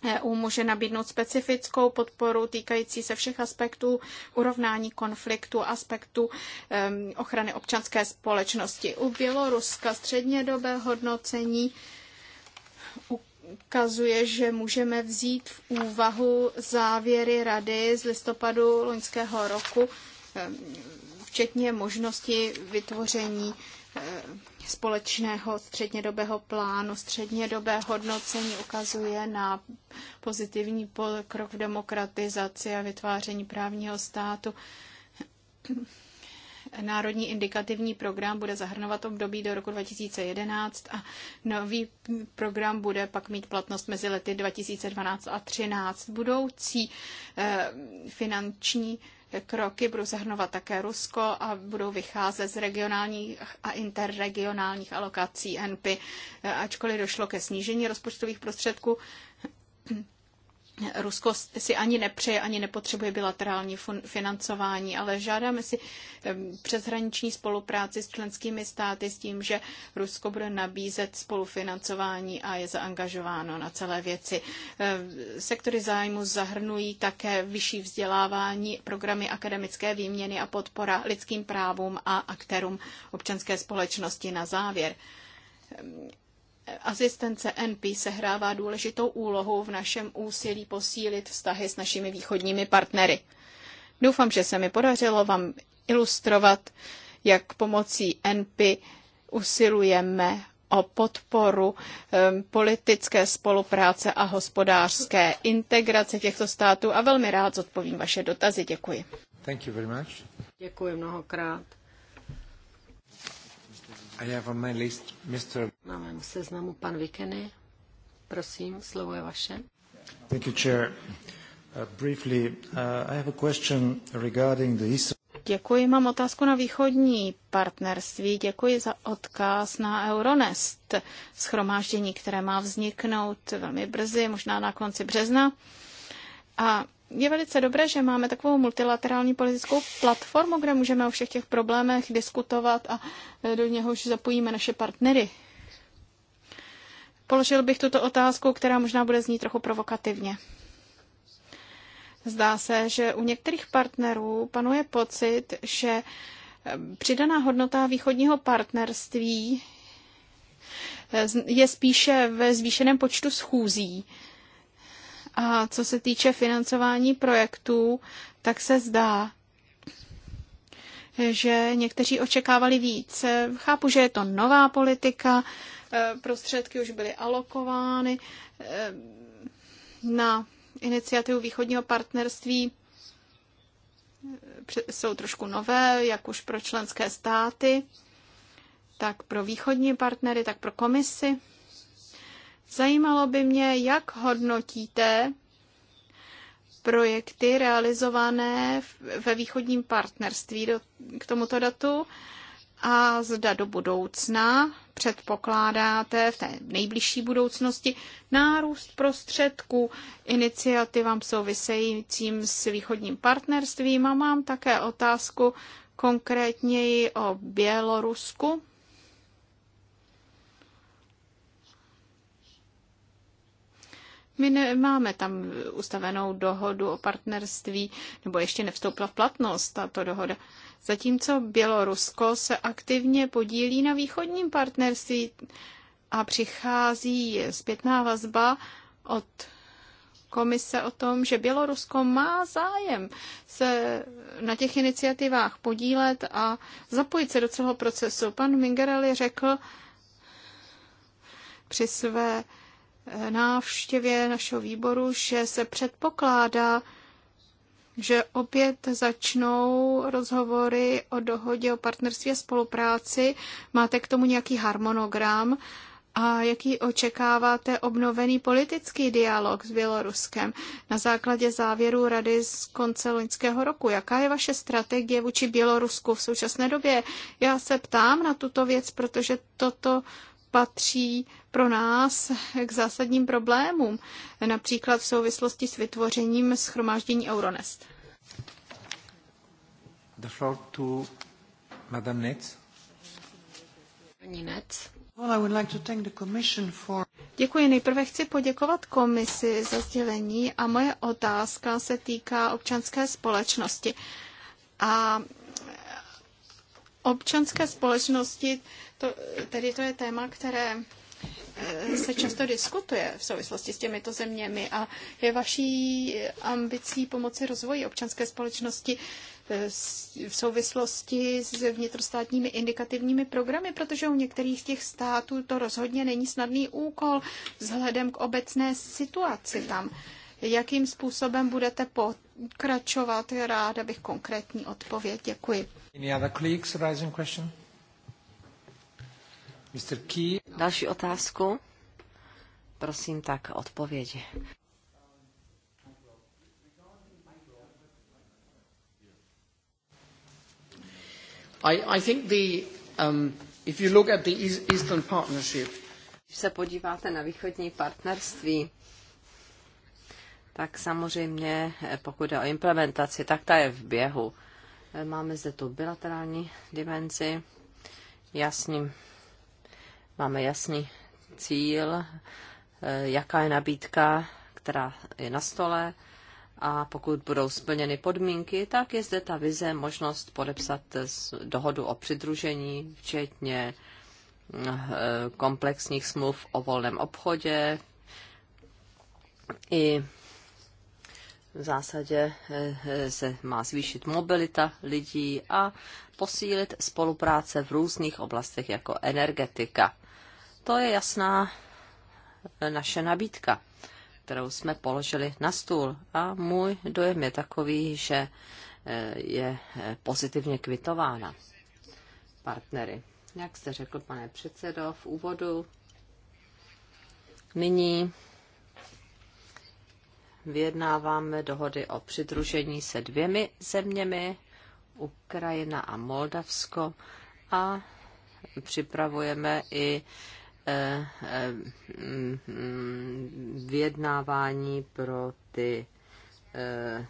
EU může nabídnout specifickou podporu týkající se všech aspektů urovnání konfliktu, aspektů ochrany občanské společnosti. U Běloruska střednědobé hodnocení ukazuje, že můžeme vzít v úvahu závěry rady z listopadu loňského roku, včetně možnosti vytvoření společného střednědobého plánu. Střednědobé hodnocení ukazuje na pozitivní pokrok v demokratizaci a vytváření právního státu. Národní indikativní program bude zahrnovat období do roku 2011 a nový program bude pak mít platnost mezi lety 2012 a 2013. Budoucí eh, finanční kroky budou zahrnovat také Rusko a budou vycházet z regionálních a interregionálních alokací NP. Ačkoliv došlo ke snížení rozpočtových prostředků, Rusko si ani nepřeje, ani nepotřebuje bilaterální financování, ale žádáme si přeshraniční spolupráci s členskými státy s tím, že Rusko bude nabízet spolufinancování a je zaangažováno na celé věci. Sektory zájmu zahrnují také vyšší vzdělávání, programy akademické výměny a podpora lidským právům a aktérům občanské společnosti na závěr Asistence NP sehrává důležitou úlohu v našem úsilí posílit vztahy s našimi východními partnery. Doufám, že se mi podařilo vám ilustrovat, jak pomocí NP usilujeme o podporu ehm, politické spolupráce a hospodářské integrace těchto států a velmi rád zodpovím vaše dotazy. Děkuji. Thank you very much. Děkuji mnohokrát. I have on my list Mr. Na mém seznamu pan Vikeny. Prosím, slovo je vaše. Thank you, Chair. Uh, briefly, uh, I have a question regarding the Děkuji, mám otázku na východní partnerství. Děkuji za odkaz na Euronest, schromáždění, které má vzniknout velmi brzy, možná na konci března. A je velice dobré, že máme takovou multilaterální politickou platformu, kde můžeme o všech těch problémech diskutovat a e, do něhož zapojíme naše partnery. Položil bych tuto otázku, která možná bude znít trochu provokativně. Zdá se, že u některých partnerů panuje pocit, že e, přidaná hodnota východního partnerství e, je spíše ve zvýšeném počtu schůzí a co se týče financování projektů, tak se zdá, že někteří očekávali víc. Chápu, že je to nová politika, eh, prostředky už byly alokovány eh, na iniciativu východního partnerství eh, jsou trošku nové, jak už pro členské státy, tak pro východní partnery, tak pro komisi. Zajímalo by mě, jak hodnotíte projekty realizované ve východním partnerství do, k tomuto datu a zda do budoucna předpokládáte v té nejbližší budoucnosti nárůst prostředků iniciativám souvisejícím s východním partnerstvím a mám také otázku konkrétněji o Bělorusku. My nemáme tam ustavenou dohodu o partnerství, nebo ještě nevstoupila v platnost tato dohoda. Zatímco Bělorusko se aktivně podílí na východním partnerství a přichází zpětná vazba od komise o tom, že Bělorusko má zájem se na těch iniciativách podílet a zapojit se do celého procesu. Pan Mingereli řekl při své návštěvě našeho výboru, že se předpokládá, že opět začnou rozhovory o dohodě o partnerství a spolupráci. Máte k tomu nějaký harmonogram? A jaký očekáváte obnovený politický dialog s Běloruskem na základě závěrů Rady z konce loňského roku? Jaká je vaše strategie vůči Bělorusku v současné době? Já se ptám na tuto věc, protože toto patří pro nás k zásadním problémům, například v souvislosti s vytvořením schromáždění Euronest. The floor to Madame Netz. Děkuji. Nejprve chci poděkovat komisi za sdělení a moje otázka se týká občanské společnosti. A občanské společnosti, to, tedy to je téma, které eh, se často diskutuje v souvislosti s těmito zeměmi a je vaší ambicí pomoci rozvoji občanské společnosti eh, v souvislosti s vnitrostátními indikativními programy, protože u některých z těch států to rozhodně není snadný úkol vzhledem k obecné situaci tam jakým způsobem budete pokračovat. Ráda bych konkrétní odpověď. Děkuji. Další otázku. Prosím tak odpovědi. I, I think the, um, if you look at the Eastern Partnership, když se podíváte na východní partnerství, tak samozřejmě, pokud je o implementaci, tak ta je v běhu. Máme zde tu bilaterální dimenzi, jasný, máme jasný cíl, eh, jaká je nabídka, která je na stole a pokud budou splněny podmínky, tak je zde ta vize možnost podepsat dohodu o přidružení, včetně eh, komplexních smluv o volném obchodě i v zásadě eh, eh, se má zvýšit mobilita lidí a posílit spolupráce v různých oblastech jako energetika. To je jasná eh, naše nabídka, kterou jsme položili na stůl. A můj dojem je takový, že je pozitivně kvitována partnery. Jak jste řekl, pane předsedo, v úvodu nyní vyjednáváme dohody o přidružení se dvěmi zeměmi, Ukrajina a Moldavsko, a připravujeme i eh, eh, mm, vyjednávání pro ty eh,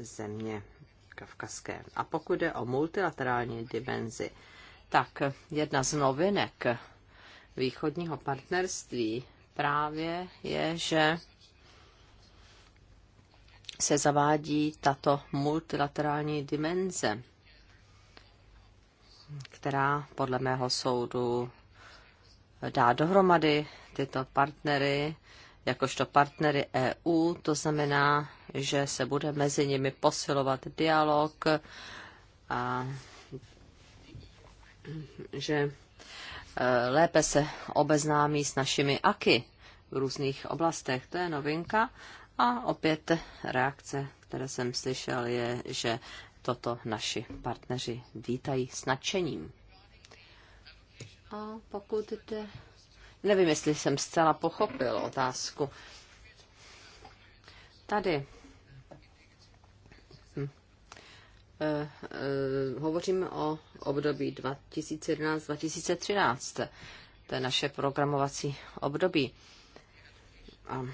země kavkazské. A pokud jde o multilaterální dimenzi, tak jedna z novinek východního partnerství právě je, že se zavádí tato multilaterální dimenze, která podle mého soudu dá dohromady tyto partnery, jakožto partnery EU, to znamená, že se bude mezi nimi posilovat dialog a že e, lépe se obeznámí s našimi aky v různých oblastech. To je novinka a opět reakce, které jsem slyšel, je, že toto naši partneři vítají s nadšením. A pokud jde... Nevím, jestli jsem zcela pochopil otázku. Tady hm. e, eh, e, eh, hovoříme o období 2011-2013. To je naše programovací období. A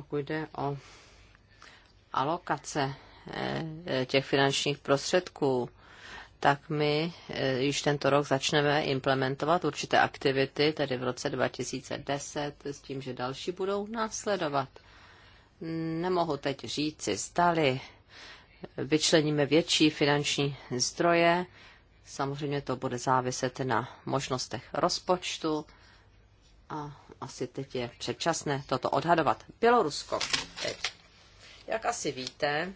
pokud jde o alokace eh, těch finančních prostředků, tak my eh, již tento rok začneme implementovat určité aktivity, tedy v roce 2010, s tím, že další budou následovat. Nemohu teď říci, stali vyčleníme větší finanční zdroje, samozřejmě to bude záviset na možnostech rozpočtu, a asi teď je předčasné toto odhadovat. Bělorusko teď. Jak asi víte,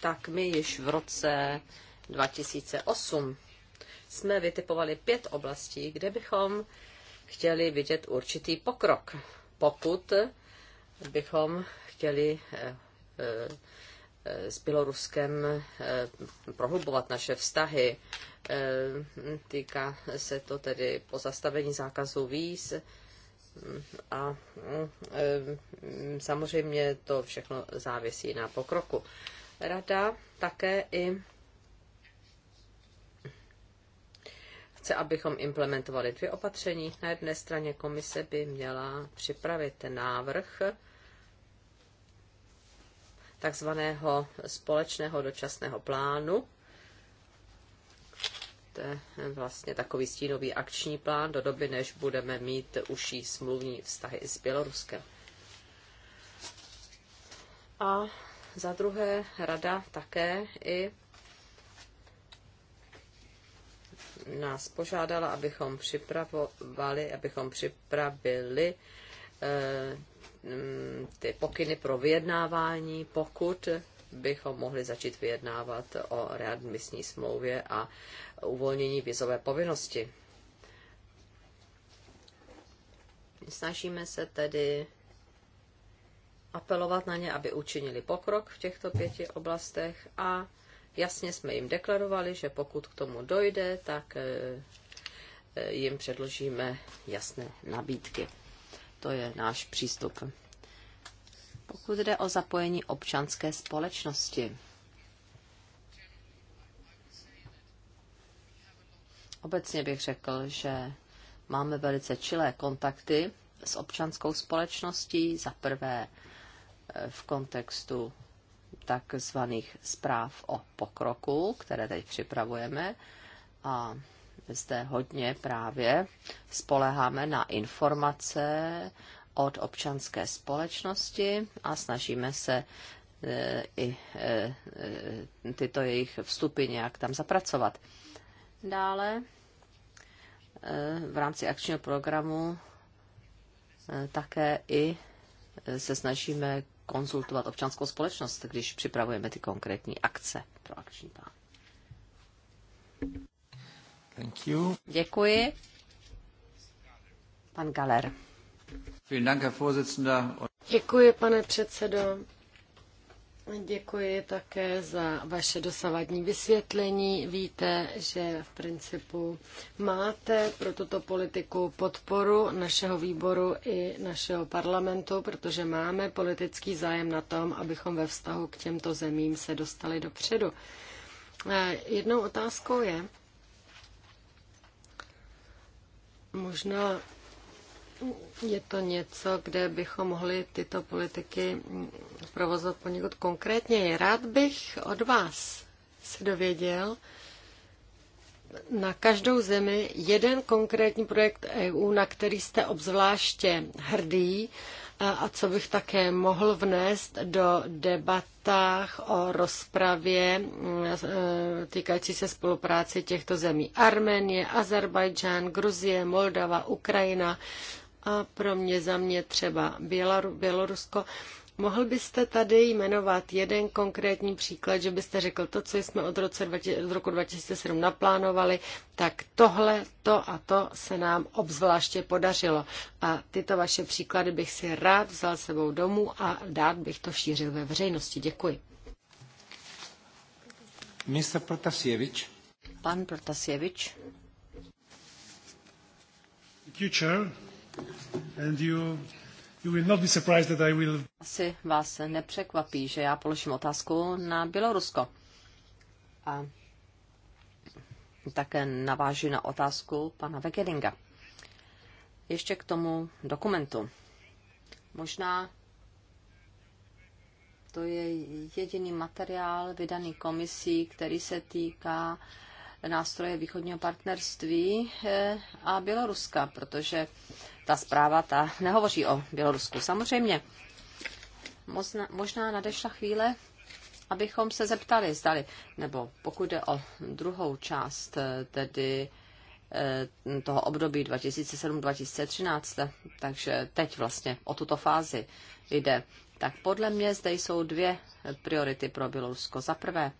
tak my již v roce 2008 jsme vytipovali pět oblastí, kde bychom chtěli vidět určitý pokrok, pokud bychom chtěli eh, eh, s Běloruskem eh, prohlubovat naše vztahy. Týká se to tedy pozastavení zákazu víz, a mm, samozřejmě to všechno závisí na pokroku. Rada také i chce, abychom implementovali dvě opatření. Na jedné straně komise by měla připravit návrh takzvaného společného dočasného plánu máte vlastně takový stínový akční plán do doby, než budeme mít užší smluvní vztahy s Běloruskem. A za druhé, rada také i nás požádala, abychom připravovali, abychom připravili eh, mm, ty pokyny pro vyjednávání, pokud bychom mohli začít vyjednávat o readmisní smlouvě a uvolnění vizové povinnosti. Snažíme se tedy apelovat na ně, aby učinili pokrok v těchto pěti oblastech a jasně jsme jim deklarovali, že pokud k tomu dojde, tak eh, eh, jim předložíme jasné nabídky. To je náš přístup pokud jde o zapojení občanské společnosti. Obecně bych řekl, že máme velice čilé kontakty s občanskou společností, za prvé e, v kontextu takzvaných zpráv o pokroku, které teď připravujeme a zde hodně právě spoleháme na informace od občanské společnosti a snažíme se e, i e, tyto jejich vstupy nějak tam zapracovat. Dále e, v rámci akčního programu také i se snažíme konzultovat občanskou společnost, když připravujeme ty konkrétní akce pro akční plán. Thank you. Děkuji. Pan Galer. Děkuji, pane předsedo. Děkuji také za vaše dosavadní vysvětlení. Víte, že v principu máte pro tuto politiku podporu našeho výboru i našeho parlamentu, protože máme politický zájem na tom, abychom ve vztahu k těmto zemím se dostali dopředu. Eh, jednou otázkou je, možná je to něco, kde bychom mohli tyto politiky provozovat poněkud konkrétně. Rád bych od vás se dověděl na každou zemi jeden konkrétní projekt EU, na který jste obzvláště hrdý a co bych také mohl vnést do debatách o rozpravě mm, e, týkající se spolupráce těchto zemí. Arménie, Azerbajdžán, Gruzie, Moldava, Ukrajina, a pro mě za mě třeba Bělorusko. Mohl byste tady jmenovat jeden konkrétní příklad, že byste řekl to, co jsme od, roce 20, od roku 2007 naplánovali, tak tohle, to a to se nám obzvláště podařilo. A tyto vaše příklady bych si rád vzal sebou domů a dát bych to šířil ve veřejnosti. Děkuji. Mr. Protasievič. Pan Protasievič and you, you will not be surprised that I will... Asi vás nepřekvapí, že já položím otázku na Bělorusko. A také navážu na otázku pana Vegedinga. Ještě k tomu dokumentu. Možná to je jediný materiál vydaný komisí, který se týká nástroje východního partnerství eh, a Běloruska, protože ta zpráva ta nehovoří o Bělorusku. Samozřejmě možná, možná nadešla chvíle, abychom se zeptali, zdali, nebo pokud jde o druhou část, eh, tedy eh, toho období 2007-2013, takže teď vlastně o tuto fázi jde. Tak podle mě zde jsou dvě priority pro Bělorusko. Za prvé,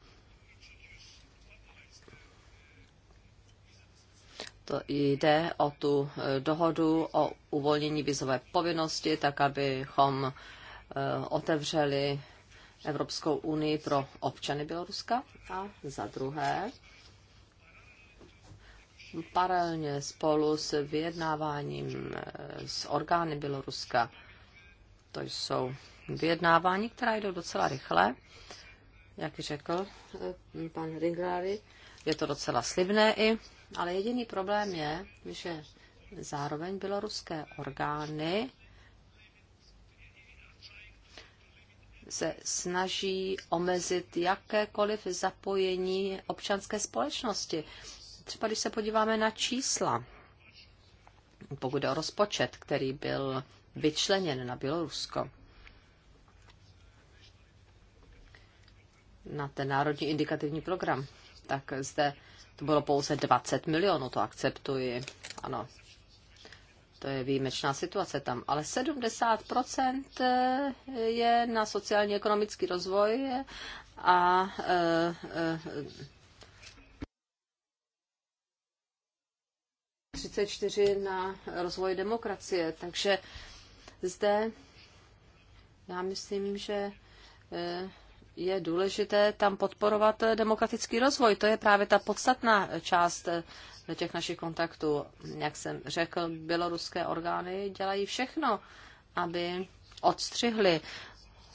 to jde o tu e, dohodu o uvolnění vizové povinnosti, tak abychom e, otevřeli Evropskou unii pro občany Běloruska. A za druhé, paralelně spolu s vyjednáváním e, s orgány Běloruska, to jsou vyjednávání, která jdou docela rychle, jak řekl pan Ringlari, je to docela slibné i ale jediný problém je, že zároveň běloruské orgány se snaží omezit jakékoliv zapojení občanské společnosti. Třeba když se podíváme na čísla, pokud o rozpočet, který byl vyčleněn na Bělorusko, na ten národní indikativní program, tak zde to bylo pouze 20 milionů, to akceptuji. Ano, to je výjimečná situace tam. Ale 70% eh, je na sociálně ekonomický rozvoj a e, e, 34 na rozvoj demokracie. Takže zde já myslím, že e, je důležité tam podporovat demokratický rozvoj. To je právě ta podstatná část eh, těch našich kontaktů. Jak jsem řekl, běloruské orgány dělají všechno, aby odstřihli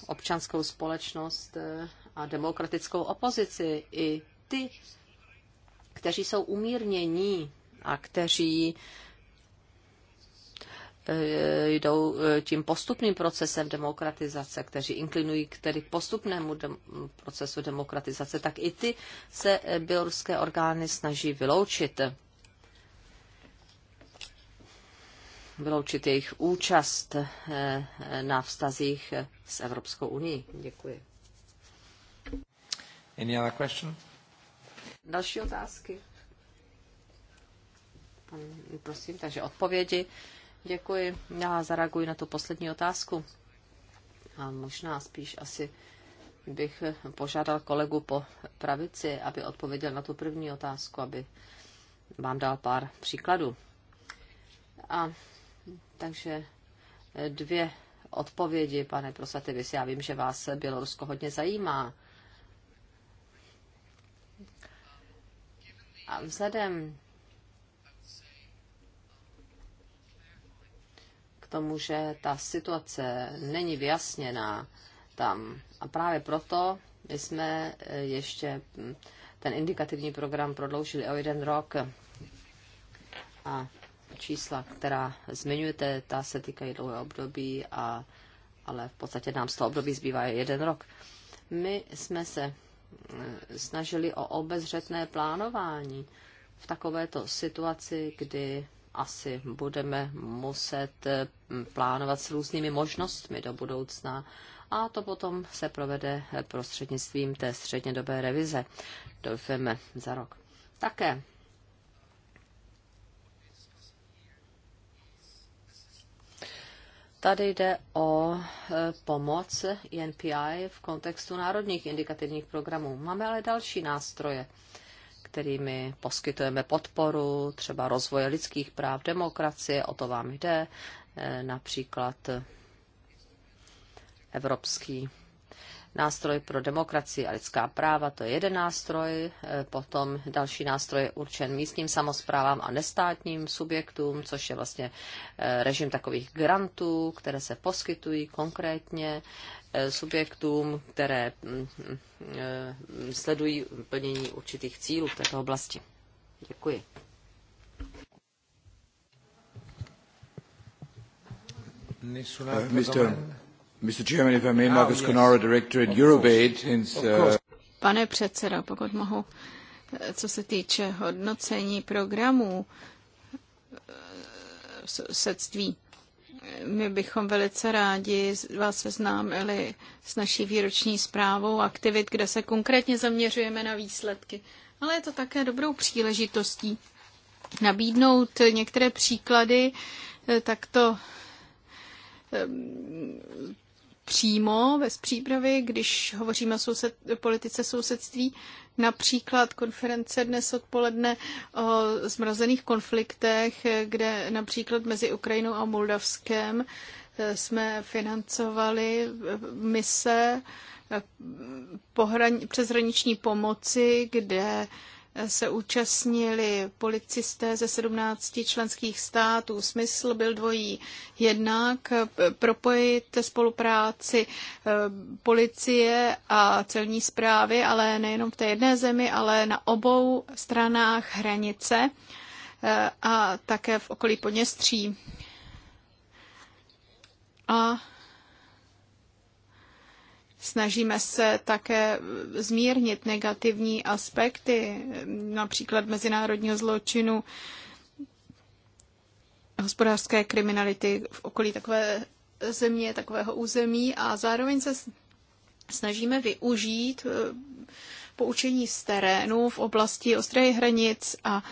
občanskou společnost eh, a demokratickou opozici. I ty, kteří jsou umírnění a kteří uh, Eh, jdou eh, tím postupným procesem demokratizace, kteří inklinují k tedy postupnému dem- procesu demokratizace, tak i ty se eh, běloruské orgány snaží vyloučit. Vyloučit jejich účast na vztazích s Evropskou unii. Děkuji. Any other question? Další otázky. Prosím, takže odpovědi. Děkuji. Já zareaguji na tu poslední otázku. A možná spíš asi bych požádal kolegu po pravici, aby odpověděl na tu první otázku, aby vám dal pár příkladů. A takže dvě odpovědi, pane Prosativis. Já vím, že vás Bělorusko hodně zajímá. A vzhledem tomu, že ta situace není vyjasněná tam. A právě proto my jsme eh, ještě hm, ten indikativní program prodloužili o jeden rok. A čísla, která zmiňujete, ta se týkají dlouhého období, a, ale v podstatě nám z toho období zbývá jeden rok. My jsme se hm, snažili o obezřetné plánování v takovéto situaci, kdy asi budeme muset eh, plánovat s různými možnostmi do budoucna a to potom se provede eh, prostřednictvím té střednědobé revize. Doufujeme za rok. Také Tady jde o eh, pomoc INPI v kontextu národních indikativních programů. Máme ale další nástroje kterými poskytujeme podporu, třeba rozvoje lidských práv, demokracie, o to vám jde, eh, například eh, Evropský nástroj pro demokracii a lidská práva, to je jeden nástroj, eh, potom další nástroj je určen místním samozprávám a nestátním subjektům, což je vlastně režim takových grantů, které se poskytují konkrétně Eh, subjektům, které mm, mm, eh, sledují plnění určitých cílů v této oblasti. Děkuji. Pane předsedo, pokud mohu, co se týče hodnocení programů eh, sedství. My bychom velice rádi vás seznámili s naší výroční zprávou aktivit, kde se konkrétně zaměřujeme na výsledky. Ale je to také dobrou příležitostí nabídnout některé příklady eh, takto přímo bez přípravy, když hovoříme o soused, politice sousedství, například konference dnes odpoledne o zmrazených konfliktech, kde například mezi Ukrajinou a Moldavskem eh, jsme financovali eh, mise eh, pohraň, přeshraniční pomoci, kde se účastnili policisté ze 17 členských států. Smysl byl dvojí. Jednak eh, propojit spolupráci eh, policie a celní zprávy, ale nejenom v té jedné zemi, ale na obou stranách hranice eh, a také v okolí Poněstří. A Snažíme se také zmírnit negativní aspekty, například mezinárodního zločinu, hospodářské kriminality v okolí takové země, takového území a zároveň se snažíme využít eh, poučení z terénu v oblasti ostrých hranic a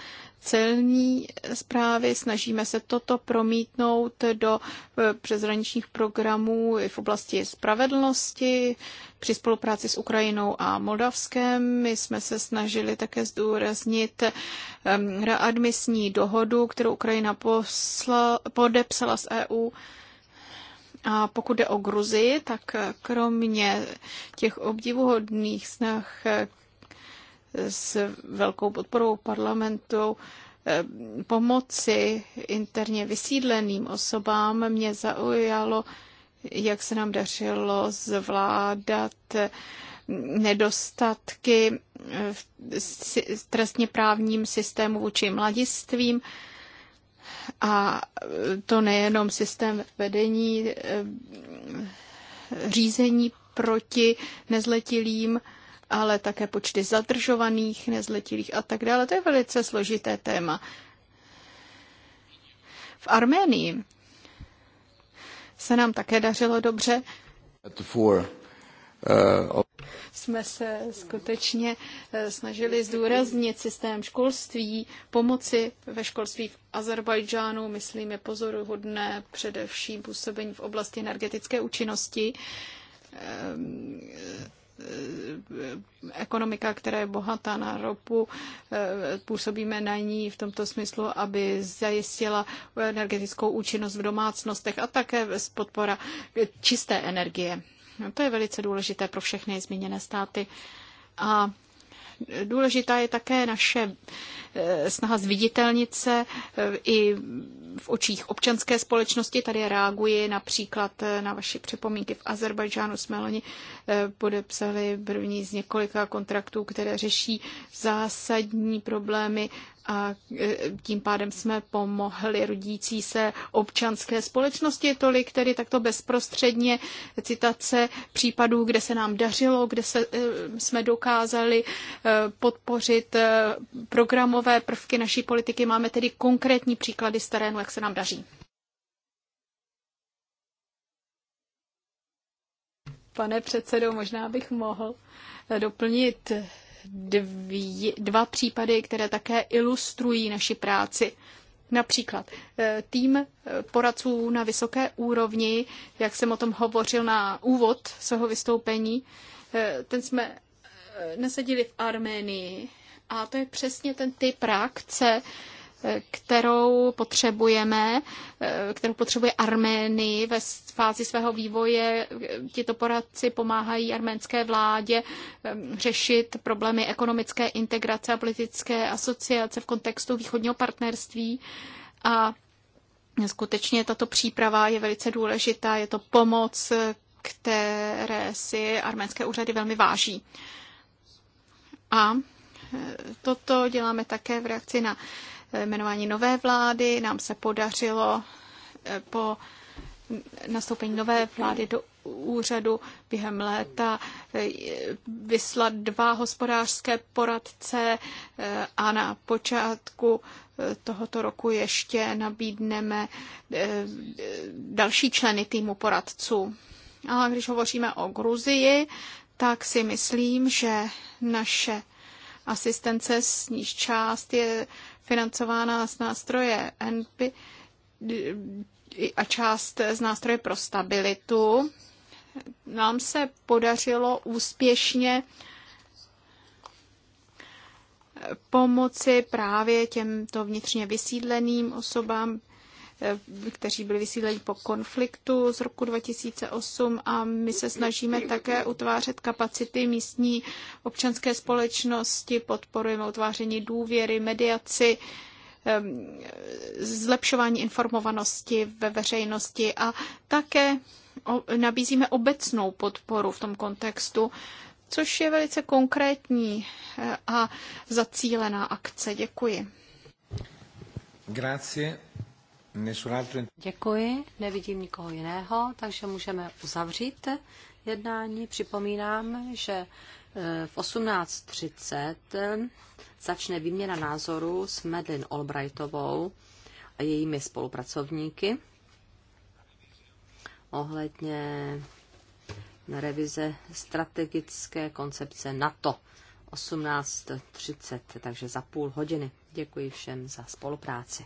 celní zprávy. Snažíme se toto promítnout do eh, přezraničních programů v oblasti spravedlnosti, při spolupráci s Ukrajinou a Moldavskem. My jsme se snažili také zdůraznit ehm, readmisní dohodu, kterou Ukrajina posla, podepsala s EU. A pokud jde o Gruzi, tak eh, kromě těch obdivuhodných snah eh, s velkou podporou parlamentu eh, pomoci interně vysídleným osobám. Mě zaujalo, jak se nám dařilo zvládat nedostatky v trestně právním systému vůči mladistvím. A to nejenom systém vedení, eh, řízení proti nezletilým, ale také počty zadržovaných, nezletilých a tak dále. To je velice složité téma. V Arménii se nám také dařilo dobře. Uh, Jsme se skutečně eh, snažili zdůraznit systém školství, pomoci ve školství v Azerbajdžánu, myslím, je pozoruhodné především působení v oblasti energetické účinnosti ehm, Eh, ekonomika, která je bohatá na ropu, eh, působíme na ní v tomto smyslu, aby zajistila energetickou účinnost v domácnostech a také podpora čisté energie. No, to je velice důležité pro všechny zmíněné státy. A Důležitá je také naše eh, snaha zviditelnit se eh, i v očích občanské společnosti. Tady reaguji například eh, na vaše připomínky v Azerbajdžánu. Jsme loni podepsali první z několika kontraktů, které řeší zásadní problémy a e, tím pádem jsme pomohli rodící se občanské společnosti. Tolik tedy takto bezprostředně citace případů, kde se nám dařilo, kde se, e, jsme dokázali e, podpořit programové prvky naší politiky. Máme tedy konkrétní příklady z terénu, jak se nám daří. Pane předsedo, možná bych mohl doplnit dvě, dva případy, které také ilustrují naši práci. Například eh, tým eh, poradců na vysoké úrovni, jak jsem o tom hovořil na úvod svého vystoupení, eh, ten jsme nasadili v Arménii. A to je přesně ten typ reakce, kterou potřebujeme, eh, kterou potřebuje Arménii ve fázi svého vývoje. Tito poradci pomáhají arménské vládě eh, řešit problémy ekonomické integrace a politické asociace v kontextu východního partnerství. A skutečně tato příprava je velice důležitá. Je to pomoc, které si arménské úřady velmi váží. A eh, toto děláme také v reakci na Eh, jmenování nové vlády. Nám se podařilo eh, po nastoupení nové vlády do úřadu během léta eh, vyslat dva hospodářské poradce a na počátku tohoto roku ještě nabídneme další členy týmu poradců. A když hovoříme o Gruzii, tak si myslím, že naše asistence, z níž část je financována z nástroje NP a část z nástroje pro stabilitu. Nám se podařilo úspěšně pomoci právě těmto vnitřně vysídleným osobám Eh, kteří byli vysíleni po konfliktu z roku 2008 a my se snažíme také utvářet kapacity místní občanské společnosti, podporujeme utváření důvěry, mediaci, zlepšování informovanosti ve veřejnosti a také nabízíme obecnou podporu v tom kontextu, což je velice konkrétní eh, a zacílená akce. Děkuji. Grazie. Děkuji, nevidím nikoho jiného, takže můžeme uzavřít jednání. Připomínám, že eh, v 18.30 eh, začne výměna názoru s Medlin Albrightovou a jejími spolupracovníky ohledně revize strategické koncepce NATO 18.30, takže za půl hodiny. Děkuji všem za spolupráci.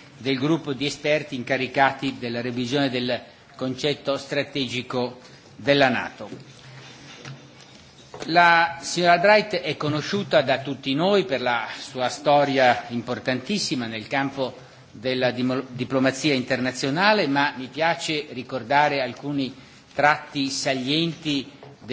del gruppo di esperti incaricati della revisione del concetto strategico della Nato. La signora Dreit è conosciuta da tutti noi per la sua storia importantissima nel campo della diplomazia internazionale, ma mi piace ricordare alcuni tratti salienti